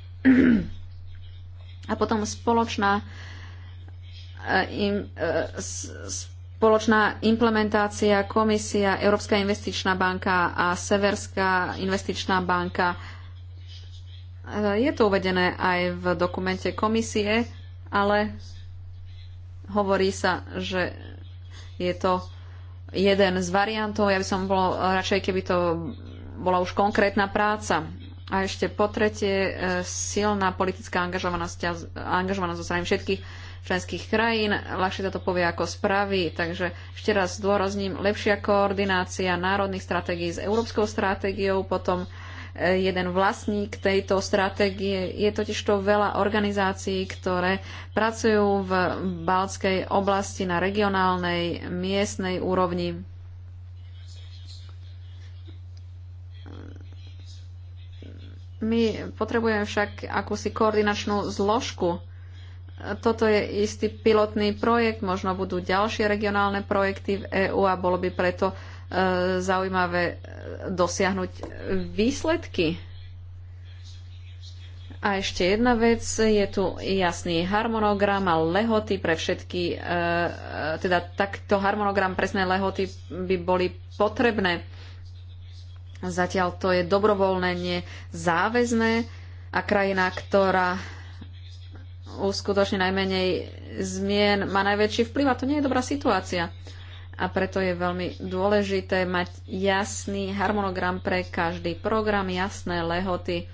a potom spoločná, eh, eh, spoločná implementácia, komisia, Európska investičná banka a Severská investičná banka Eh, je to uvedené aj v dokumente komisie, ale hovorí sa, že je to jeden z variantov. Ja by som bol radšej, keby to bola už konkrétna práca. A ešte po tretie, eh, silná politická angažovanosť, angažovanosť zo strany všetkých členských krajín. Ľahšie sa to povie ako spraví. Takže ešte raz zdôrazním, lepšia koordinácia národných stratégií s európskou stratégiou, potom jeden vlastník tejto stratégie. Je totiž to veľa organizácií, ktoré pracujú v Baltskej oblasti na regionálnej, miestnej úrovni. My potrebujeme však akúsi koordinačnú zložku. Toto je istý pilotný projekt, možno budú ďalšie regionálne projekty v EÚ a bolo by preto uh, E, zaujímavé e, dosiahnuť výsledky. A ešte jedna vec, je tu jasný harmonogram a lehoty pre všetky, e, teda takto harmonogram presné lehoty by boli potrebné. Zatiaľ to je dobrovoľné, nezáväzné záväzné a krajina, ktorá uskutoční najmenej zmien, má najväčší vplyv a to nie je dobrá situácia a preto je veľmi dôležité mať jasný harmonogram pre každý program, jasné lehoty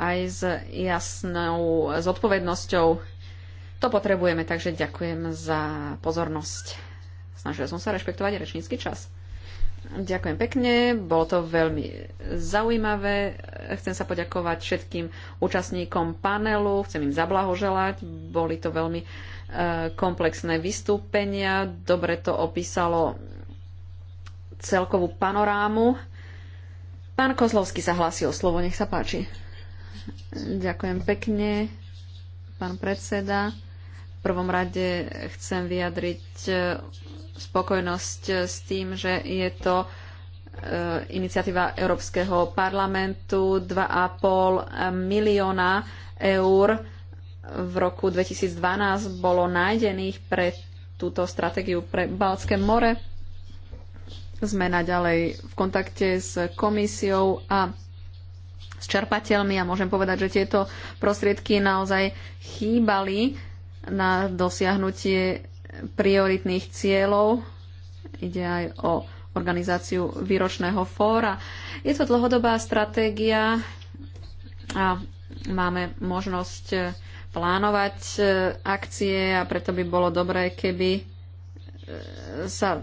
aj s jasnou zodpovednosťou. To potrebujeme, takže ďakujem za pozornosť. Snažil som sa rešpektovať rečnícky čas. Ďakujem pekne, bolo to veľmi zaujímavé. Chcem sa poďakovať všetkým účastníkom panelu, chcem im zablahoželať. Boli to veľmi komplexné vystúpenia. Dobre to opísalo celkovú panorámu. Pán Kozlovský sa hlási o slovo, nech sa páči. Ďakujem pekne, pán predseda. V prvom rade chcem vyjadriť e, spokojnosť e, s tým, že je to e, iniciatíva Európskeho parlamentu 2,5 milióna eur v roku 2012 bolo nájdených pre túto stratégiu pre Baltské more. Sme naďalej v kontakte s komisiou a s čerpateľmi a môžem povedať, že tieto prostriedky naozaj chýbali na dosiahnutie prioritných cieľov. Ide aj o organizáciu výročného fóra. Je to dlhodobá stratégia a máme možnosť plánovať e, akcie a preto by bolo dobré, keby e, sa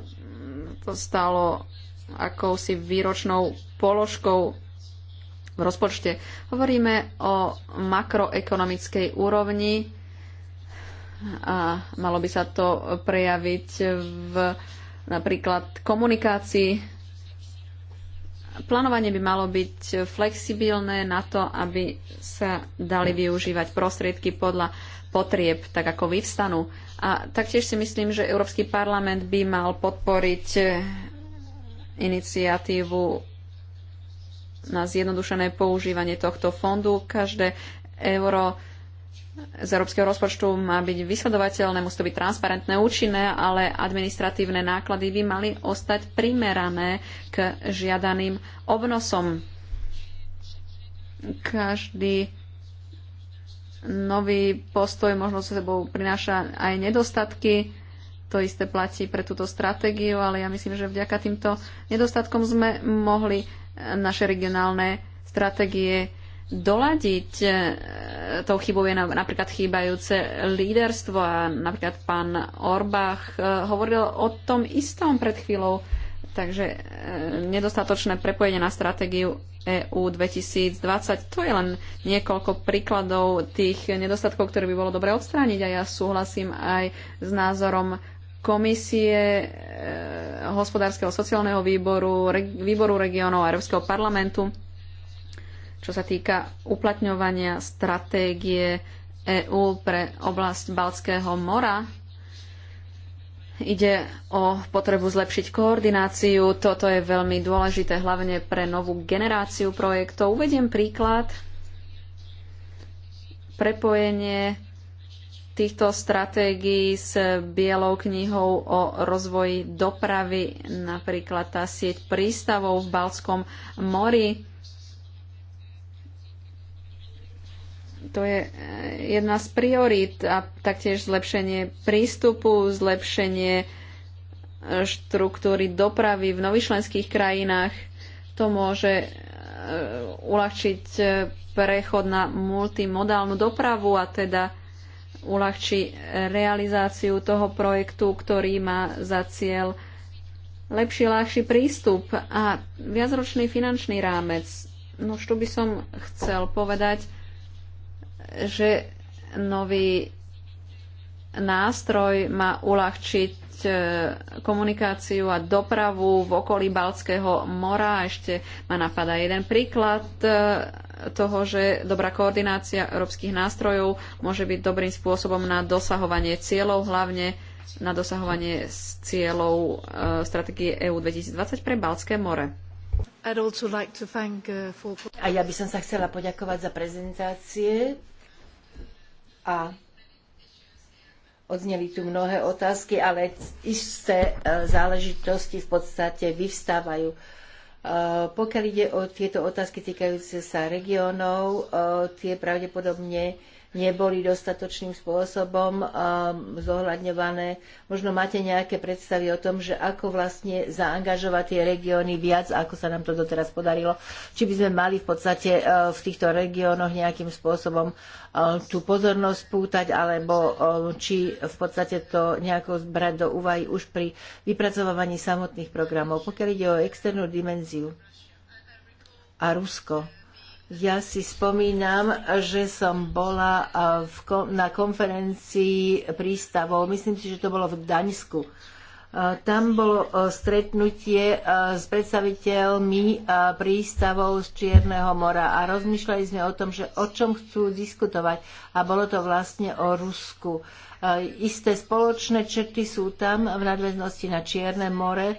to stalo akousi výročnou položkou v rozpočte. Hovoríme o makroekonomickej úrovni a malo by sa to prejaviť v napríklad komunikácii Plánovanie by malo byť flexibilné na to, aby sa dali využívať prostriedky podľa potrieb, tak ako vyvstanú. A taktiež si myslím, že Európsky parlament by mal podporiť eh, iniciatívu na zjednodušené používanie tohto fondu. Každé euro z európskeho rozpočtu má byť vysledovateľné, musí to byť transparentné, účinné, ale administratívne náklady by mali ostať primerané k žiadaným obnosom. Každý nový postoj možno so sebou prináša aj nedostatky. To isté platí pre túto stratégiu, ale ja myslím, že vďaka týmto nedostatkom sme mohli naše regionálne stratégie doladiť tou chybou je napríklad chýbajúce líderstvo a napríklad pán Orbach e, hovoril o tom istom pred chvíľou, takže e, nedostatočné prepojenie na stratégiu EU 2020. To je len niekoľko príkladov tých nedostatkov, ktoré by bolo dobre odstrániť a ja súhlasím aj s názorom komisie e, hospodárskeho sociálneho výboru, výboru regionov a Európskeho parlamentu čo sa týka uplatňovania stratégie EÚ pre oblasť Baltského mora. Ide o potrebu zlepšiť koordináciu. Toto je veľmi dôležité hlavne pre novú generáciu projektov. Uvediem príklad. Prepojenie týchto stratégií s Bielou knihou o rozvoji dopravy, napríklad tá sieť prístavov v Balskom mori To je eh, jedna z priorít a taktiež zlepšenie prístupu, zlepšenie eh, štruktúry dopravy v nových členských krajinách. To môže eh, uľahčiť prechod na multimodálnu dopravu a teda uľahčí realizáciu toho projektu, ktorý má za cieľ lepší, ľahší prístup a viacročný finančný rámec. No už tu by som chcel povedať, že nový nástroj má uľahčiť e, komunikáciu a dopravu v okolí Baltského mora. Ešte ma napadá jeden príklad e, toho, že dobrá koordinácia európskych nástrojov môže byť dobrým spôsobom na dosahovanie cieľov, hlavne na dosahovanie cieľov e, stratégie EU 2020 pre Baltské more. Uh, a ja by som sa chcela poďakovať za prezentácie a odzneli tu mnohé otázky, ale isté e, záležitosti v podstate vyvstávajú. E, pokiaľ ide o tieto otázky týkajúce sa regiónov, e, tie pravdepodobne neboli dostatočným spôsobom um, zohľadňované. Možno máte nejaké predstavy o tom, že ako vlastne zaangažovať tie regióny viac, ako sa nám to doteraz podarilo. Či by sme mali v podstate uh, v týchto regiónoch nejakým spôsobom uh, tú pozornosť pútať, alebo uh, či v podstate to nejako brať do úvahy už pri vypracovávaní samotných programov. Pokiaľ ide o externú dimenziu a Rusko, ja si spomínam, že som bola v, na konferencii prístavov, myslím si, že to bolo v Daňsku. Tam bolo e, stretnutie e, s predstaviteľmi e, prístavov z Čierneho mora a rozmýšľali sme o tom, že o čom chcú diskutovať a bolo to vlastne o Rusku. Isté spoločné črty sú tam v nadväznosti na Čierne more,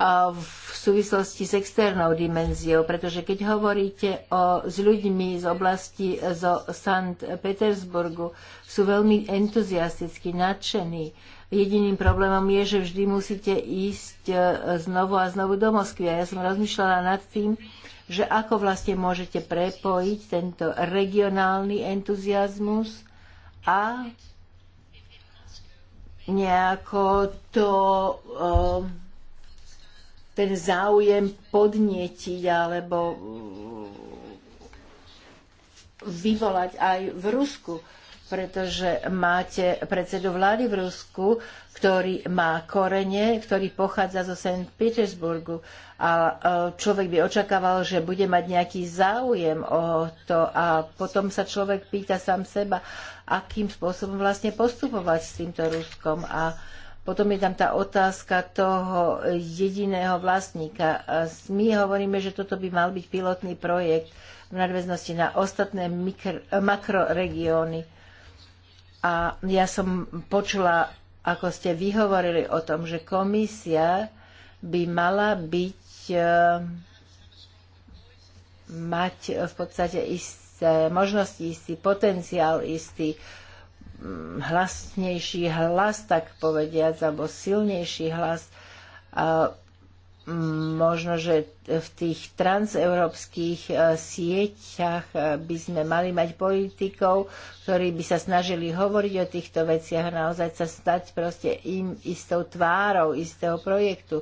v súvislosti s externou dimenziou, pretože keď hovoríte o, s ľuďmi z oblasti e, zo Sankt Petersburgu, sú veľmi entuziasticky nadšení. Jediným problémom je, že vždy musíte ísť e, znovu a znovu do Moskvy. A ja som rozmýšľala nad tým, že ako vlastne môžete prepojiť tento regionálny entuziasmus a nejako to uh, ten záujem podnietiť alebo mm, vyvolať aj v Rusku, pretože máte predsedu vlády v Rusku, ktorý má korene, ktorý pochádza zo St. Petersburgu a e, človek by očakával, že bude mať nejaký záujem o to a potom sa človek pýta sám seba, akým spôsobom vlastne postupovať s týmto Ruskom a potom je tam tá otázka toho jediného vlastníka. My hovoríme, že toto by mal byť pilotný projekt v nadväznosti na ostatné makroregióny. A ja som počula, ako ste vyhovorili o tom, že komisia by mala byť eh, mať v podstate isté možnosti, istý potenciál, istý uh, hlasnejší hlas, tak povediac, alebo silnejší hlas. A mm, možno, že v tých transeurópskych e, sieťach e, by sme mali mať politikov, ktorí by sa snažili hovoriť o týchto veciach a naozaj sa stať proste im istou tvárou istého projektu.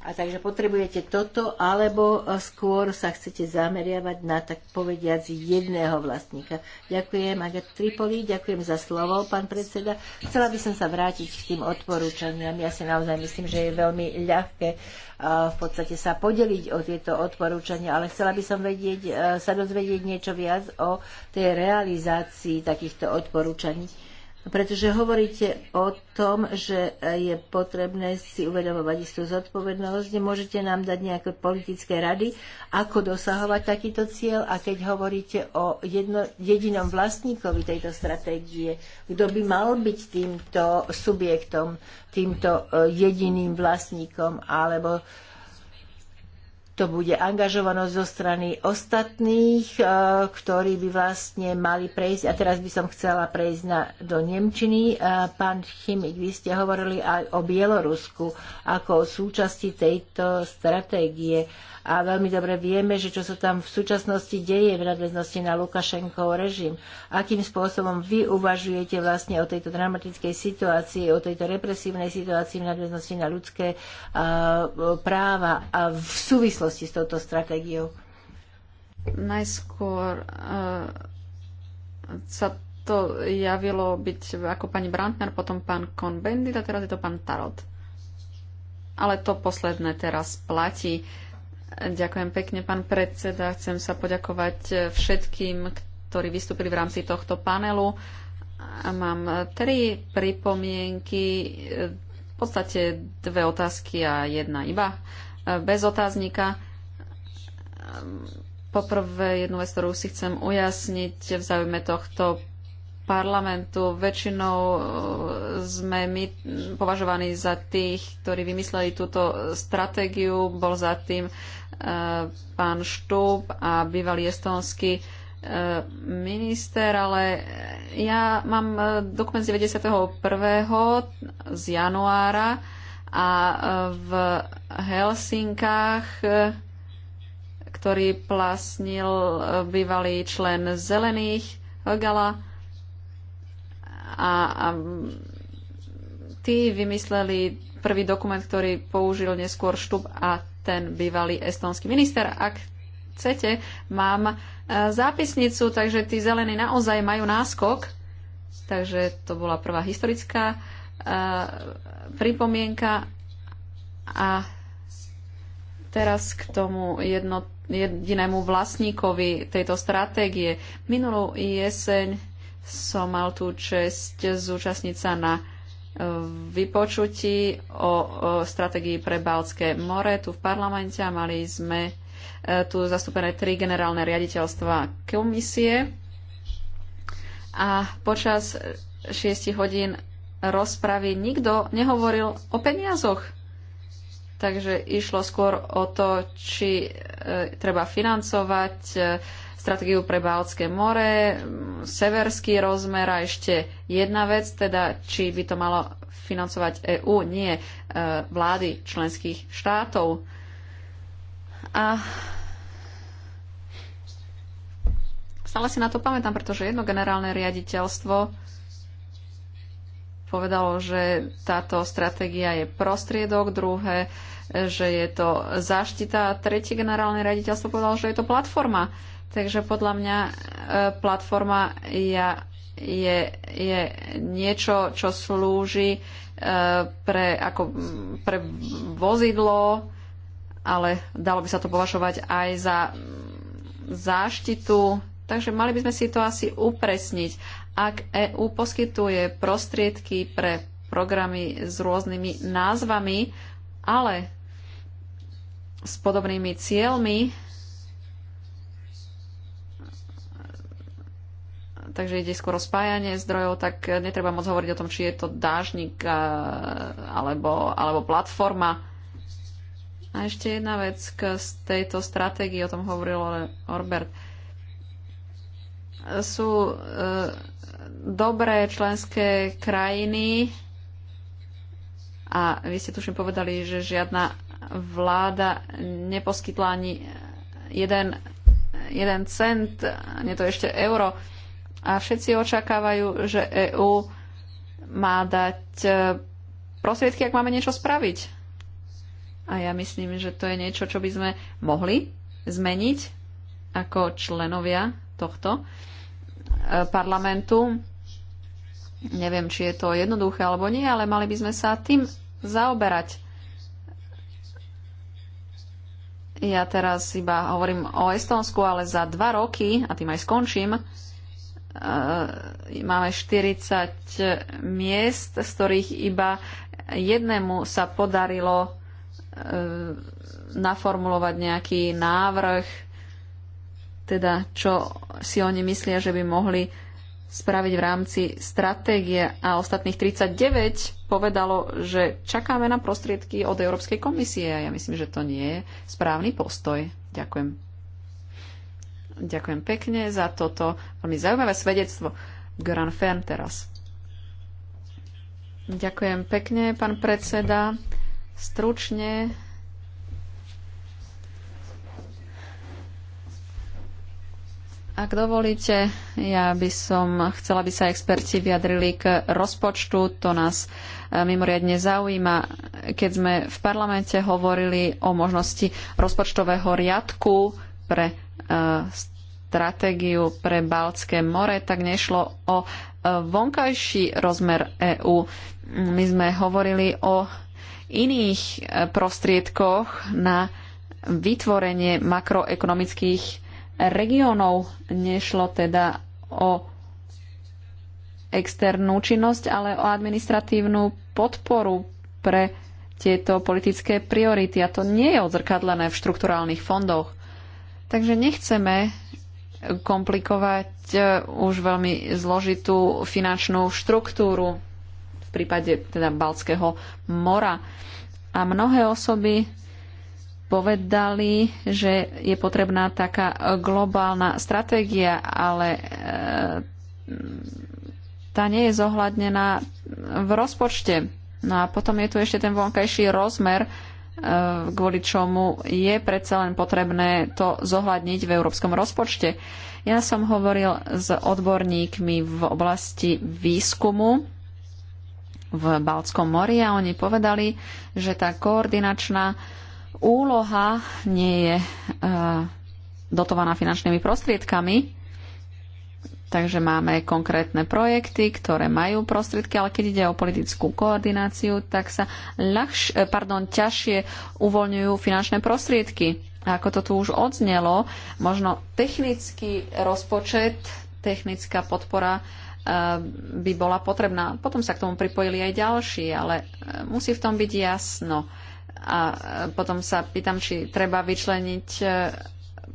A takže potrebujete toto, alebo skôr sa chcete zameriavať na, tak povediac, jedného vlastníka. Ďakujem, Agat Tripoli, ďakujem za slovo, pán predseda. Chcela by som sa vrátiť k tým odporúčaniam. Ja si naozaj myslím, že je veľmi ľahké v podstate sa podeliť o tieto odporúčania, ale chcela by som vedieť, sa dozvedieť niečo viac o tej realizácii takýchto odporúčaní pretože hovoríte o tom, že je potrebné si uvedomovať istú zodpovednosť. Môžete nám dať nejaké politické rady, ako dosahovať takýto cieľ a keď hovoríte o jedno, jedinom vlastníkovi tejto stratégie, kto by mal byť týmto subjektom, týmto e, jediným vlastníkom alebo uh, to bude angažovanosť zo strany ostatných, e, ktorí by vlastne mali prejsť. A teraz by som chcela prejsť na, do Nemčiny. E, pán Chimik, vy ste hovorili aj o Bielorusku ako o súčasti tejto stratégie. A veľmi dobre vieme, že čo sa tam v súčasnosti deje v nadväznosti na Lukašenkov režim. Akým spôsobom vy uvažujete vlastne o tejto dramatickej situácii, o tejto represívnej situácii v nadväznosti na ľudské e, práva a v súvislosti súvislosti s touto stratégiou? Najskôr uh, sa to javilo byť ako pani Brantner, potom pán Konbendit a teraz je to pán Tarot. Ale to posledné teraz platí. Ďakujem pekne, pán predseda. Chcem sa poďakovať všetkým, ktorí vystúpili v rámci tohto panelu. Mám tri pripomienky, v podstate dve otázky a jedna iba bez otáznika. Poprvé jednu vec, ktorú si chcem ujasniť v záujme tohto parlamentu. Väčšinou e, sme my považovaní za tých, ktorí vymysleli túto stratégiu. Bol za tým e, pán Štúb a bývalý estonský e, minister, ale ja mám dokument z 91. z januára a e, v Helsinkách, e, ktorý plasnil e, bývalý člen zelených Gala a, a tí vymysleli prvý dokument, ktorý použil neskôr Štub a ten bývalý estonský minister. Ak chcete, mám zápisnicu, takže tí zelení naozaj majú náskok. Takže to bola prvá historická E, pripomienka a teraz k tomu jedno, jedinému vlastníkovi tejto stratégie. Minulú jeseň som mal tú čest zúčastniť sa na vypočutí o, o stratégii pre Baltské more tu v parlamente a mali sme e, tu zastúpené tri generálne riaditeľstva komisie. A počas 6 hodín rozpravy nikto nehovoril o peniazoch. Takže išlo skôr o to, či e, treba financovať e, stratégiu pre Baltské more, severský rozmer a ešte jedna vec, teda či by to malo financovať EÚ, nie e, vlády členských štátov. A stále si na to pamätám, pretože jedno generálne riaditeľstvo povedalo, že táto stratégia je prostriedok, druhé, že je to zaštita a tretie generálne raditeľstvo povedalo, že je to platforma. Takže podľa mňa e, platforma je, je, je niečo, čo slúži e, pre, ako, pre vozidlo, ale dalo by sa to považovať aj za záštitu. Takže mali by sme si to asi upresniť ak EÚ poskytuje prostriedky pre programy s rôznymi názvami, ale s podobnými cieľmi, takže ide skôr o spájanie zdrojov, tak netreba moc hovoriť o tom, či je to dážnik alebo, alebo platforma. A ešte jedna vec k tejto stratégii, o tom hovoril Orbert. Sú e, dobré členské krajiny a vy ste tuším povedali, že žiadna vláda neposkytla ani jeden, jeden cent, nie to ešte euro. A všetci očakávajú, že EÚ má dať e, prostriedky, ak máme niečo spraviť. A ja myslím, že to je niečo, čo by sme mohli zmeniť ako členovia tohto parlamentu. Neviem, či je to jednoduché alebo nie, ale mali by sme sa tým zaoberať. Ja teraz iba hovorím o Estonsku, ale za dva roky, a tým aj skončím, e, máme 40 miest, z ktorých iba jednému sa podarilo e, naformulovať nejaký návrh teda čo si oni myslia, že by mohli spraviť v rámci stratégie a ostatných 39 povedalo, že čakáme na prostriedky od Európskej komisie. a Ja myslím, že to nie je správny postoj. Ďakujem. Ďakujem pekne za toto veľmi zaujímavé svedectvo. Göran Fern teraz. Ďakujem pekne, pán predseda. Stručne Ak dovolíte, ja by som chcela, aby sa experti vyjadrili k rozpočtu. To nás e, mimoriadne zaujíma. Keď sme v parlamente hovorili o možnosti rozpočtového riadku pre e, stratégiu pre Baltské more, tak nešlo o e, vonkajší rozmer EÚ. My sme hovorili o iných prostriedkoch na vytvorenie makroekonomických regiónov. Nešlo teda o externú činnosť, ale o administratívnu podporu pre tieto politické priority. A to nie je odzrkadlené v štrukturálnych fondoch. Takže nechceme komplikovať eh, už veľmi zložitú finančnú štruktúru v prípade teda Balckého mora. A mnohé osoby povedali, že je potrebná taká globálna stratégia, ale e, tá nie je zohľadnená v rozpočte. No a potom je tu ešte ten vonkajší rozmer, e, kvôli čomu je predsa len potrebné to zohľadniť v európskom rozpočte. Ja som hovoril s odborníkmi v oblasti výskumu v Balckom mori a oni povedali, že tá koordinačná úloha nie je eh, dotovaná finančnými prostriedkami, Takže máme konkrétne projekty, ktoré majú prostriedky, ale keď ide o politickú koordináciu, tak sa ľahš, eh, pardon, ťažšie uvoľňujú finančné prostriedky. A ako to tu už odznelo, možno technický rozpočet, technická podpora eh, by bola potrebná. Potom sa k tomu pripojili aj ďalší, ale musí v tom byť jasno. A e, potom sa pýtam, či treba vyčleniť e,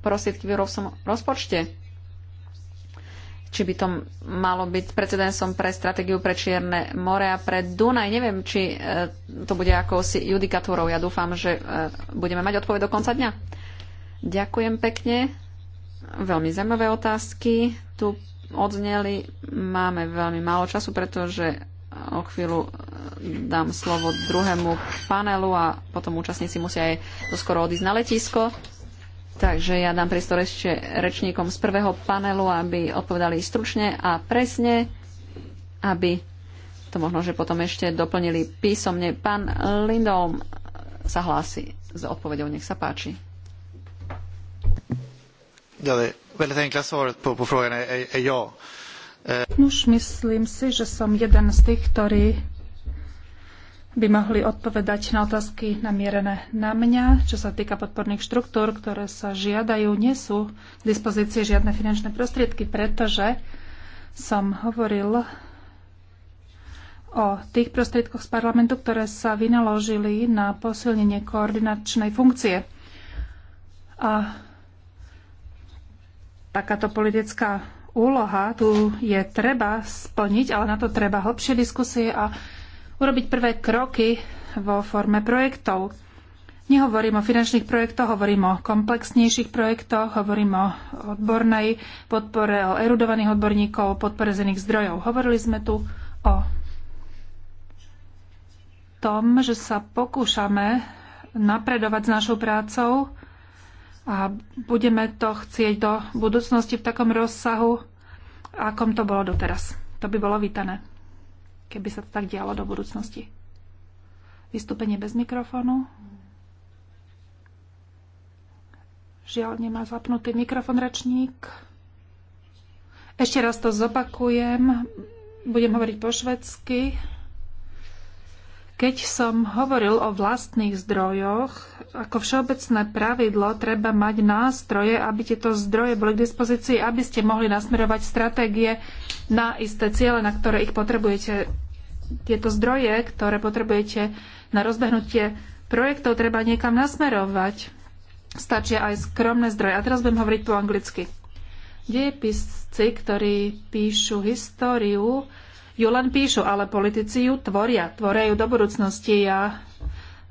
prostriedky v európskom rozpočte. Či by to malo byť precedensom pre stratégiu pre Čierne more a pre Dunaj. Neviem, či e, to bude ako si judikatúrou. Ja dúfam, že budeme mať odpoveď do konca dňa. Ďakujem pekne. Veľmi zaujímavé otázky tu odzneli. Máme veľmi málo času, pretože o chvíľu dám slovo druhému panelu a potom účastníci musia aj doskoro odísť na letisko. Takže ja dám priestor ešte rečníkom z prvého panelu, aby odpovedali stručne a presne, aby to možno, že potom ešte doplnili písomne. Pán Lindholm sa hlási s odpovedou, nech sa páči. Ja, det enkla svaret på, frågan Nuž, myslím si, že som jeden z tých, ktorí by mohli odpovedať na otázky namierené na mňa, čo sa týka podporných štruktúr, ktoré sa žiadajú, nie sú k dispozícii žiadne finančné prostriedky, pretože som hovoril o tých prostriedkoch z parlamentu, ktoré sa vynaložili na posilnenie koordinačnej funkcie. A takáto politická úloha tu je treba splniť, ale na to treba hlbšie diskusie a urobiť prvé kroky vo forme projektov. Nehovorím o finančných projektoch, hovorím o komplexnejších projektoch, hovorím o odbornej podpore, o erudovaných odborníkov, o podpore z iných zdrojov. Hovorili sme tu o tom, že sa pokúšame napredovať s našou prácou a budeme to chcieť do budúcnosti v takom rozsahu, akom to bolo doteraz. To by bolo vítané, keby sa to tak dialo do budúcnosti. Vystúpenie bez mikrofónu. Žiaľ, nemá zapnutý mikrofon rečník. Ešte raz to zopakujem. Budem hovoriť po švedsky. Keď som hovoril o vlastných zdrojoch, ako všeobecné pravidlo treba mať nástroje, aby tieto zdroje boli k dispozícii, aby ste mohli nasmerovať stratégie na isté ciele, na ktoré ich potrebujete. Tieto zdroje, ktoré potrebujete na rozbehnutie projektov, treba niekam nasmerovať. Stačia aj skromné zdroje. A teraz budem hovoriť po anglicky. Diepisci, ktorí píšu históriu, ju len píšu, ale politici ju tvoria. Tvoria ju do budúcnosti. Ja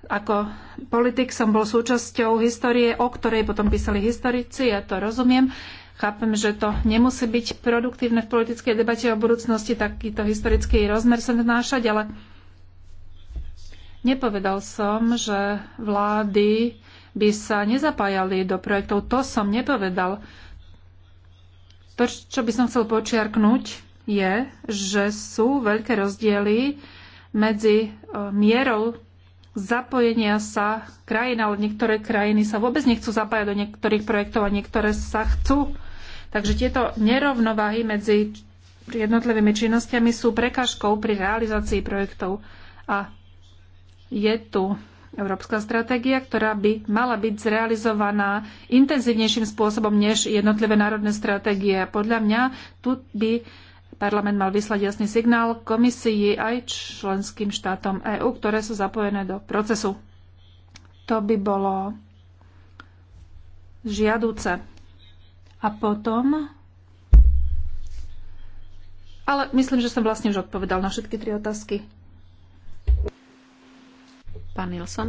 ako politik som bol súčasťou histórie, o ktorej potom písali historici, ja to rozumiem. Chápem, že to nemusí byť produktívne v politickej debate o budúcnosti takýto historický rozmer sa vnášať, ale nepovedal som, že vlády by sa nezapájali do projektov. To som nepovedal. To, čo by som chcel počiarknúť, je, že sú veľké rozdiely medzi e, mierou zapojenia sa krajín, ale niektoré krajiny sa vôbec nechcú zapájať do niektorých projektov a niektoré sa chcú. Takže tieto nerovnováhy medzi jednotlivými činnosťami sú prekážkou pri realizácii projektov. A je tu európska stratégia, ktorá by mala byť zrealizovaná intenzívnejším spôsobom než jednotlivé národné stratégie. Podľa mňa tu by Parlament mal vyslať jasný signál komisii aj členským štátom EÚ, ktoré sú zapojené do procesu. To by bolo žiadúce. A potom... Ale myslím, že som vlastne už odpovedal na všetky tri otázky. Pán Nilsson.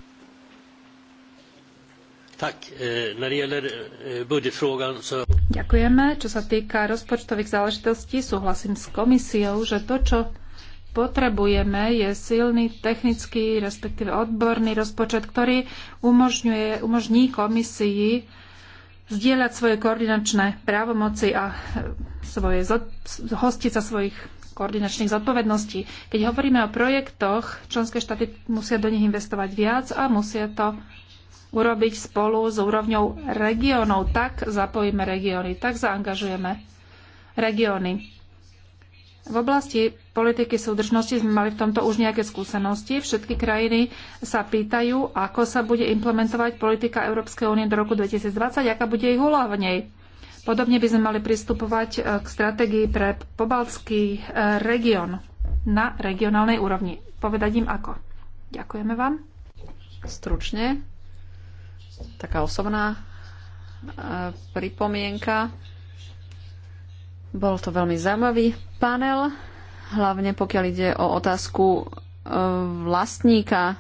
Eh, eh, Ďakujeme. Čo sa týka rozpočtových záležitostí, súhlasím s komisiou, že to, čo potrebujeme, je silný technický, respektíve odborný rozpočet, ktorý umožňuje, umožní komisii zdieľať svoje koordinačné právomoci a eh, svoje, hostiť sa svojich koordinačných zodpovedností. Keď hovoríme o projektoch, členské štáty musia do nich investovať viac a musia to urobiť spolu s úrovňou regionov. Tak zapojíme regióny, tak zaangažujeme regióny. V oblasti politiky súdržnosti sme mali v tomto už nejaké skúsenosti. Všetky krajiny sa pýtajú, ako sa bude implementovať politika Európskej únie do roku 2020, aká bude ich úloha v nej. Podobne by sme mali pristupovať e, k stratégii pre pobaltský e, región na regionálnej úrovni. Povedať im ako. Ďakujeme vám. Stručne taká osobná e, pripomienka. Bol to veľmi zaujímavý panel, hlavne pokiaľ ide o otázku e, vlastníka.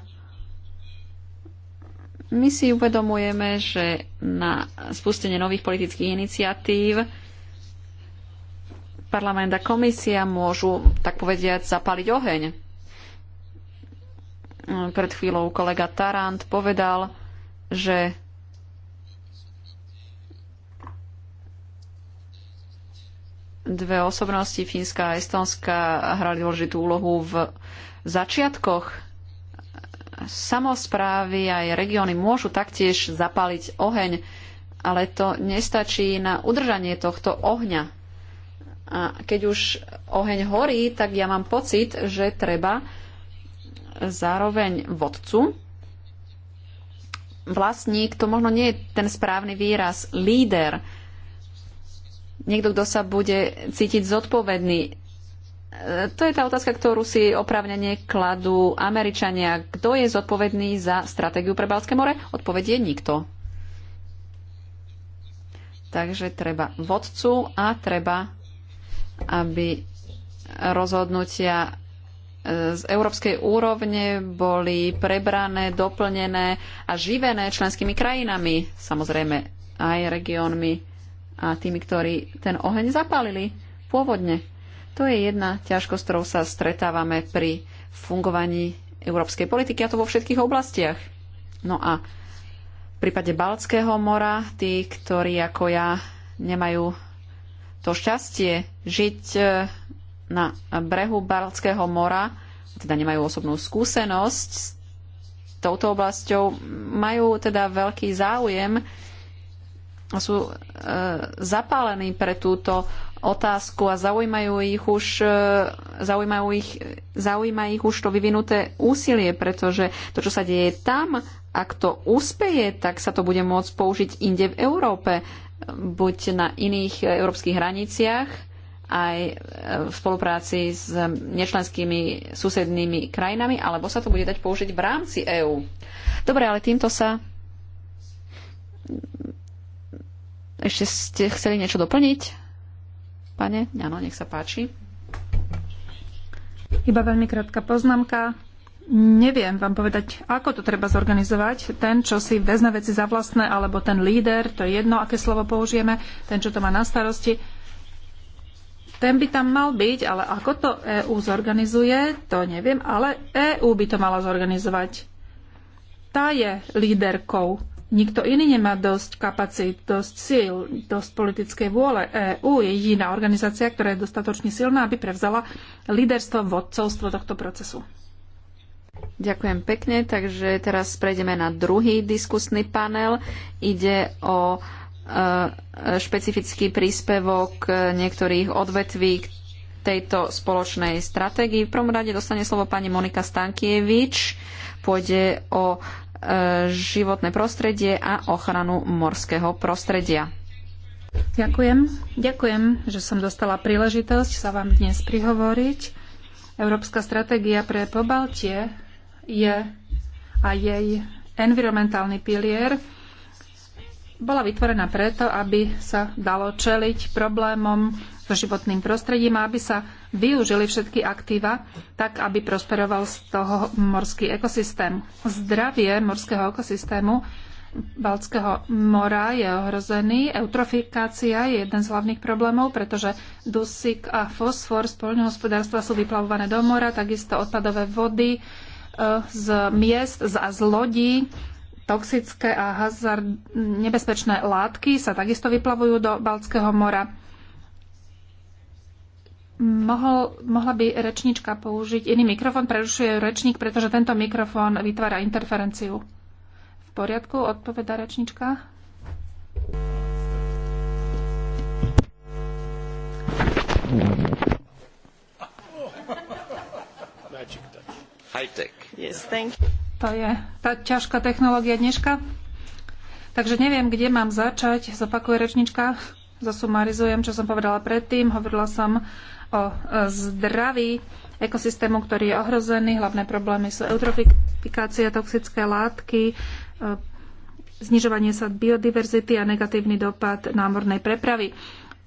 My si uvedomujeme, že na spustenie nových politických iniciatív parlament a komisia môžu, tak povediať, zapaliť oheň. Pred chvíľou kolega Tarant povedal, že dve osobnosti, Fínska a Estonska, hrali dôležitú úlohu v začiatkoch. Samozprávy aj regióny môžu taktiež zapaliť oheň, ale to nestačí na udržanie tohto ohňa. A keď už oheň horí, tak ja mám pocit, že treba zároveň vodcu vlastník, to možno nie je ten správny výraz, líder, niekto, kto sa bude cítiť zodpovedný. E, to je tá otázka, ktorú si oprávnene kladú Američania. Kto je zodpovedný za stratégiu pre Balské more? Odpovedie nikto. Takže treba vodcu a treba, aby rozhodnutia z európskej úrovne boli prebrané, doplnené a živené členskými krajinami, samozrejme aj regiónmi a tými, ktorí ten oheň zapálili pôvodne. To je jedna ťažkosť, ktorou sa stretávame pri fungovaní európskej politiky, a to vo všetkých oblastiach. No a v prípade Baltského mora, tí, ktorí ako ja nemajú to šťastie žiť eh, na brehu Baltského mora, teda nemajú osobnú skúsenosť s touto oblasťou, majú teda veľký záujem a sú e, zapálení pre túto otázku a zaujímajú ich už, e, zaujímajú ich, zaujíma ich už to vyvinuté úsilie, pretože to, čo sa deje tam, ak to úspeje, tak sa to bude môcť použiť inde v Európe, buď na iných európskych hraniciach, aj e, v spolupráci s nečlenskými susednými krajinami, alebo sa to bude dať použiť v rámci EÚ. Dobre, ale týmto sa. Ešte ste chceli niečo doplniť? Pane, áno, nech sa páči. Iba veľmi krátka poznámka. Neviem vám povedať, ako to treba zorganizovať. Ten, čo si vezme veci za vlastné, alebo ten líder, to je jedno, aké slovo použijeme, ten, čo to má na starosti ten by tam mal byť, ale ako to EÚ zorganizuje, to neviem, ale EÚ by to mala zorganizovať. Tá je líderkou. Nikto iný nemá dosť kapacít, dosť síl, dosť politickej vôle. EÚ je jediná organizácia, ktorá je dostatočne silná, aby prevzala líderstvo, vodcovstvo tohto procesu. Ďakujem pekne, takže teraz prejdeme na druhý diskusný panel. Ide o E, špecifický príspevok niektorých odvetví k tejto spoločnej stratégii. V prvom rade dostane slovo pani Monika Stankievič. Pôjde o e, životné prostredie a ochranu morského prostredia. Ďakujem. Ďakujem, že som dostala príležitosť sa vám dnes prihovoriť. Európska stratégia pre Pobaltie je a jej environmentálny pilier bola vytvorená preto, aby sa dalo čeliť problémom so životným prostredím a aby sa využili všetky aktíva tak, aby prosperoval z toho morský ekosystém. Zdravie morského ekosystému Baltského mora je ohrozený. Eutrofikácia je jeden z hlavných problémov, pretože dusík a fosfor z poľnohospodárstva sú vyplavované do mora, takisto odpadové vody eh, z miest a z lodí toxické a hazard, nebezpečné látky sa takisto vyplavujú do Baltského mora. Mohol, mohla by rečnička použiť iný mikrofón, prerušuje rečník, pretože tento mikrofón vytvára interferenciu. V poriadku, odpoveda rečnička. High tech. Yes, thank you. To je tá ťažká technológia dneška. Takže neviem, kde mám začať. Zopakuje rečnička. Zasumarizujem, čo som povedala predtým. Hovorila som o e, zdraví ekosystému, ktorý je ohrozený. Hlavné problémy sú eutrofikácia, toxické látky, e, znižovanie sa biodiverzity a negatívny dopad námornej prepravy.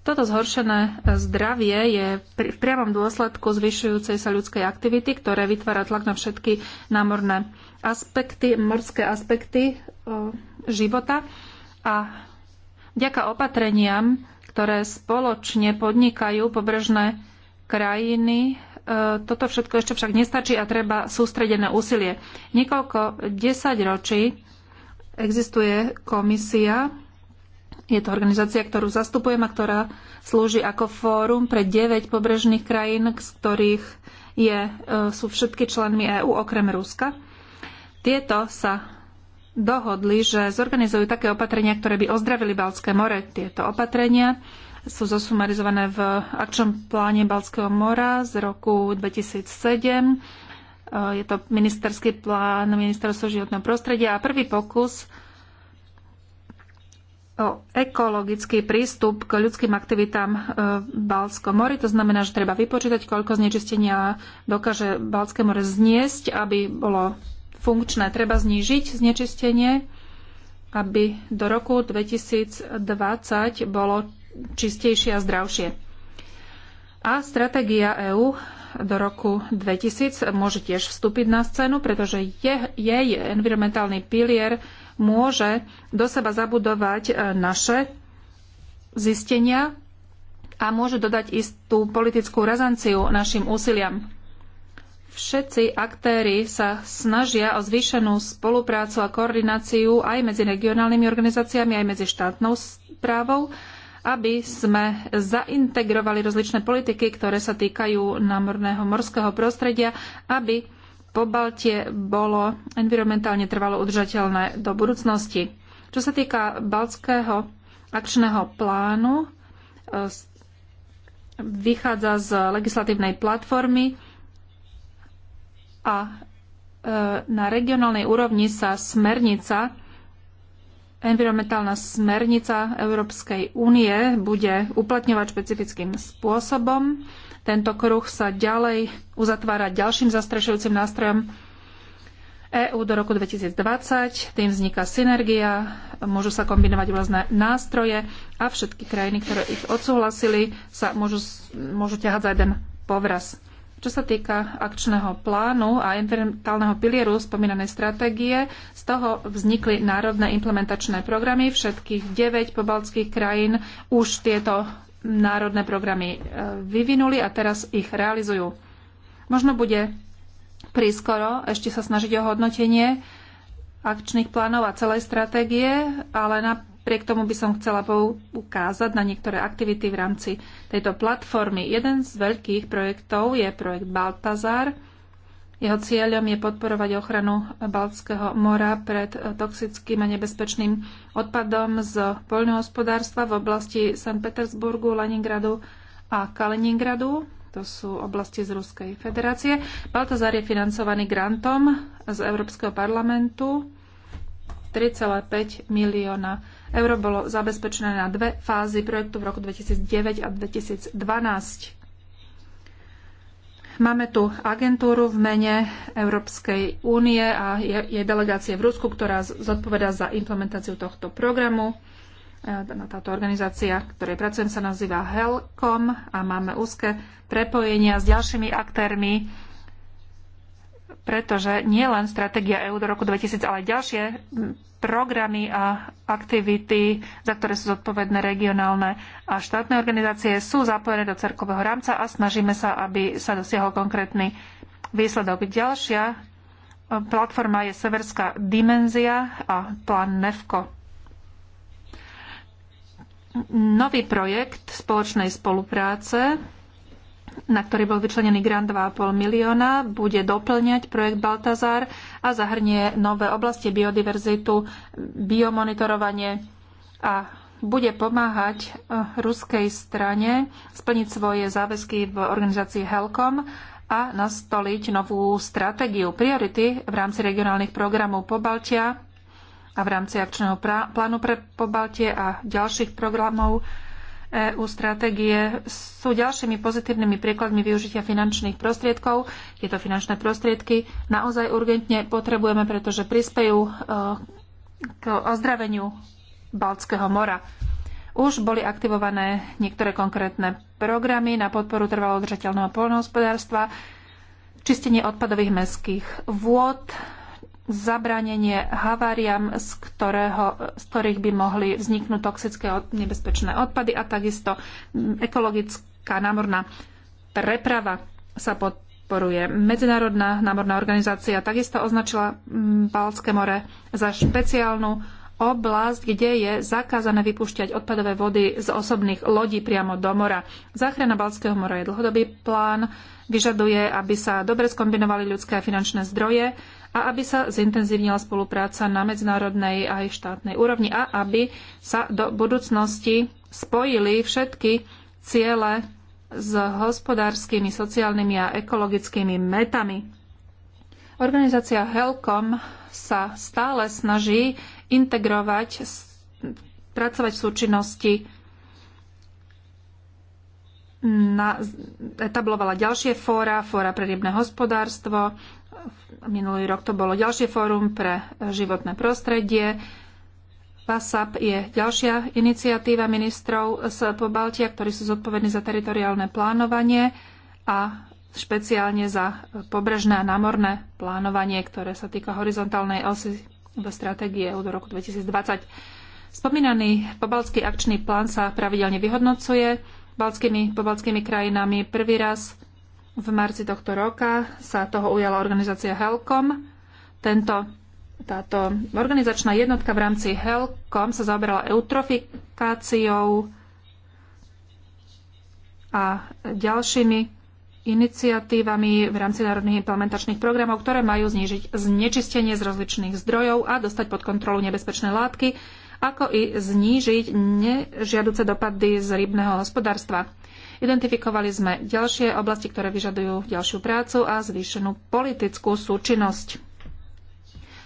Toto zhoršené e, zdravie je v priamom dôsledku zvyšujúcej sa ľudskej aktivity, ktoré vytvára tlak na všetky námorné aspekty, morské aspekty e, života a vďaka opatreniam, ktoré spoločne podnikajú pobrežné krajiny, e, toto všetko ešte však nestačí a treba sústredené úsilie. Niekoľko desaťročí existuje komisia, je to organizácia, ktorú zastupujem a ktorá slúži ako fórum pre 9 pobrežných krajín, z ktorých je, e, sú všetky členmi EÚ okrem Ruska. Tieto sa dohodli, že zorganizujú také opatrenia, ktoré by ozdravili Balské more. Tieto opatrenia sú zosumarizované v akčnom pláne Balského mora z roku 2007. Je to ministerský plán ministerstva životného prostredia a prvý pokus o ekologický prístup k ľudským aktivitám v Balskom mori. To znamená, že treba vypočítať, koľko znečistenia dokáže Balské more zniesť, aby bolo funkčné. Treba znížiť znečistenie, aby do roku 2020 bolo čistejšie a zdravšie. A stratégia EÚ do roku 2000 môže tiež vstúpiť na scénu, pretože je, jej environmentálny pilier môže do seba zabudovať e, naše zistenia a môže dodať istú politickú razanciu našim úsiliam. Všetci aktéry sa snažia o zvýšenú spoluprácu a koordináciu aj medzi regionálnymi organizáciami, aj medzi štátnou správou, aby sme zaintegrovali rozličné politiky, ktoré sa týkajú námorného morského prostredia, aby po Baltie bolo environmentálne trvalo udržateľné do budúcnosti. Čo sa týka Baltského akčného plánu, e, vychádza z legislatívnej platformy, a e, na regionálnej úrovni sa smernica, environmentálna smernica Európskej únie bude uplatňovať špecifickým spôsobom. Tento kruh sa ďalej uzatvára ďalším zastrešujúcim nástrojom EÚ do roku 2020. Tým vzniká synergia, môžu sa kombinovať rôzne nástroje a všetky krajiny, ktoré ich odsúhlasili, sa môžu, môžu ťahať za jeden povraz. Čo sa týka akčného plánu a environmentálneho pilieru spomínanej stratégie, z toho vznikli národné implementačné programy. Všetkých 9 pobaltských krajín už tieto národné programy e, vyvinuli a teraz ich realizujú. Možno bude prískoro ešte sa snažiť o hodnotenie akčných plánov a celej stratégie, ale na Napriek tomu by som chcela poukázať na niektoré aktivity v rámci tejto platformy. Jeden z veľkých projektov je projekt Baltazar. Jeho cieľom je podporovať ochranu Baltského mora pred toxickým a nebezpečným odpadom z poľnohospodárstva v oblasti St. Petersburgu, Leningradu a Kaliningradu. To sú oblasti z Ruskej federácie. Baltazar je financovaný grantom z Európskeho parlamentu 3,5 milióna euro bolo zabezpečené na dve fázy projektu v roku 2009 a 2012. Máme tu agentúru v mene Európskej únie a jej delegácie v Rusku, ktorá zodpoveda za implementáciu tohto programu. E, táto organizácia, ktorej pracujem, sa nazýva HELCOM a máme úzke prepojenia s ďalšími aktérmi pretože nie len stratégia EÚ do roku 2000, ale ďalšie programy a aktivity, za ktoré sú zodpovedné regionálne a štátne organizácie, sú zapojené do cerkového rámca a snažíme sa, aby sa dosiahol konkrétny výsledok. Ďalšia platforma je Severská dimenzia a plán NEFCO. Nový projekt spoločnej spolupráce na ktorý bol vyčlenený grant 2,5 milióna, bude doplňať projekt Baltazar a zahrnie nové oblasti biodiverzitu, biomonitorovanie a bude pomáhať eh, ruskej strane splniť svoje záväzky v organizácii HELCOM a nastoliť novú stratégiu priority v rámci regionálnych programov Pobaltia a v rámci akčného plánu pre Pobaltie a ďalších programov EU stratégie sú ďalšími pozitívnymi príkladmi využitia finančných prostriedkov. Tieto finančné prostriedky naozaj urgentne potrebujeme, pretože prispejú e, k ozdraveniu Baltského mora. Už boli aktivované niektoré konkrétne programy na podporu trvalo udržateľného poľnohospodárstva, čistenie odpadových mestských vôd, zabranenie haváriam, z, ktorého, z ktorých by mohli vzniknúť toxické nebezpečné odpady a takisto ekologická námorná preprava sa podporuje. Medzinárodná námorná organizácia takisto označila Balské more za špeciálnu oblasť, kde je zakázané vypúšťať odpadové vody z osobných lodí priamo do mora. Záchrana Balského mora je dlhodobý plán, vyžaduje, aby sa dobre skombinovali ľudské a finančné zdroje, a aby sa zintenzívnila spolupráca na medzinárodnej aj štátnej úrovni a aby sa do budúcnosti spojili všetky ciele s hospodárskymi, sociálnymi a ekologickými metami. Organizácia Helcom sa stále snaží integrovať, pracovať v súčinnosti na, etablovala ďalšie fóra, fóra pre rybné hospodárstvo, Minulý rok to bolo ďalšie fórum pre životné prostredie. PASAP je ďalšia iniciatíva ministrov z Pobaltia, ktorí sú zodpovední za teritoriálne plánovanie a špeciálne za pobrežné a námorné plánovanie, ktoré sa týka horizontálnej osy v stratégie do roku 2020. Spomínaný pobalský akčný plán sa pravidelne vyhodnocuje balskými, pobalskými krajinami. Prvý raz v marci tohto roka sa toho ujala organizácia HELCOM. Tento, táto organizačná jednotka v rámci HELCOM sa zaoberala eutrofikáciou a ďalšími iniciatívami v rámci národných implementačných programov, ktoré majú znížiť znečistenie z rozličných zdrojov a dostať pod kontrolu nebezpečné látky, ako i znížiť nežiaduce dopady z rybného hospodárstva. Identifikovali sme ďalšie oblasti, ktoré vyžadujú ďalšiu prácu a zvýšenú politickú súčinnosť.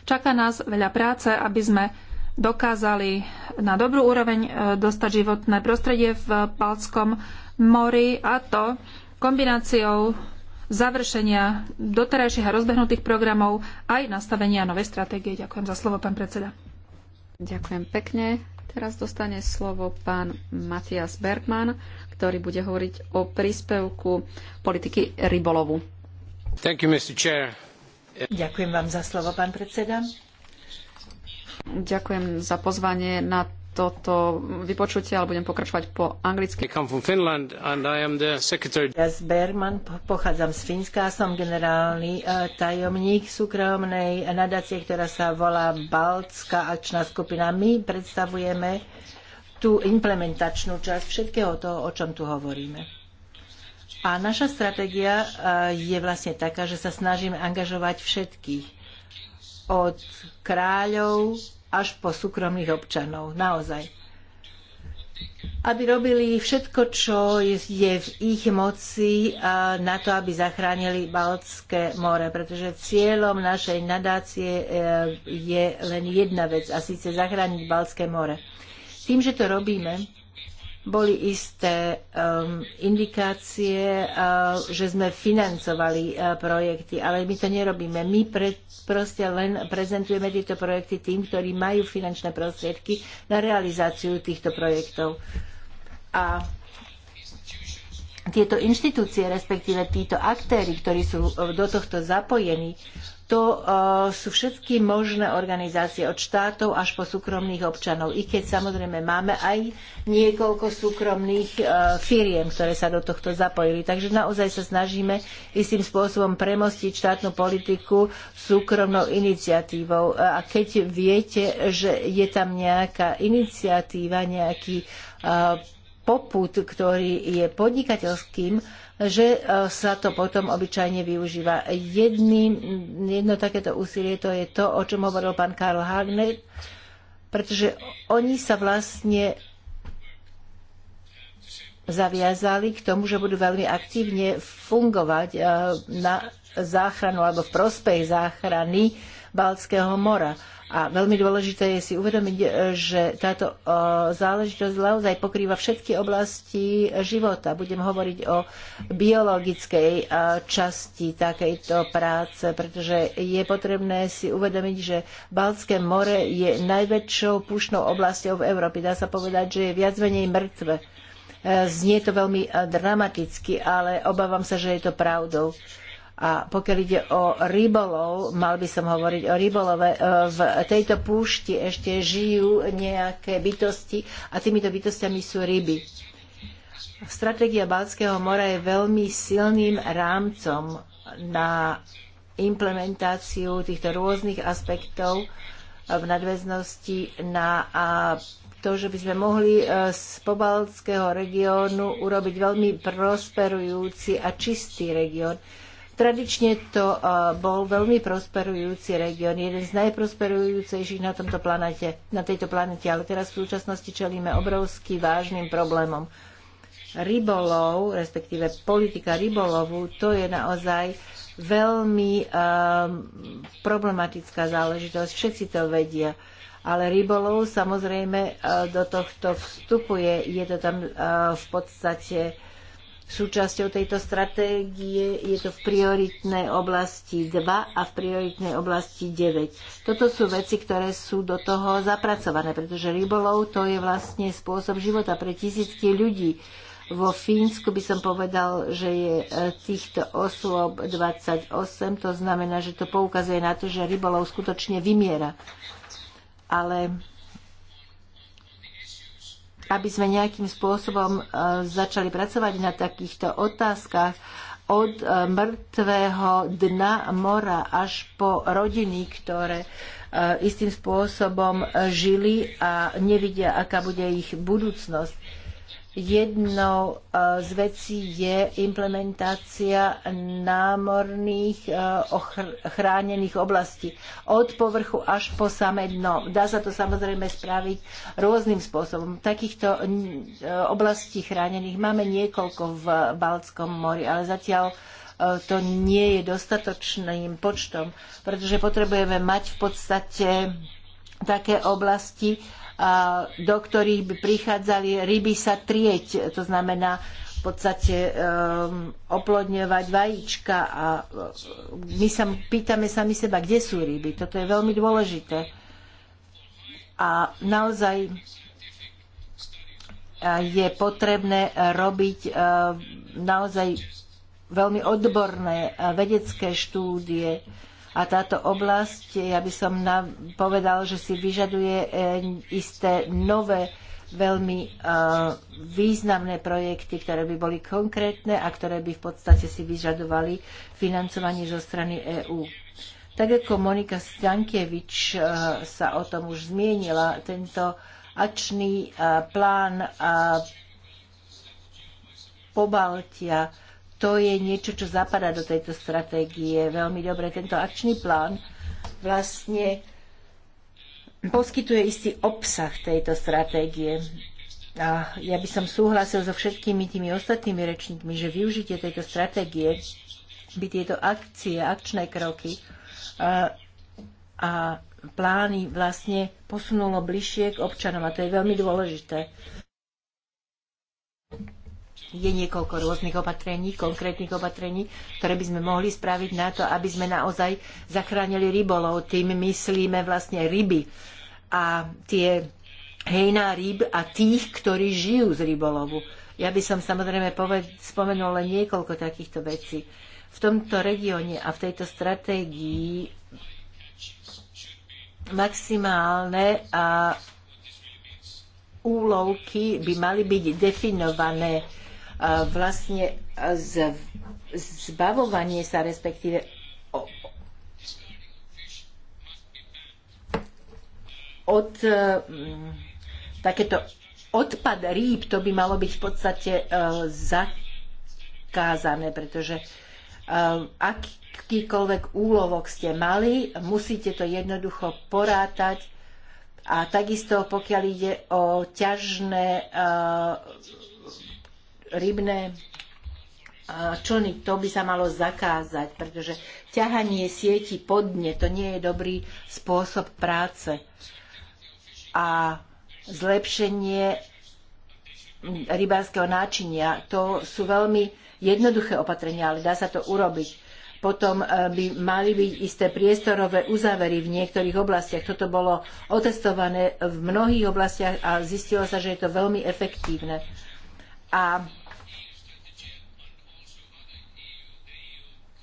Čaká nás veľa práce, aby sme dokázali na dobrú úroveň e, dostať životné prostredie v Palskom mori a to kombináciou završenia doterajších a rozbehnutých programov aj nastavenia novej stratégie. Ďakujem za slovo, pán predseda. Ďakujem pekne. Teraz dostane slovo pán Matias Bergman, ktorý bude hovoriť o príspevku politiky rybolovu. You, Ďakujem vám za slovo, pán predseda. Ďakujem za pozvanie na toto vypočutie, ale budem pokračovať po anglicky. Ja z Berman, pochádzam z Fínska a som generálny e, tajomník súkromnej nadácie, ktorá sa volá Baltská akčná skupina. My predstavujeme tú implementačnú časť všetkého toho, o čom tu hovoríme. A naša stratégia e, je vlastne taká, že sa snažíme angažovať všetkých. Od kráľov až po súkromných občanov. Naozaj. Aby robili všetko, čo je v ich moci e, na to, aby zachránili Baltské more. Pretože cieľom našej nadácie e, je len jedna vec, a síce zachrániť Baltské more. Tým, že to robíme, boli isté um, indikácie, uh, že sme financovali uh, projekty, ale my to nerobíme. My pre, proste len prezentujeme tieto projekty tým, ktorí majú finančné prostriedky na realizáciu týchto projektov. A tieto inštitúcie, respektíve títo aktéry, ktorí sú do tohto zapojení, to e, sú všetky možné organizácie od štátov až po súkromných občanov. I keď samozrejme máme aj niekoľko súkromných e, firiem, ktoré sa do tohto zapojili. Takže naozaj sa snažíme istým spôsobom premostiť štátnu politiku súkromnou iniciatívou. E, a keď viete, že je tam nejaká iniciatíva, nejaký poput, ktorý je podnikateľským, že e, sa to potom obyčajne využíva. Jedný, jedno takéto úsilie to je to, o čom hovoril pán Karl Hagner, pretože oni sa vlastne zaviazali k tomu, že budú veľmi aktívne fungovať e, na záchranu alebo v prospech záchrany Baltského mora. A veľmi dôležité je si uvedomiť, e, že táto e, záležitosť naozaj pokrýva všetky oblasti života. Budem hovoriť o biologickej e, časti takejto práce, pretože je potrebné si uvedomiť, že Baltské more je najväčšou pušnou oblasťou v Európe. Dá sa povedať, že je viac menej mŕtve. Znie to veľmi dramaticky, ale obávam sa, že je to pravdou. A pokiaľ ide o rybolov, mal by som hovoriť o rybolove, e, v tejto púšti ešte žijú nejaké bytosti a týmito bytostiami sú ryby. Stratégia Balckého mora je veľmi silným rámcom na implementáciu týchto rôznych aspektov v nadväznosti na to, že by sme mohli e, z pobaltského regiónu urobiť veľmi prosperujúci a čistý región Tradične to bol veľmi prosperujúci región, jeden z najprosperujúcejších na, tomto planete, na tejto planete, ale teraz v súčasnosti čelíme obrovsky vážnym problémom. Rybolov, respektíve politika rybolovu, to je naozaj veľmi um, problematická záležitosť, všetci to vedia. Ale rybolov samozrejme do tohto vstupuje, je to tam uh, v podstate súčasťou tejto stratégie. Je to v prioritnej oblasti 2 a v prioritnej oblasti 9. Toto sú veci, ktoré sú do toho zapracované, pretože rybolov to je vlastne spôsob života pre tisícky ľudí. Vo Fínsku by som povedal, že je e, týchto osôb 28, to znamená, že to poukazuje na to, že rybolov skutočne vymiera. Ale aby sme nejakým spôsobom e, začali pracovať na takýchto otázkach od e, mŕtvého dna mora až po rodiny, ktoré e, istým spôsobom žili a nevidia, aká bude ich budúcnosť Jednou e, z vecí je implementácia námorných e, chránených oblastí od povrchu až po samé dno. Dá sa to samozrejme spraviť rôznym spôsobom. Takýchto e, oblastí chránených máme niekoľko v Baltskom mori, ale zatiaľ to nie je dostatočným počtom, pretože potrebujeme mať v podstate také oblasti, do ktorých by prichádzali ryby sa trieť, to znamená v podstate um, oplodňovať vajíčka a e, my sa pýtame sami seba, kde sú ryby. Toto je veľmi dôležité. A naozaj e, je potrebné robiť e, naozaj veľmi odborné vedecké štúdie, a táto oblasť, ja by som povedal, že si vyžaduje e, isté nové veľmi e, významné projekty, ktoré by boli konkrétne a ktoré by v podstate si vyžadovali financovanie zo strany EÚ. Tak ako Monika Stankievič e, sa o tom už zmienila, tento akčný plán Pobaltia to je niečo, čo zapadá do tejto stratégie veľmi dobre. Tento akčný plán vlastne poskytuje istý obsah tejto stratégie. A ja by som súhlasil so všetkými tými ostatnými rečníkmi, že využitie tejto stratégie by tieto akcie, akčné kroky a, a plány vlastne posunulo bližšie k občanom a to je veľmi dôležité je niekoľko rôznych opatrení, konkrétnych opatrení, ktoré by sme mohli spraviť na to, aby sme naozaj zachránili rybolov. Tým myslíme vlastne ryby a tie hejná ryb a tých, ktorí žijú z rybolovu. Ja by som samozrejme poved- spomenul len niekoľko takýchto vecí. V tomto regióne a v tejto stratégii maximálne a úlovky by mali byť definované vlastne zbavovanie sa, respektíve od mm, takéto odpad rýb, to by malo byť v podstate e, zakázané, pretože e, akýkoľvek úlovok ste mali, musíte to jednoducho porátať a takisto pokiaľ ide o ťažné e, rybné člny, to by sa malo zakázať, pretože ťahanie sieti po dne, to nie je dobrý spôsob práce. A zlepšenie rybárskeho náčinia, to sú veľmi jednoduché opatrenia, ale dá sa to urobiť. Potom e, by mali byť isté priestorové uzávery v niektorých oblastiach. Toto bolo otestované v mnohých oblastiach a zistilo sa, že je to veľmi efektívne. A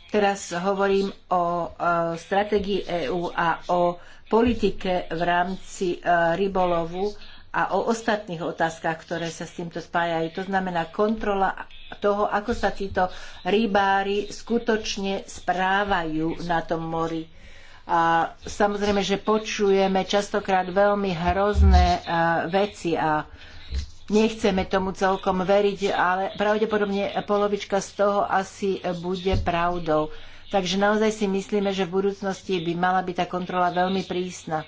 Teraz hovorím o stratégii EÚ a o politike v rámci e, rybolovu a o ostatných otázkach, ktoré sa s týmto spájajú. To znamená kontrola toho, ako sa títo rybári skutočne správajú na tom mori. A samozrejme, že počujeme častokrát veľmi hrozné e, veci a nechceme tomu celkom veriť, ale pravdepodobne polovička z toho asi bude pravdou. Takže naozaj si myslíme, že v budúcnosti by mala byť tá kontrola veľmi prísna.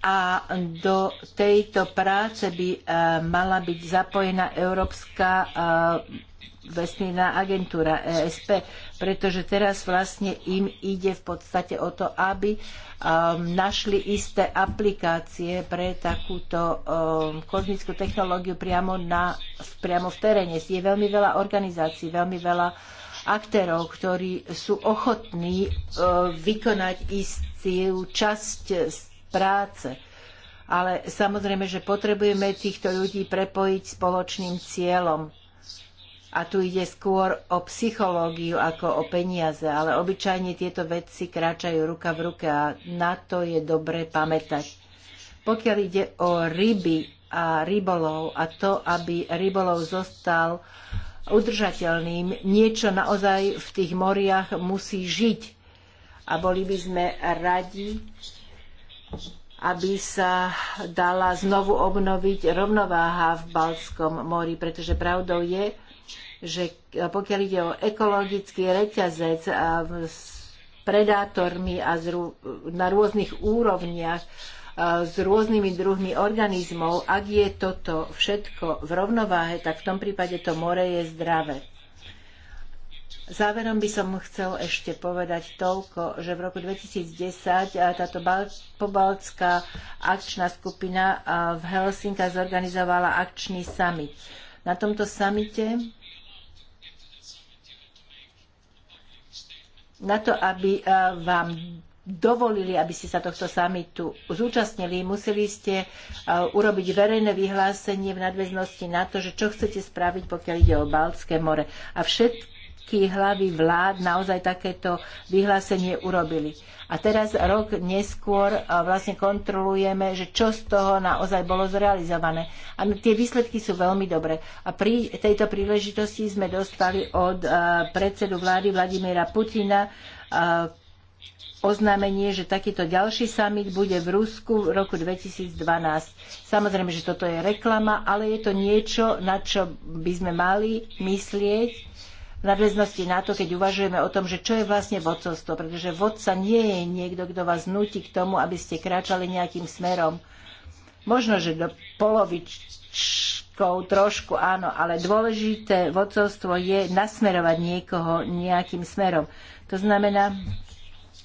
A do tejto práce by eh, mala byť zapojená Európska eh, vesmírna agentúra ESP, pretože teraz vlastne im ide v podstate o to, aby um, našli isté aplikácie pre takúto um, kozmickú technológiu priamo, na, priamo v teréne. Je veľmi veľa organizácií, veľmi veľa aktérov, ktorí sú ochotní uh, vykonať istú časť z práce ale samozrejme, že potrebujeme týchto ľudí prepojiť spoločným cieľom. A tu ide skôr o psychológiu ako o peniaze, ale obyčajne tieto veci kráčajú ruka v ruke a na to je dobre pamätať. Pokiaľ ide o ryby a rybolov a to, aby rybolov zostal udržateľným, niečo naozaj v tých moriach musí žiť. A boli by sme radi, aby sa dala znovu obnoviť rovnováha v Baltskom mori, pretože pravdou je, že pokiaľ ide o ekologický reťazec a s predátormi a na rôznych úrovniach, s rôznymi druhmi organizmov, ak je toto všetko v rovnováhe, tak v tom prípade to more je zdravé. Záverom by som chcel ešte povedať toľko, že v roku 2010 táto pobaltská akčná skupina v Helsinka zorganizovala akčný summit. Na tomto samite na to, aby eh, vám dovolili, aby ste sa tohto samitu zúčastnili, museli ste eh, urobiť verejné vyhlásenie v nadväznosti na to, že čo chcete spraviť, pokiaľ ide o Baltské more. A všetky všetky hlavy vlád naozaj takéto vyhlásenie urobili. A teraz rok neskôr vlastne kontrolujeme, že čo z toho naozaj bolo zrealizované. A tie výsledky sú veľmi dobré. A pri tejto príležitosti sme dostali od predsedu vlády Vladimíra Putina oznámenie, že takýto ďalší summit bude v Rusku v roku 2012. Samozrejme, že toto je reklama, ale je to niečo, na čo by sme mali myslieť v nadväznosti na to, keď uvažujeme o tom, že čo je vlastne vodcovstvo, pretože vodca nie je niekto, kto vás nutí k tomu, aby ste kráčali nejakým smerom. Možno, že do polovičkou trošku áno, ale dôležité vodcovstvo je nasmerovať niekoho nejakým smerom. To znamená,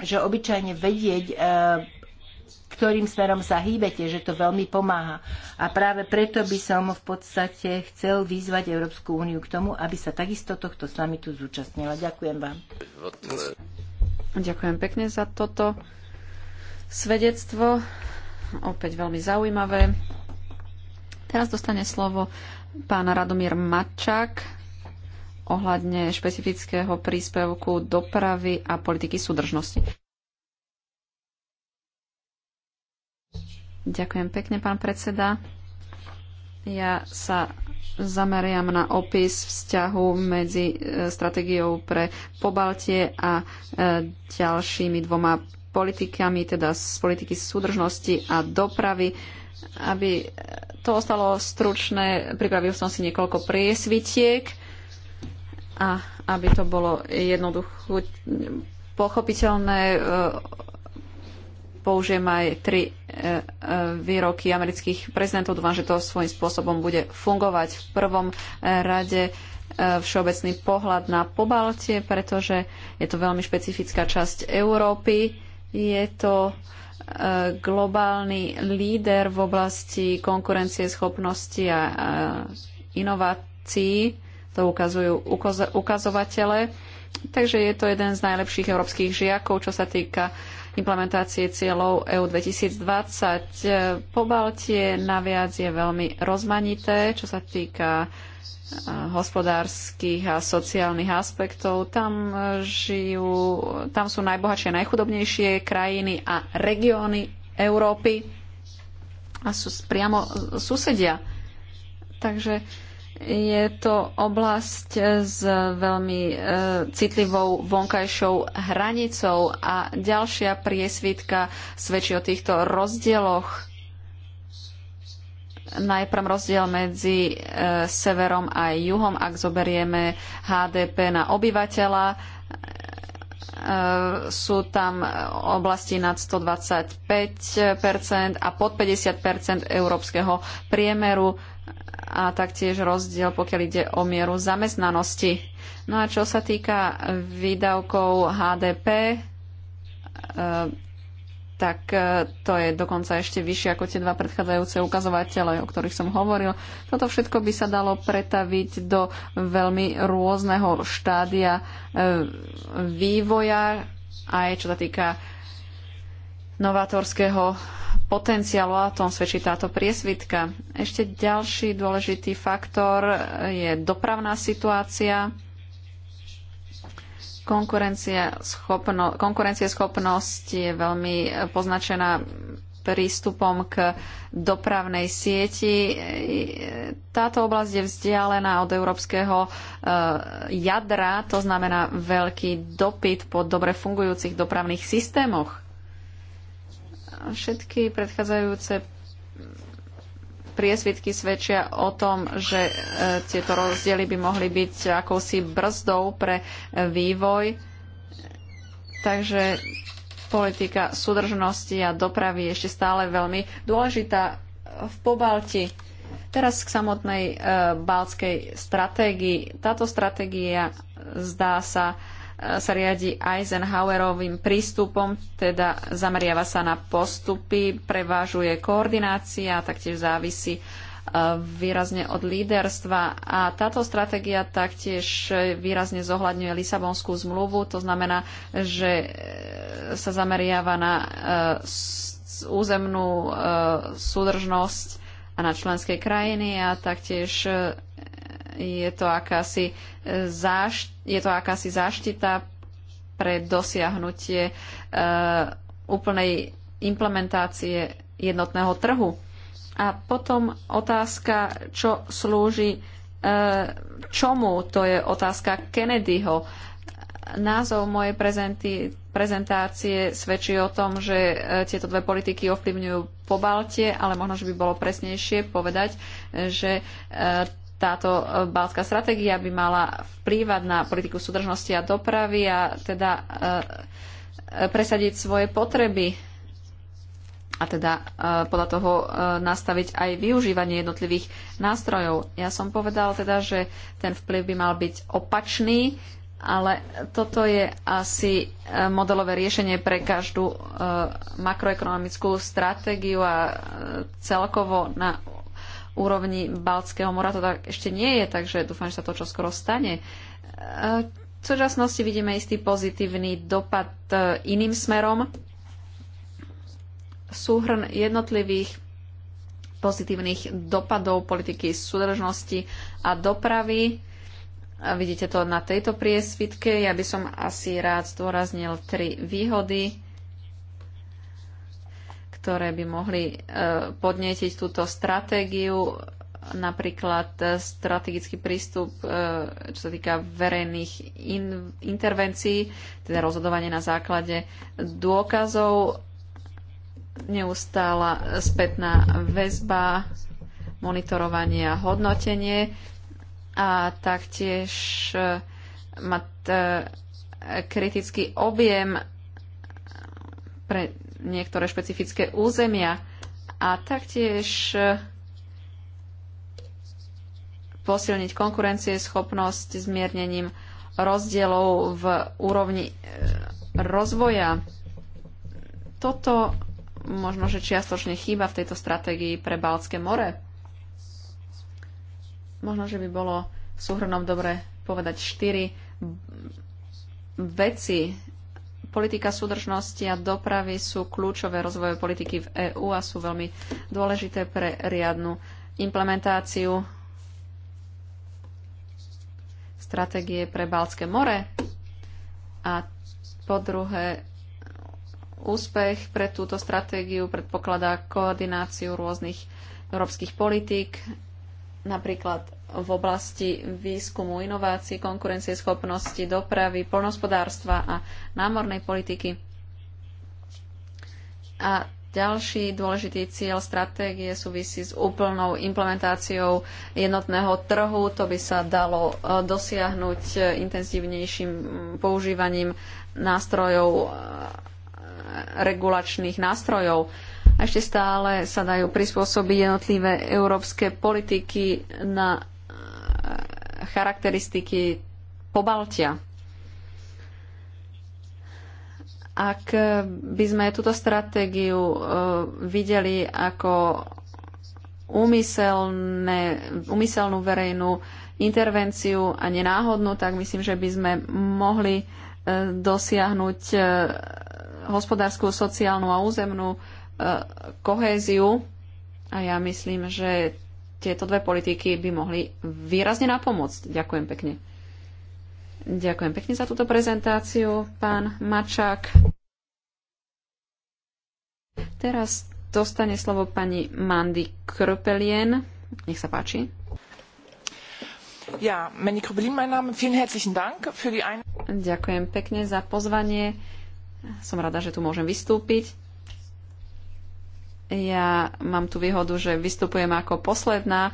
že obyčajne vedieť, eh, ktorým smerom sa hýbete, že to veľmi pomáha. A práve preto by som v podstate chcel vyzvať Európsku úniu k tomu, aby sa takisto tohto samitu zúčastnila. Ďakujem vám. Ďakujem pekne za toto svedectvo. Opäť veľmi zaujímavé. Teraz dostane slovo pán Radomír Mačák ohľadne špecifického príspevku dopravy a politiky súdržnosti. Ďakujem pekne, pán predseda. Ja sa zameriam na opis vzťahu medzi e, stratégiou pre Pobaltie a e, ďalšími dvoma politikami, teda z politiky súdržnosti a dopravy. Aby to ostalo stručné, pripravil som si niekoľko priesvitiek a aby to bolo jednoducho pochopiteľné, e, použijem aj tri výroky amerických prezidentov. Dúfam, že to svojím spôsobom bude fungovať v prvom eh, rade eh, všeobecný pohľad na Pobaltie, pretože je to veľmi špecifická časť Európy. Je to eh, globálny líder v oblasti konkurencie schopnosti a inovácií. To ukazujú ukazovatele. Takže je to jeden z najlepších európskych žiakov, čo sa týka uh, implementácie cieľov EU 2020. Pobaltie naviac je veľmi rozmanité, čo sa týka e, hospodárskych a sociálnych aspektov. Tam e, žijú, tam sú najbohatšie, najchudobnejšie krajiny a regióny Európy a sú priamo e, susedia. Takže je to oblasť s veľmi e, citlivou vonkajšou hranicou a ďalšia priesvitka svedčí o týchto rozdieloch. Najprv rozdiel medzi e, severom a juhom, ak zoberieme HDP na obyvateľa. E, sú tam oblasti nad 125 a pod 50 európskeho priemeru a taktiež rozdiel, pokiaľ ide o mieru zamestnanosti. No a čo sa týka výdavkov HDP, e, tak e, to je dokonca ešte vyššie ako tie dva predchádzajúce ukazovatele, o ktorých som hovoril. Toto všetko by sa dalo pretaviť do veľmi rôzneho štádia e, vývoja, aj čo sa týka novátorského potenciálu a o tom svedčí táto priesvitka. Ešte ďalší dôležitý faktor je dopravná situácia, konkurencia, schopno, konkurencia schopnosť je veľmi poznačená prístupom k dopravnej sieti. Táto oblasť je vzdialená od európskeho e, jadra, to znamená veľký dopyt po dobre fungujúcich dopravných systémoch. Všetky predchádzajúce priesvitky svedčia o tom, že e, tieto rozdiely by mohli byť akousi brzdou pre e, vývoj. Takže politika súdržnosti a dopravy je ešte stále veľmi dôležitá v Pobalti. Teraz k samotnej e, baltskej stratégii. Táto stratégia e, zdá sa sa riadi Eisenhowerovým prístupom, teda zameriava sa na postupy, prevážuje koordinácia, taktiež závisí e, výrazne od líderstva a táto stratégia taktiež výrazne zohľadňuje Lisabonskú zmluvu, to znamená, že e, sa zameriava na e, územnú súdržnosť a na členské krajiny a taktiež je to akási, e, záš- je to akási záštita pre dosiahnutie e, úplnej implementácie jednotného trhu. A potom otázka, čo slúži e, čomu, to je otázka Kennedyho. Názov mojej prezenty, prezentácie svedčí o tom, že tieto dve politiky ovplyvňujú po Balte, ale možno, že by bolo presnejšie povedať, že táto e, balská stratégia by mala vplývať na politiku súdržnosti a dopravy a teda e, e, presadiť svoje potreby a teda podľa toho nastaviť aj využívanie jednotlivých nástrojov. Ja som povedal teda, že ten vplyv by mal byť opačný, ale toto je asi modelové riešenie pre každú makroekonomickú stratégiu a celkovo na úrovni Baltského mora to tak ešte nie je, takže dúfam, že sa to čoskoro stane. E, v súčasnosti vidíme istý pozitívny dopad e, iným smerom. Súhrn jednotlivých pozitívnych dopadov politiky súdržnosti a dopravy. Vidíte to na tejto priesvitke. Ja by som asi rád zdôraznil tri výhody ktoré by mohli e, podnetiť túto stratégiu, napríklad e, strategický prístup, e, čo sa týka verejných in- intervencií, teda rozhodovanie na základe dôkazov, neustála spätná väzba, monitorovanie a hodnotenie a taktiež mať kritický objem pre niektoré špecifické územia a taktiež e, posilniť konkurencieschopnosť zmiernením rozdielov v úrovni e, rozvoja. Toto možno, že čiastočne chýba v tejto stratégii pre Baltské more. Možno, že by bolo súhrnom dobre povedať štyri veci, Politika súdržnosti a dopravy sú kľúčové rozvojové politiky v EÚ a sú veľmi dôležité pre riadnu implementáciu stratégie pre Balské more a po druhé úspech pre túto stratégiu predpokladá koordináciu rôznych európskych politík napríklad v oblasti výskumu, inovácií, konkurencieschopnosti, dopravy, polnospodárstva a námornej politiky. A ďalší dôležitý cieľ stratégie súvisí s úplnou implementáciou jednotného trhu. To by sa dalo e, dosiahnuť e, intenzívnejším používaním nástrojov, e, regulačných nástrojov a ešte stále sa dajú prispôsobiť jednotlivé európske politiky na eh, charakteristiky Pobaltia. Ak by sme túto stratégiu eh, videli ako úmyselné, úmyselnú verejnú intervenciu a nenáhodnú, tak myslím, že by sme mohli eh, dosiahnuť hospodárskú, sociálnu a územnú E, kohéziu a ja myslím, že tieto dve politiky by mohli výrazne napomôcť. Ďakujem pekne. Ďakujem pekne za túto prezentáciu, pán Mačák. Teraz dostane slovo pani Mandy Krpelien. Nech sa páči. Ja, Mandy Krpelien, mein Name. Vielen herzlichen Dank für die ein... Ďakujem pekne za pozvanie. Som rada, že tu môžem vystúpiť. Ja mám tu výhodu, že vystupujem ako posledná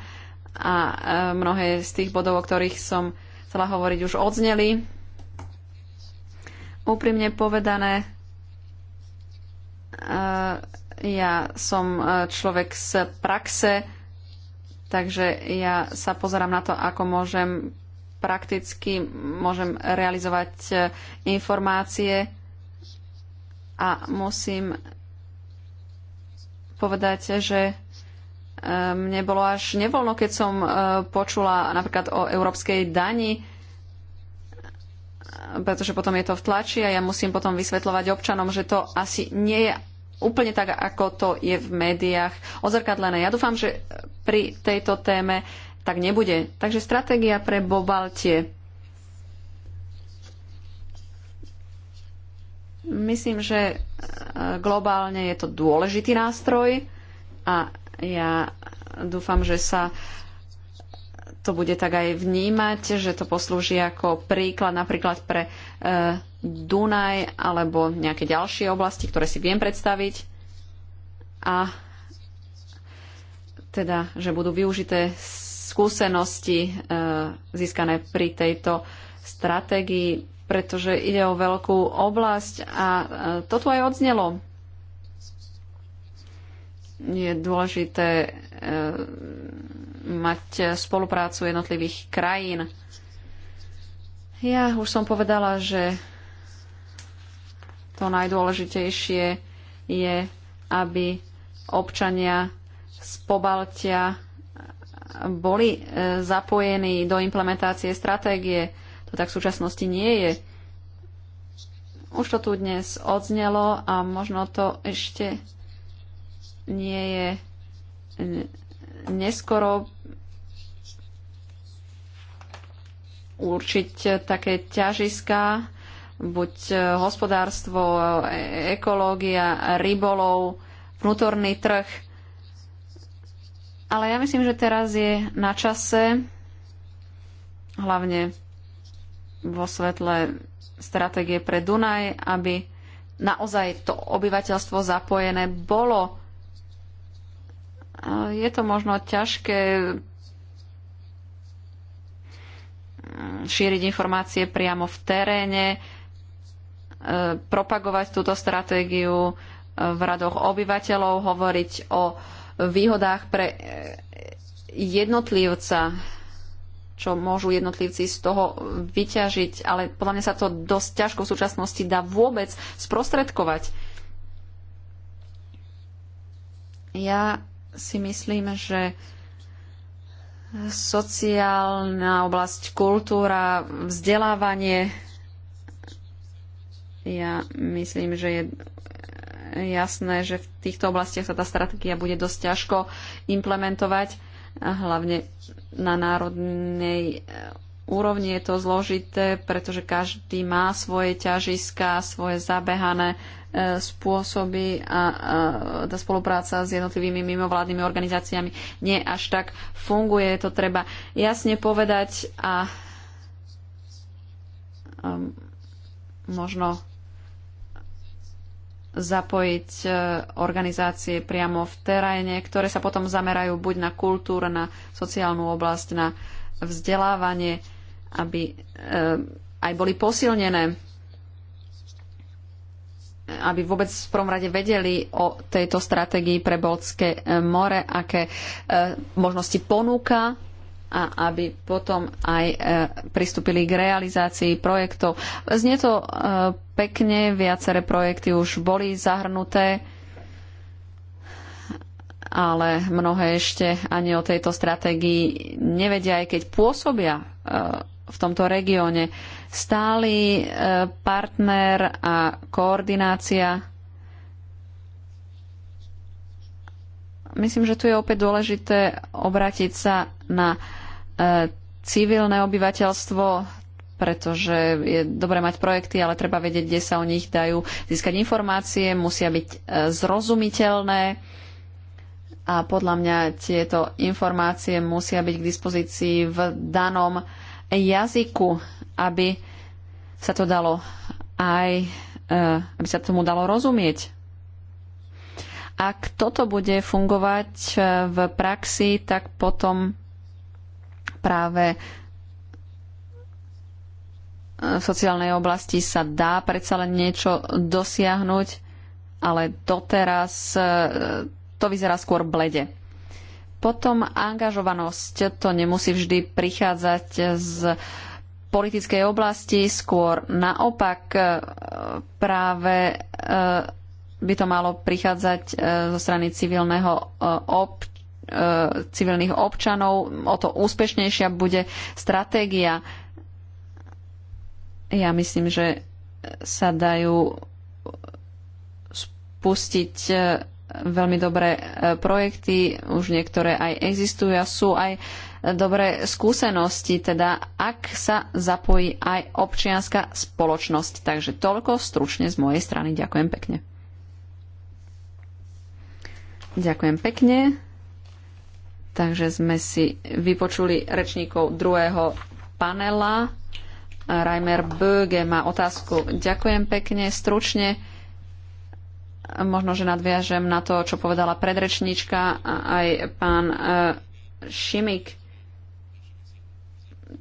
a e, mnohé z tých bodov, o ktorých som chcela hovoriť, už odzneli. Úprimne povedané, e, ja som e, človek z praxe, takže ja sa pozerám na to, ako môžem prakticky môžem realizovať informácie a musím povedať, že e, mne bolo až nevoľno, keď som e, počula napríklad o európskej dani, pretože potom je to v tlači a ja musím potom vysvetľovať občanom, že to asi nie je úplne tak, ako to je v médiách odzrkadlené. Ja dúfam, že pri tejto téme tak nebude. Takže stratégia pre Bobaltie. Myslím, že e, globálne je to dôležitý nástroj a ja dúfam, že sa to bude tak aj vnímať, že to poslúži ako príklad napríklad pre e, Dunaj alebo nejaké ďalšie oblasti, ktoré si viem predstaviť. A teda, že budú využité skúsenosti e, získané pri tejto stratégii pretože ide o veľkú oblasť a to tu aj odznelo. Je dôležité e, mať spoluprácu jednotlivých krajín. Ja už som povedala, že to najdôležitejšie je, aby občania z Pobaltia boli e, zapojení do implementácie stratégie to tak v súčasnosti nie je. Už to tu dnes odznelo a možno to ešte nie je neskoro určiť také ťažiska, buď hospodárstvo, ekológia, rybolov, vnútorný trh. Ale ja myslím, že teraz je na čase, hlavne vo svetle stratégie pre Dunaj, aby naozaj to obyvateľstvo zapojené bolo. Je to možno ťažké mm, šíriť informácie priamo v teréne, e, propagovať túto stratégiu e, v radoch obyvateľov, hovoriť o výhodách pre e, jednotlivca, čo môžu jednotlivci z toho vyťažiť, ale podľa mňa sa to dosť ťažko v súčasnosti dá vôbec sprostredkovať. Ja si myslím, že sociálna oblasť, kultúra, vzdelávanie. Ja myslím, že je jasné, že v týchto oblastiach sa tá stratégia bude dosť ťažko implementovať a hlavne na národnej e, úrovni je to zložité, pretože každý má svoje ťažiska, svoje zabehané e, spôsoby a tá spolupráca s jednotlivými mimovládnymi organizáciami nie až tak funguje. To treba jasne povedať a možno zapojiť e, organizácie priamo v teréne, ktoré sa potom zamerajú buď na kultúru, na sociálnu oblasť, na vzdelávanie, aby e, aj boli posilnené, aby vôbec v prvom rade vedeli o tejto stratégii pre Bolské more, aké e, možnosti ponúka a aby potom aj e, pristúpili k realizácii projektov. Znie to e, pekne, viaceré projekty už boli zahrnuté, ale mnohé ešte ani o tejto stratégii nevedia, aj keď pôsobia e, v tomto regióne. Stály partner a koordinácia. Myslím, že tu je opäť dôležité obrátiť sa na civilné obyvateľstvo, pretože je dobre mať projekty, ale treba vedieť, kde sa o nich dajú získať informácie, musia byť e, zrozumiteľné a podľa mňa tieto informácie musia byť k dispozícii v danom jazyku, aby sa to dalo aj, e, aby sa tomu dalo rozumieť. Ak toto bude fungovať e, v praxi, tak potom práve v sociálnej oblasti sa dá predsa len niečo dosiahnuť, ale doteraz e, to vyzerá skôr blede. Potom angažovanosť, to nemusí vždy prichádzať z politickej oblasti, skôr naopak e, práve e, by to malo prichádzať zo strany civilného občania E, civilných občanov, o to úspešnejšia bude stratégia. Ja myslím, že sa dajú spustiť e, veľmi dobré e, projekty, už niektoré aj existujú a sú aj dobré skúsenosti, teda ak sa zapojí aj občianská spoločnosť. Takže toľko stručne z mojej strany. Ďakujem pekne. Ďakujem pekne. Takže sme si vypočuli rečníkov druhého panela. Reimer Böge má otázku. Ďakujem pekne, stručne. Možno, že nadviažem na to, čo povedala predrečníčka a aj pán e, Šimik.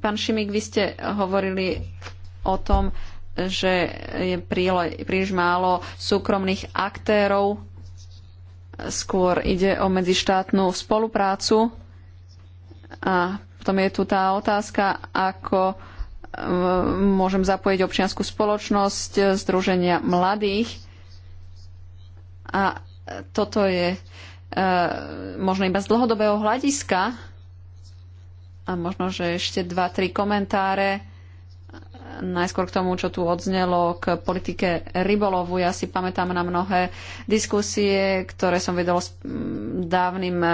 Pán Šimik, vy ste hovorili o tom, že je príliš málo súkromných aktérov Skôr ide o medzištátnu spoluprácu a potom je tu tá otázka, ako e, môžem zapojiť občianskú spoločnosť, e, združenia mladých. A toto je e, možno iba z dlhodobého hľadiska a možno, že ešte dva, tri komentáre Najskôr k tomu, čo tu odznelo k politike rybolovu. Ja si pamätám na mnohé diskusie, ktoré som vedol s mm, dávnym e,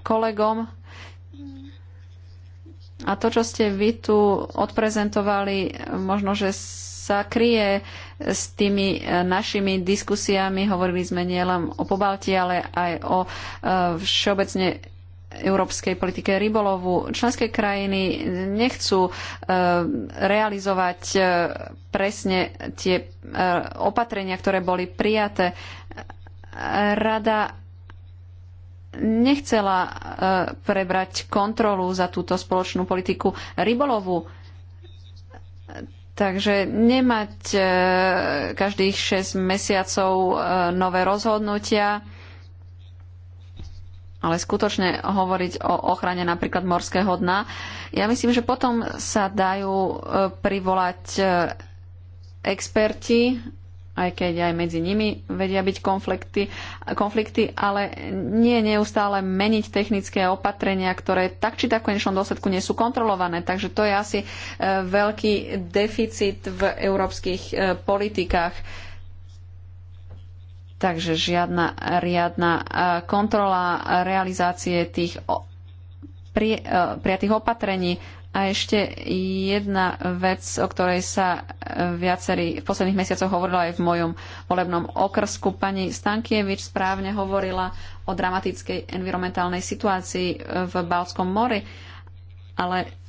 kolegom. A to, čo ste vy tu odprezentovali, možno, že sa kryje s tými e, našimi diskusiami. Hovorili sme nielen o Pobalti, ale aj o e, všeobecne európskej politike rybolovu. Členské krajiny nechcú e, realizovať e, presne tie e, opatrenia, ktoré boli prijaté. Rada nechcela prebrať kontrolu za túto spoločnú politiku rybolovu. Takže nemať každých 6 mesiacov nové rozhodnutia, ale skutočne hovoriť o ochrane napríklad morského dna, ja myslím, že potom sa dajú e, privolať e, experti, aj keď aj medzi nimi vedia byť konflikty, konflikty ale nie neustále meniť technické opatrenia, ktoré tak či tak v konečnom dôsledku nie sú kontrolované. Takže to je asi e, veľký deficit v európskych politikách Takže žiadna riadna e, kontrola realizácie tých pri, e, prijatých opatrení. A ešte jedna vec, o ktorej sa e, viacerí v posledných mesiacoch hovorila aj v mojom volebnom okrsku. Pani Stankievič správne hovorila o dramatickej environmentálnej situácii v Balskom mori, ale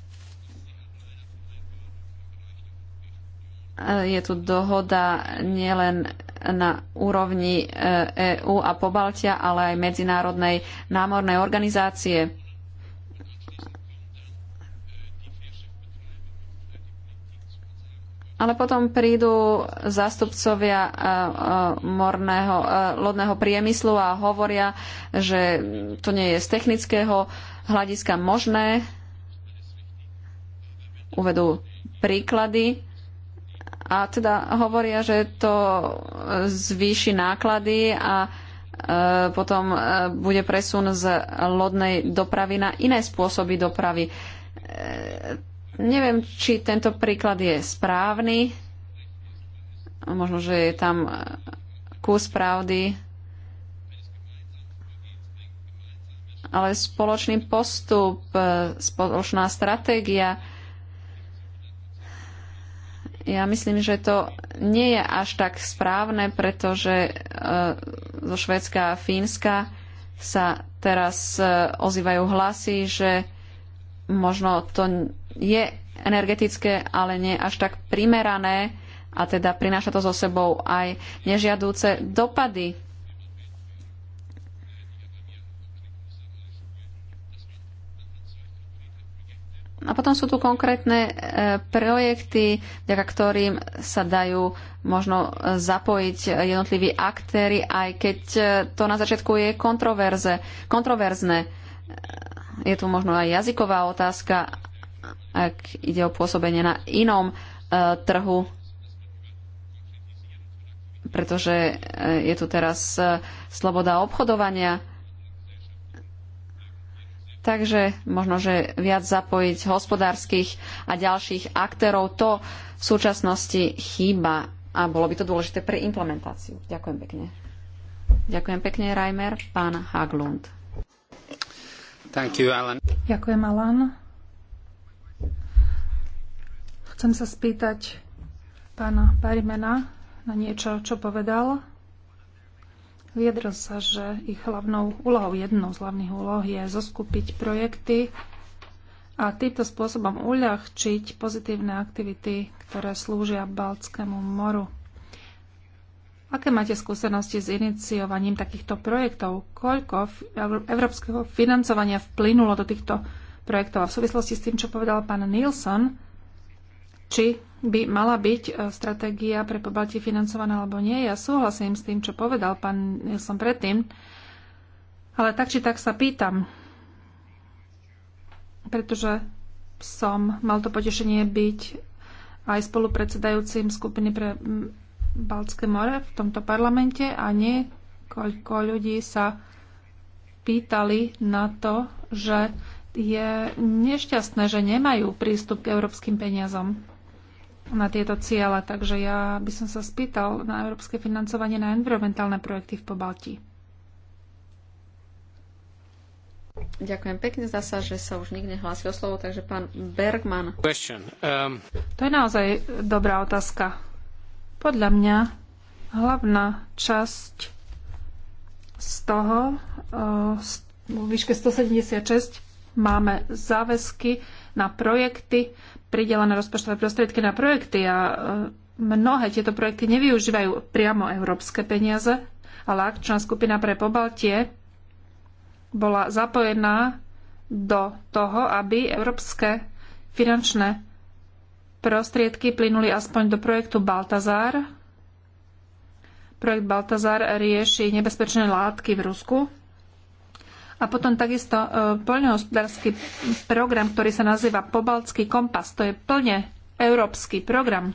E, je tu dohoda nielen na úrovni EÚ e a Pobaltia, ale aj Medzinárodnej námornej organizácie. Ale potom prídu zástupcovia e, morného, lodného priemyslu a hovoria, že to nie je z technického hľadiska možné. Uvedú príklady a teda hovoria, že to e, zvýši náklady a e, potom e, bude presun z lodnej dopravy na iné spôsoby dopravy. Neviem, či tento príklad je správny. Možno, že je tam kus pravdy. Ale spoločný postup, spoločná stratégia, ja myslím, že to nie je až tak správne, pretože e, zo Švedska a Fínska sa teraz e, ozývajú hlasy, že možno to je energetické, ale nie až tak primerané a teda prináša to so sebou aj nežiadúce dopady A potom sú tu konkrétne e, projekty, vďaka ktorým sa dajú možno e, zapojiť jednotliví aktéry, aj keď e, to na začiatku je kontroverze, kontroverzne. Je tu možno aj jazyková otázka, ak ide o pôsobenie na inom trhu, pretože je tu teraz sloboda obchodovania Takže možno, že viac zapojiť hospodárskych a ďalších aktérov, to v súčasnosti chýba a bolo by to dôležité pre implementáciu. Ďakujem pekne. Ďakujem pekne, Reimer. Pán Haglund. Thank you, Alan. Ďakujem, Alan. Chcem sa spýtať pána Parimena na niečo, čo povedal. Viedro sa, že ich hlavnou úlohou, jednou z hlavných úloh je zoskupiť projekty a týmto spôsobom uľahčiť pozitívne aktivity, ktoré slúžia Baltskému moru. Aké máte skúsenosti s iniciovaním takýchto projektov? Koľko európskeho financovania vplynulo do týchto projektov? A v súvislosti s tým, čo povedal pán Nielsen, či by mala byť e, stratégia pre pobaltie financovaná alebo nie. Ja súhlasím s tým, čo povedal pán Nilsson predtým, ale tak či tak sa pýtam, pretože som mal to potešenie byť aj spolupredsedajúcim skupiny pre Baltské more v tomto parlamente a niekoľko ľudí sa pýtali na to, že je nešťastné, že nemajú prístup k európskym peniazom na tieto ciele. Takže ja by som sa spýtal na európske financovanie na environmentálne projekty v Pobalti. Ďakujem pekne. Zdá sa, že sa už nikto nehlásil o slovo, takže pán Bergman. Um... To je naozaj dobrá otázka. Podľa mňa hlavná časť z toho uh, vo výške 176 máme záväzky na projekty, pridelené rozpočtové prostriedky na projekty a e, mnohé tieto projekty nevyužívajú priamo európske peniaze, ale akčná skupina pre Pobaltie bola zapojená do toho, aby európske finančné prostriedky plynuli aspoň do projektu Baltazar. Projekt Baltazar rieši nebezpečné látky v Rusku a potom takisto e, poľnohospodársky program, ktorý sa nazýva Pobaltský kompas. To je plne európsky program.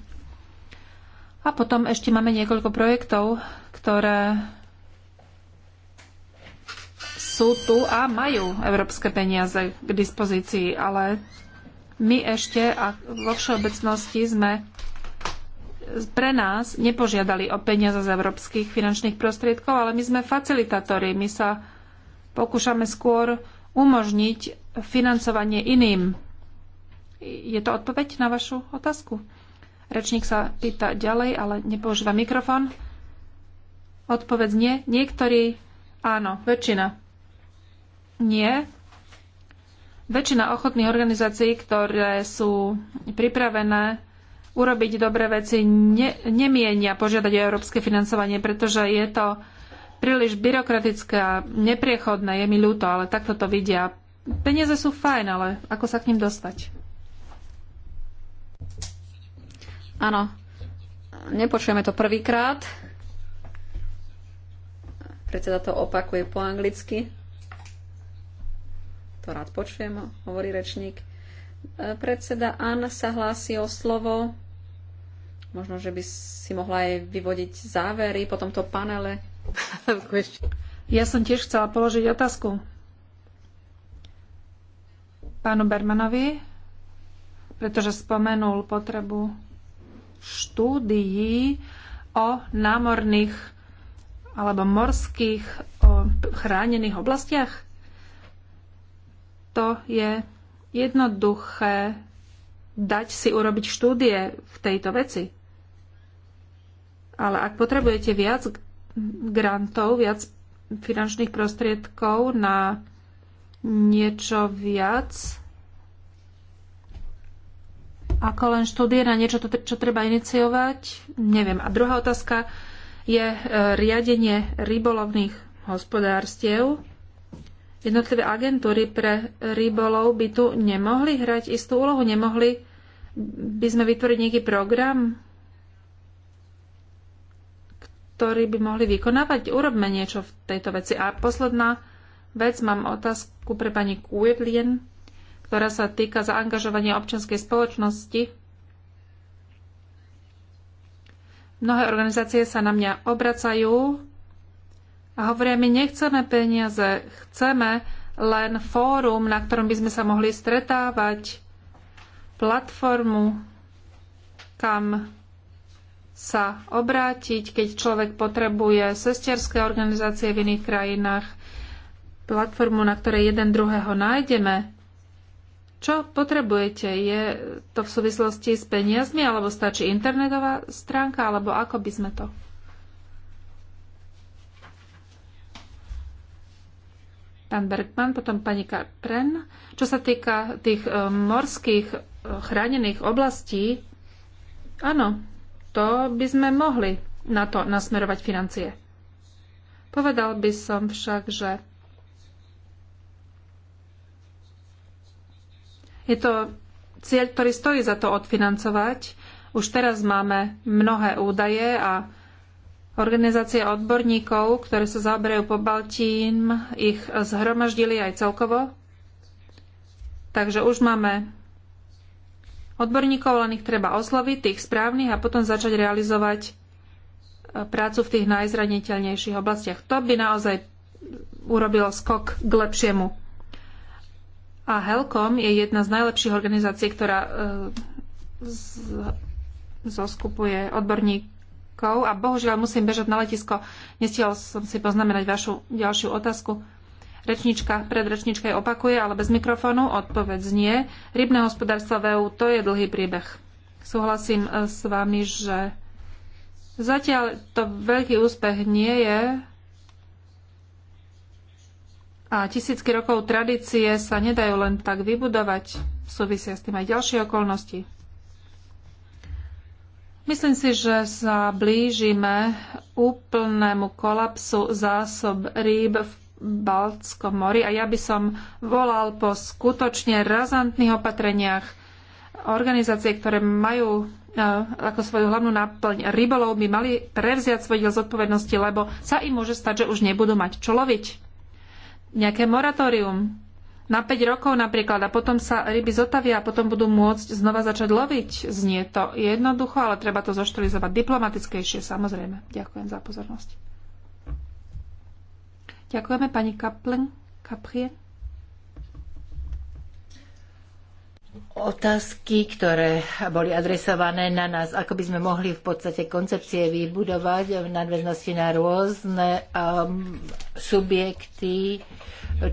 A potom ešte máme niekoľko projektov, ktoré sú tu a majú európske peniaze k dispozícii, ale my ešte a vo všeobecnosti sme pre nás nepožiadali o peniaze z európskych finančných prostriedkov, ale my sme facilitátori, my sa pokúšame skôr umožniť financovanie iným. Je to odpoveď na vašu otázku? Rečník sa pýta ďalej, ale nepoužíva mikrofón. Odpoveď nie. Niektorí áno, väčšina. Nie. Väčšina ochotných organizácií, ktoré sú pripravené urobiť dobré veci, ne, nemienia požiadať o európske financovanie, pretože je to príliš byrokratické a nepriechodné. Je mi ľúto, ale takto to vidia. Peniaze sú fajn, ale ako sa k ním dostať? Áno, nepočujeme to prvýkrát. Predseda to opakuje po anglicky. To rád počujem, hovorí rečník. E, predseda Ann sa hlási o slovo. Možno, že by si mohla aj vyvodiť závery po tomto panele. Ja som tiež chcela položiť otázku. Pánu Bermanovi, pretože spomenul potrebu štúdií o námorných alebo morských o chránených oblastiach. To je jednoduché dať si urobiť štúdie v tejto veci. Ale ak potrebujete viac grantov, viac finančných prostriedkov na niečo viac ako len štúdie na niečo, čo treba iniciovať? Neviem. A druhá otázka je e, riadenie rybolovných hospodárstiev. Jednotlivé agentúry pre rybolov by tu nemohli hrať istú úlohu, nemohli by sme vytvoriť nejaký program, ktorí by mohli vykonávať. Urobme niečo v tejto veci. A posledná vec, mám otázku pre pani Kuevlien, ktorá sa týka zaangažovania občianskej spoločnosti. Mnohé organizácie sa na mňa obracajú a hovoria mi, nechceme peniaze, chceme len fórum, na ktorom by sme sa mohli stretávať, platformu, kam sa obrátiť, keď človek potrebuje sesterské organizácie v iných krajinách, platformu, na ktorej jeden druhého nájdeme. Čo potrebujete? Je to v súvislosti s peniazmi, alebo stačí internetová stránka, alebo ako by sme to pán Bergman, potom pani Karpren. Čo sa týka tých eh, morských eh, chránených oblastí, áno, to by sme mohli na to nasmerovať financie. Povedal by som však, že je to cieľ, ktorý stojí za to odfinancovať. Už teraz máme mnohé údaje a organizácie odborníkov, ktoré sa zaoberajú po Baltín, ich zhromaždili aj celkovo. Takže už máme odborníkov, len ich treba osloviť, tých správnych a potom začať realizovať e, prácu v tých najzraniteľnejších oblastiach. To by naozaj urobilo skok k lepšiemu. A Helcom je jedna z najlepších organizácií, ktorá e, zoskupuje odborníkov. A bohužiaľ musím bežať na letisko. Nestihol som si poznamenať vašu ďalšiu otázku. Rečnička pred rečničkej opakuje, ale bez mikrofónu. Odpoveď nie. Rybné hospodárstvo v EU to je dlhý príbeh. Súhlasím e, s vami, že zatiaľ to veľký úspech nie je. A tisícky rokov tradície sa nedajú len tak vybudovať. Súvisia s tým aj ďalšie okolnosti. Myslím si, že sa blížime úplnému kolapsu zásob rýb v Baltskom mori a ja by som volal po skutočne razantných opatreniach organizácie, ktoré majú e, ako svoju hlavnú náplň rybolov by mali prevziať svoj diel zodpovednosti, lebo sa im môže stať, že už nebudú mať čo loviť. Nejaké moratórium na 5 rokov napríklad a potom sa ryby zotavia a potom budú môcť znova začať loviť. Znie to jednoducho, ale treba to zoštalizovať diplomatickejšie, samozrejme. Ďakujem za pozornosť. Ďakujeme pani Kaplen. Kaprie. Otázky, ktoré boli adresované na nás, ako by sme mohli v podstate koncepcie vybudovať v nadväznosti na rôzne um, subjekty,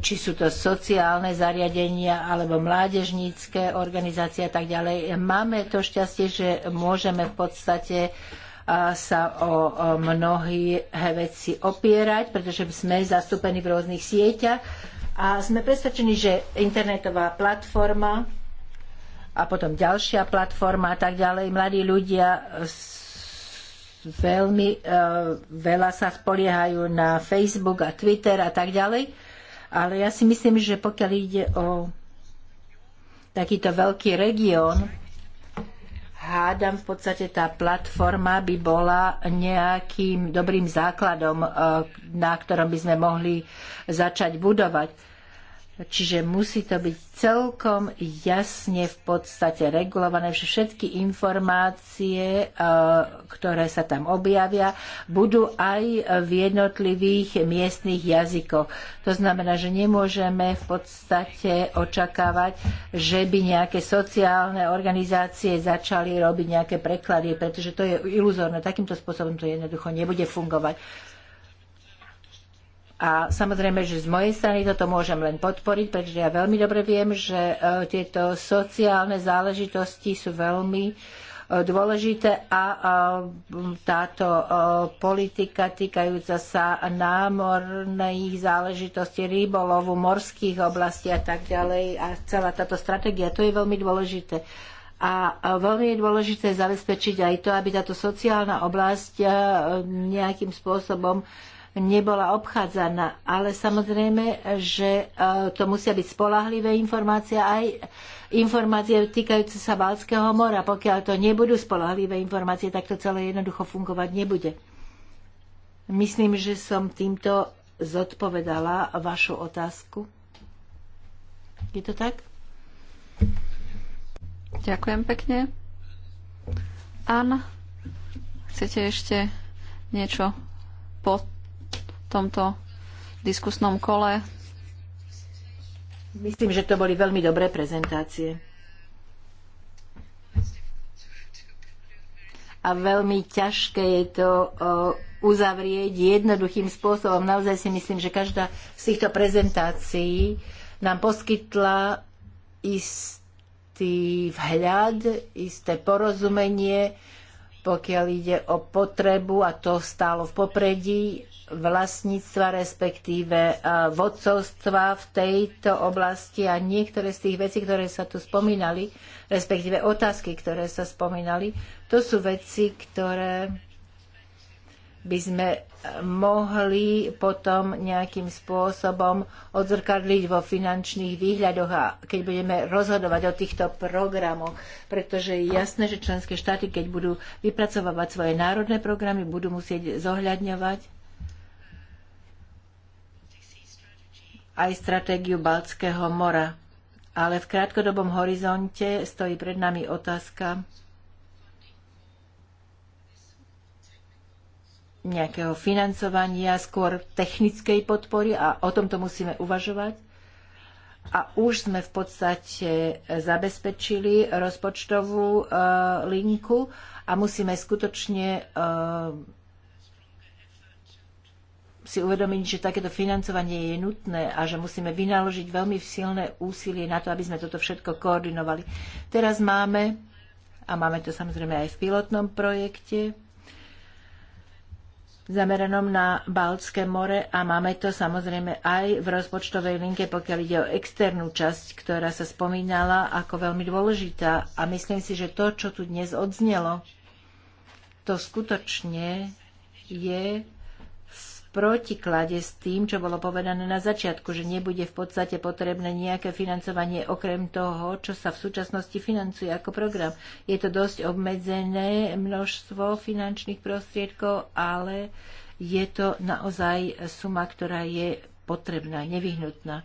či sú to sociálne zariadenia alebo mládežnícke organizácie a tak ďalej. Máme to šťastie, že môžeme v podstate uh, sa o mnohé veci opierať, pretože sme zastúpení v rôznych sieťach a sme presvedčení, že internetová platforma a potom ďalšia platforma a tak ďalej, mladí ľudia veľmi e, veľa sa spoliehajú na Facebook a Twitter a tak ďalej, ale ja si myslím, že pokiaľ ide o takýto veľký región, hádam, v podstate tá platforma by bola nejakým dobrým základom, eh, na ktorom by sme mohli začať budovať Čiže musí to byť celkom jasne v podstate regulované, že všetky informácie, e, ktoré sa tam objavia, budú aj v jednotlivých miestnych jazykoch. To znamená, že nemôžeme v podstate očakávať, že by nejaké sociálne organizácie začali robiť nejaké preklady, pretože to je iluzórne. Takýmto spôsobom to jednoducho nebude fungovať. A samozrejme, že z mojej strany toto môžem len podporiť, pretože ja veľmi dobre viem, že e, tieto sociálne záležitosti sú veľmi e, dôležité a e, táto politika týkajúca sa námorných záležitostí, rybolovu, morských oblastí a tak ďalej a celá táto stratégia, to je veľmi dôležité. A veľmi je dôležité zabezpečiť aj to, aby táto sociálna oblasť nejakým spôsobom nebola obchádzaná. Ale samozrejme, že e, to musia byť spolahlivé informácie aj informácie týkajúce sa Balckého mora. Pokiaľ to nebudú spolahlivé informácie, tak to celé jednoducho fungovať nebude. Myslím, že som týmto zodpovedala vašu otázku. Je to tak? Ďakujem pekne. Anna, chcete ešte niečo po? tomto diskusnom kole. Myslím, že to boli veľmi dobré prezentácie. A veľmi ťažké je to uzavrieť jednoduchým spôsobom. Naozaj si myslím, že každá z týchto prezentácií nám poskytla istý vhľad, isté porozumenie, pokiaľ ide o potrebu, a to stálo v popredí, vlastníctva, respektíve e, vodcovstva v tejto oblasti a niektoré z tých vecí, ktoré sa tu spomínali, respektíve otázky, ktoré sa spomínali, to sú veci, ktoré by sme e, mohli potom nejakým spôsobom odzrkadliť vo finančných výhľadoch a keď budeme rozhodovať o týchto programoch, pretože je jasné, že členské štáty, keď budú vypracovávať svoje národné programy, budú musieť zohľadňovať aj stratégiu Baltského mora. Ale v krátkodobom horizonte stojí pred nami otázka nejakého financovania, skôr technickej podpory a o tomto musíme uvažovať. A už sme v podstate zabezpečili rozpočtovú e, linku a musíme skutočne e, si uvedomiť, že takéto financovanie je nutné a že musíme vynaložiť veľmi silné úsilie na to, aby sme toto všetko koordinovali. Teraz máme, a máme to samozrejme aj v pilotnom projekte, zameranom na Baltské more a máme to samozrejme aj v rozpočtovej linke, pokiaľ ide o externú časť, ktorá sa spomínala ako veľmi dôležitá. A myslím si, že to, čo tu dnes odznelo, to skutočne je protiklade s tým, čo bolo povedané na začiatku, že nebude v podstate potrebné nejaké financovanie okrem toho, čo sa v súčasnosti financuje ako program. Je to dosť obmedzené množstvo finančných prostriedkov, ale je to naozaj suma, ktorá je potrebná, nevyhnutná.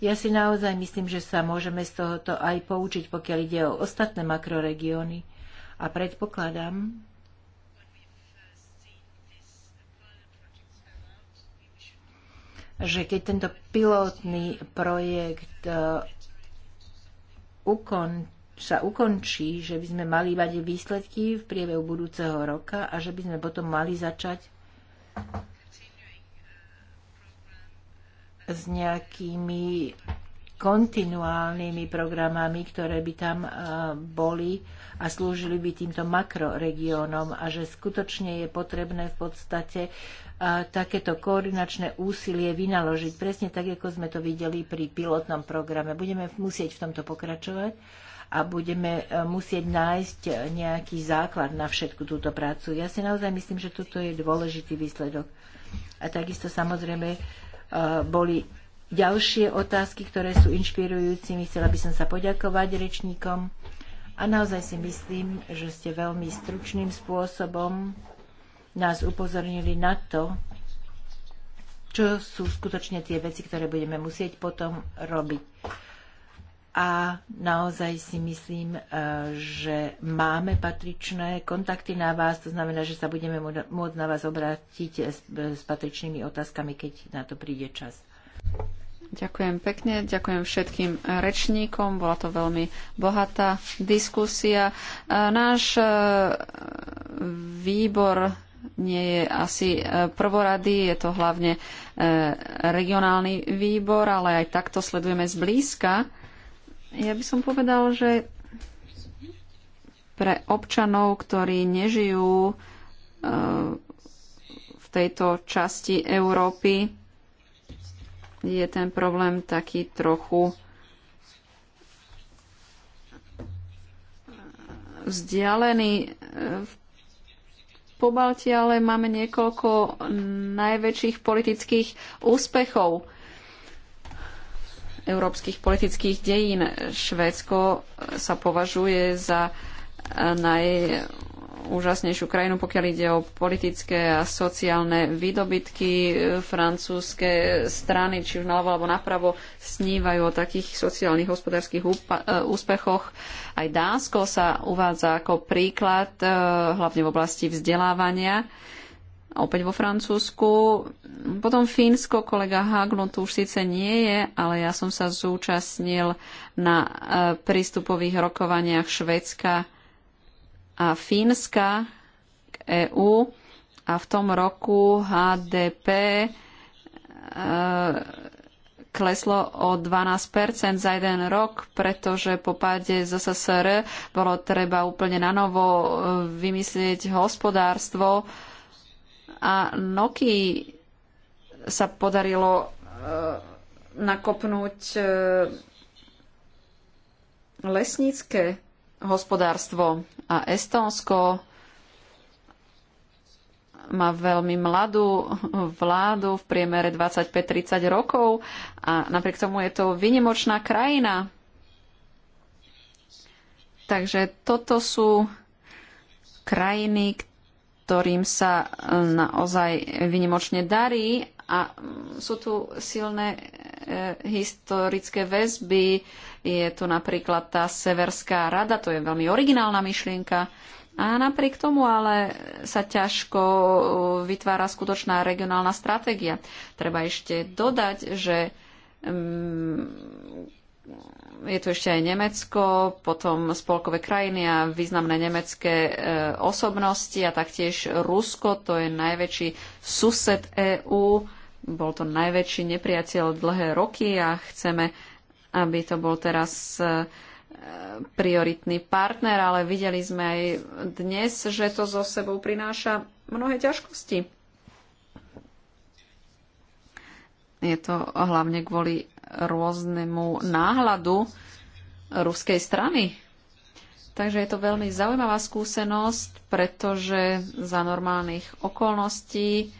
Ja si naozaj myslím, že sa môžeme z tohoto aj poučiť, pokiaľ ide o ostatné makroregióny. A predpokladám, že keď tento pilotný projekt e, ukon, sa ukončí, že by sme mali mať výsledky v priebehu budúceho roka a že by sme potom mali začať s nejakými kontinuálnymi programami, ktoré by tam e, boli a slúžili by týmto makroregiónom a že skutočne je potrebné v podstate takéto koordinačné úsilie vynaložiť, presne tak, ako sme to videli pri pilotnom programe. Budeme musieť v tomto pokračovať a budeme e, musieť nájsť nejaký základ na všetku túto prácu. Ja si naozaj myslím, že toto je dôležitý výsledok. A takisto samozrejme e, boli ďalšie otázky, ktoré sú inšpirujúcimi. Chcela by som sa poďakovať rečníkom. A naozaj si myslím, že ste veľmi stručným spôsobom nás upozornili na to, čo sú skutočne tie veci, ktoré budeme musieť potom robiť. A naozaj si myslím, eh, že máme patričné kontakty na vás, to znamená, že sa budeme môcť na vás obrátiť s patričnými otázkami, keď na to príde čas. Ďakujem pekne, ďakujem všetkým rečníkom. Bola to veľmi bohatá diskusia. Eh, náš eh, výbor nie je asi e, prvorady, je to hlavne e, regionálny výbor, ale aj takto sledujeme zblízka. Ja by som povedal, že pre občanov, ktorí nežijú e, v tejto časti Európy, je ten problém taký trochu vzdialený v Balti, ale máme niekoľko najväčších politických úspechov európskych politických dejín. Švédsko sa považuje za naj úžasnejšiu krajinu, pokiaľ ide o politické a sociálne výdobytky. Francúzske strany, či už naľavo alebo napravo, snívajú o takých sociálnych hospodárskych e, úspechoch. Aj Dánsko sa uvádza ako príklad, e, hlavne v oblasti vzdelávania opäť vo Francúzsku. Potom Fínsko, kolega Haglund tu už síce nie je, ale ja som sa zúčastnil na e, prístupových rokovaniach Švedska a Fínska k EÚ a v tom roku HDP e, kleslo o 12% za jeden rok, pretože po páde SSR bolo treba úplne na novo e, vymyslieť hospodárstvo a Noky sa podarilo e, nakopnúť lesnícke hospodárstvo a Estónsko má veľmi mladú vládu v priemere 25-30 rokov a napriek tomu je to vynimočná krajina. Takže toto sú krajiny, ktorým sa naozaj vynimočne darí a sú tu silné e, historické väzby, je tu napríklad tá Severská rada, to je veľmi originálna myšlienka. A napriek tomu ale sa ťažko uh, vytvára skutočná regionálna stratégia. Treba ešte dodať, že mm, je tu ešte aj Nemecko, potom spolkové krajiny a významné nemecké uh, osobnosti a taktiež Rusko, to je najväčší sused EÚ, bol to najväčší nepriateľ dlhé roky a chceme aby to bol teraz e, prioritný partner, ale videli sme aj dnes, že to so sebou prináša mnohé ťažkosti. Je to hlavne kvôli rôznemu náhľadu ruskej strany. Takže je to veľmi zaujímavá skúsenosť, pretože za normálnych okolností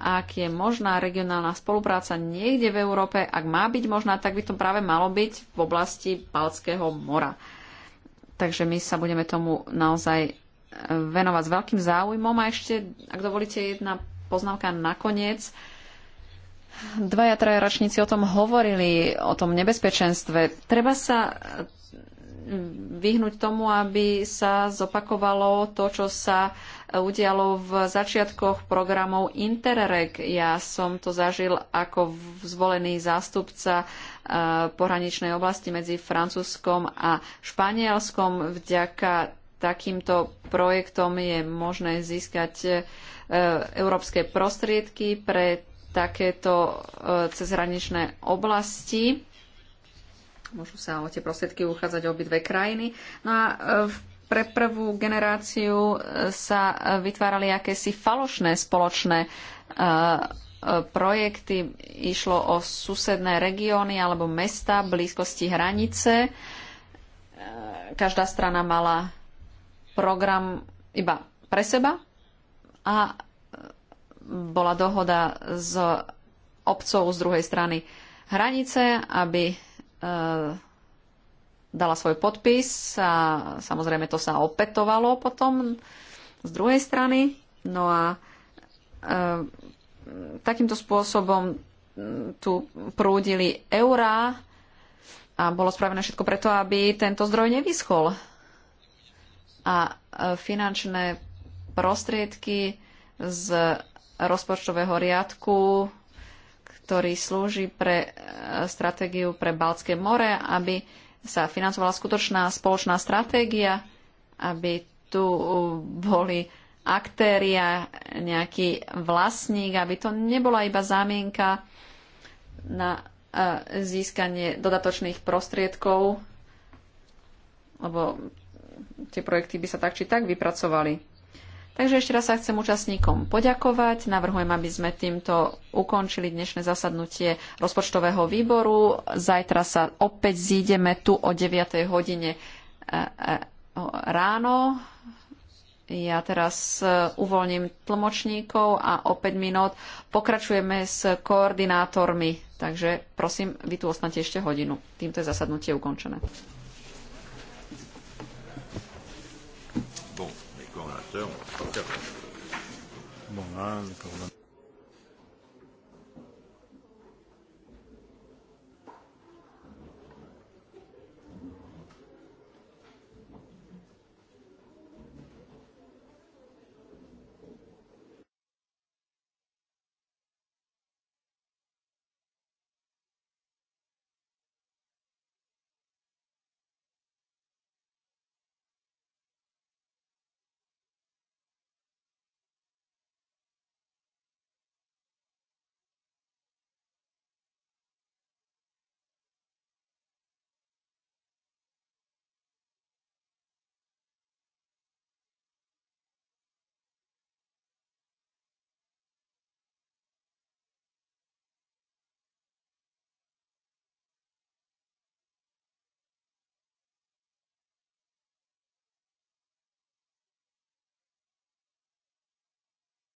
ak je možná regionálna spolupráca niekde v Európe, ak má byť možná, tak by to práve malo byť v oblasti Balckého mora. Takže my sa budeme tomu naozaj e, venovať s veľkým záujmom. A ešte, ak dovolíte, jedna poznámka nakoniec. Dvaja, traja o tom hovorili, o tom nebezpečenstve. Treba sa e, vyhnúť tomu, aby sa zopakovalo to, čo sa udialo v začiatkoch programov Interreg. Ja som to zažil ako zvolený zástupca e, pohraničnej oblasti medzi Francúzskom a Španielskom. Vďaka takýmto projektom je možné získať e, európske prostriedky pre takéto e, cezhraničné oblasti môžu sa o tie prostriedky uchádzať obidve krajiny. No a v pre prvú generáciu e, sa e, vytvárali akési falošné spoločné e, projekty. Išlo o susedné regióny alebo mesta blízkosti hranice. Každá strana mala program iba pre seba a bola dohoda s obcov z druhej strany hranice, aby dala svoj podpis a samozrejme to sa opetovalo potom z druhej strany. No a e, takýmto spôsobom tu prúdili eurá a bolo spravené všetko preto, aby tento zdroj nevyschol. A e, finančné prostriedky z rozpočtového riadku, ktorý slúži pre e, stratégiu pre Baltské more, aby sa financovala skutočná spoločná stratégia, aby tu boli aktéria, nejaký vlastník, aby to nebola iba zámienka na e, získanie dodatočných prostriedkov, lebo tie projekty by sa tak či tak vypracovali. Takže ešte raz sa chcem účastníkom poďakovať. Navrhujem, aby sme týmto ukončili dnešné zasadnutie rozpočtového výboru. Zajtra sa opäť zídeme tu o 9. hodine e, e, ráno. Ja teraz e, uvoľním tlmočníkov a o 5 minút pokračujeme s koordinátormi. Takže prosím, vy tu ostanete ešte hodinu. Týmto je zasadnutie ukončené. rapporteur. Bon, là, le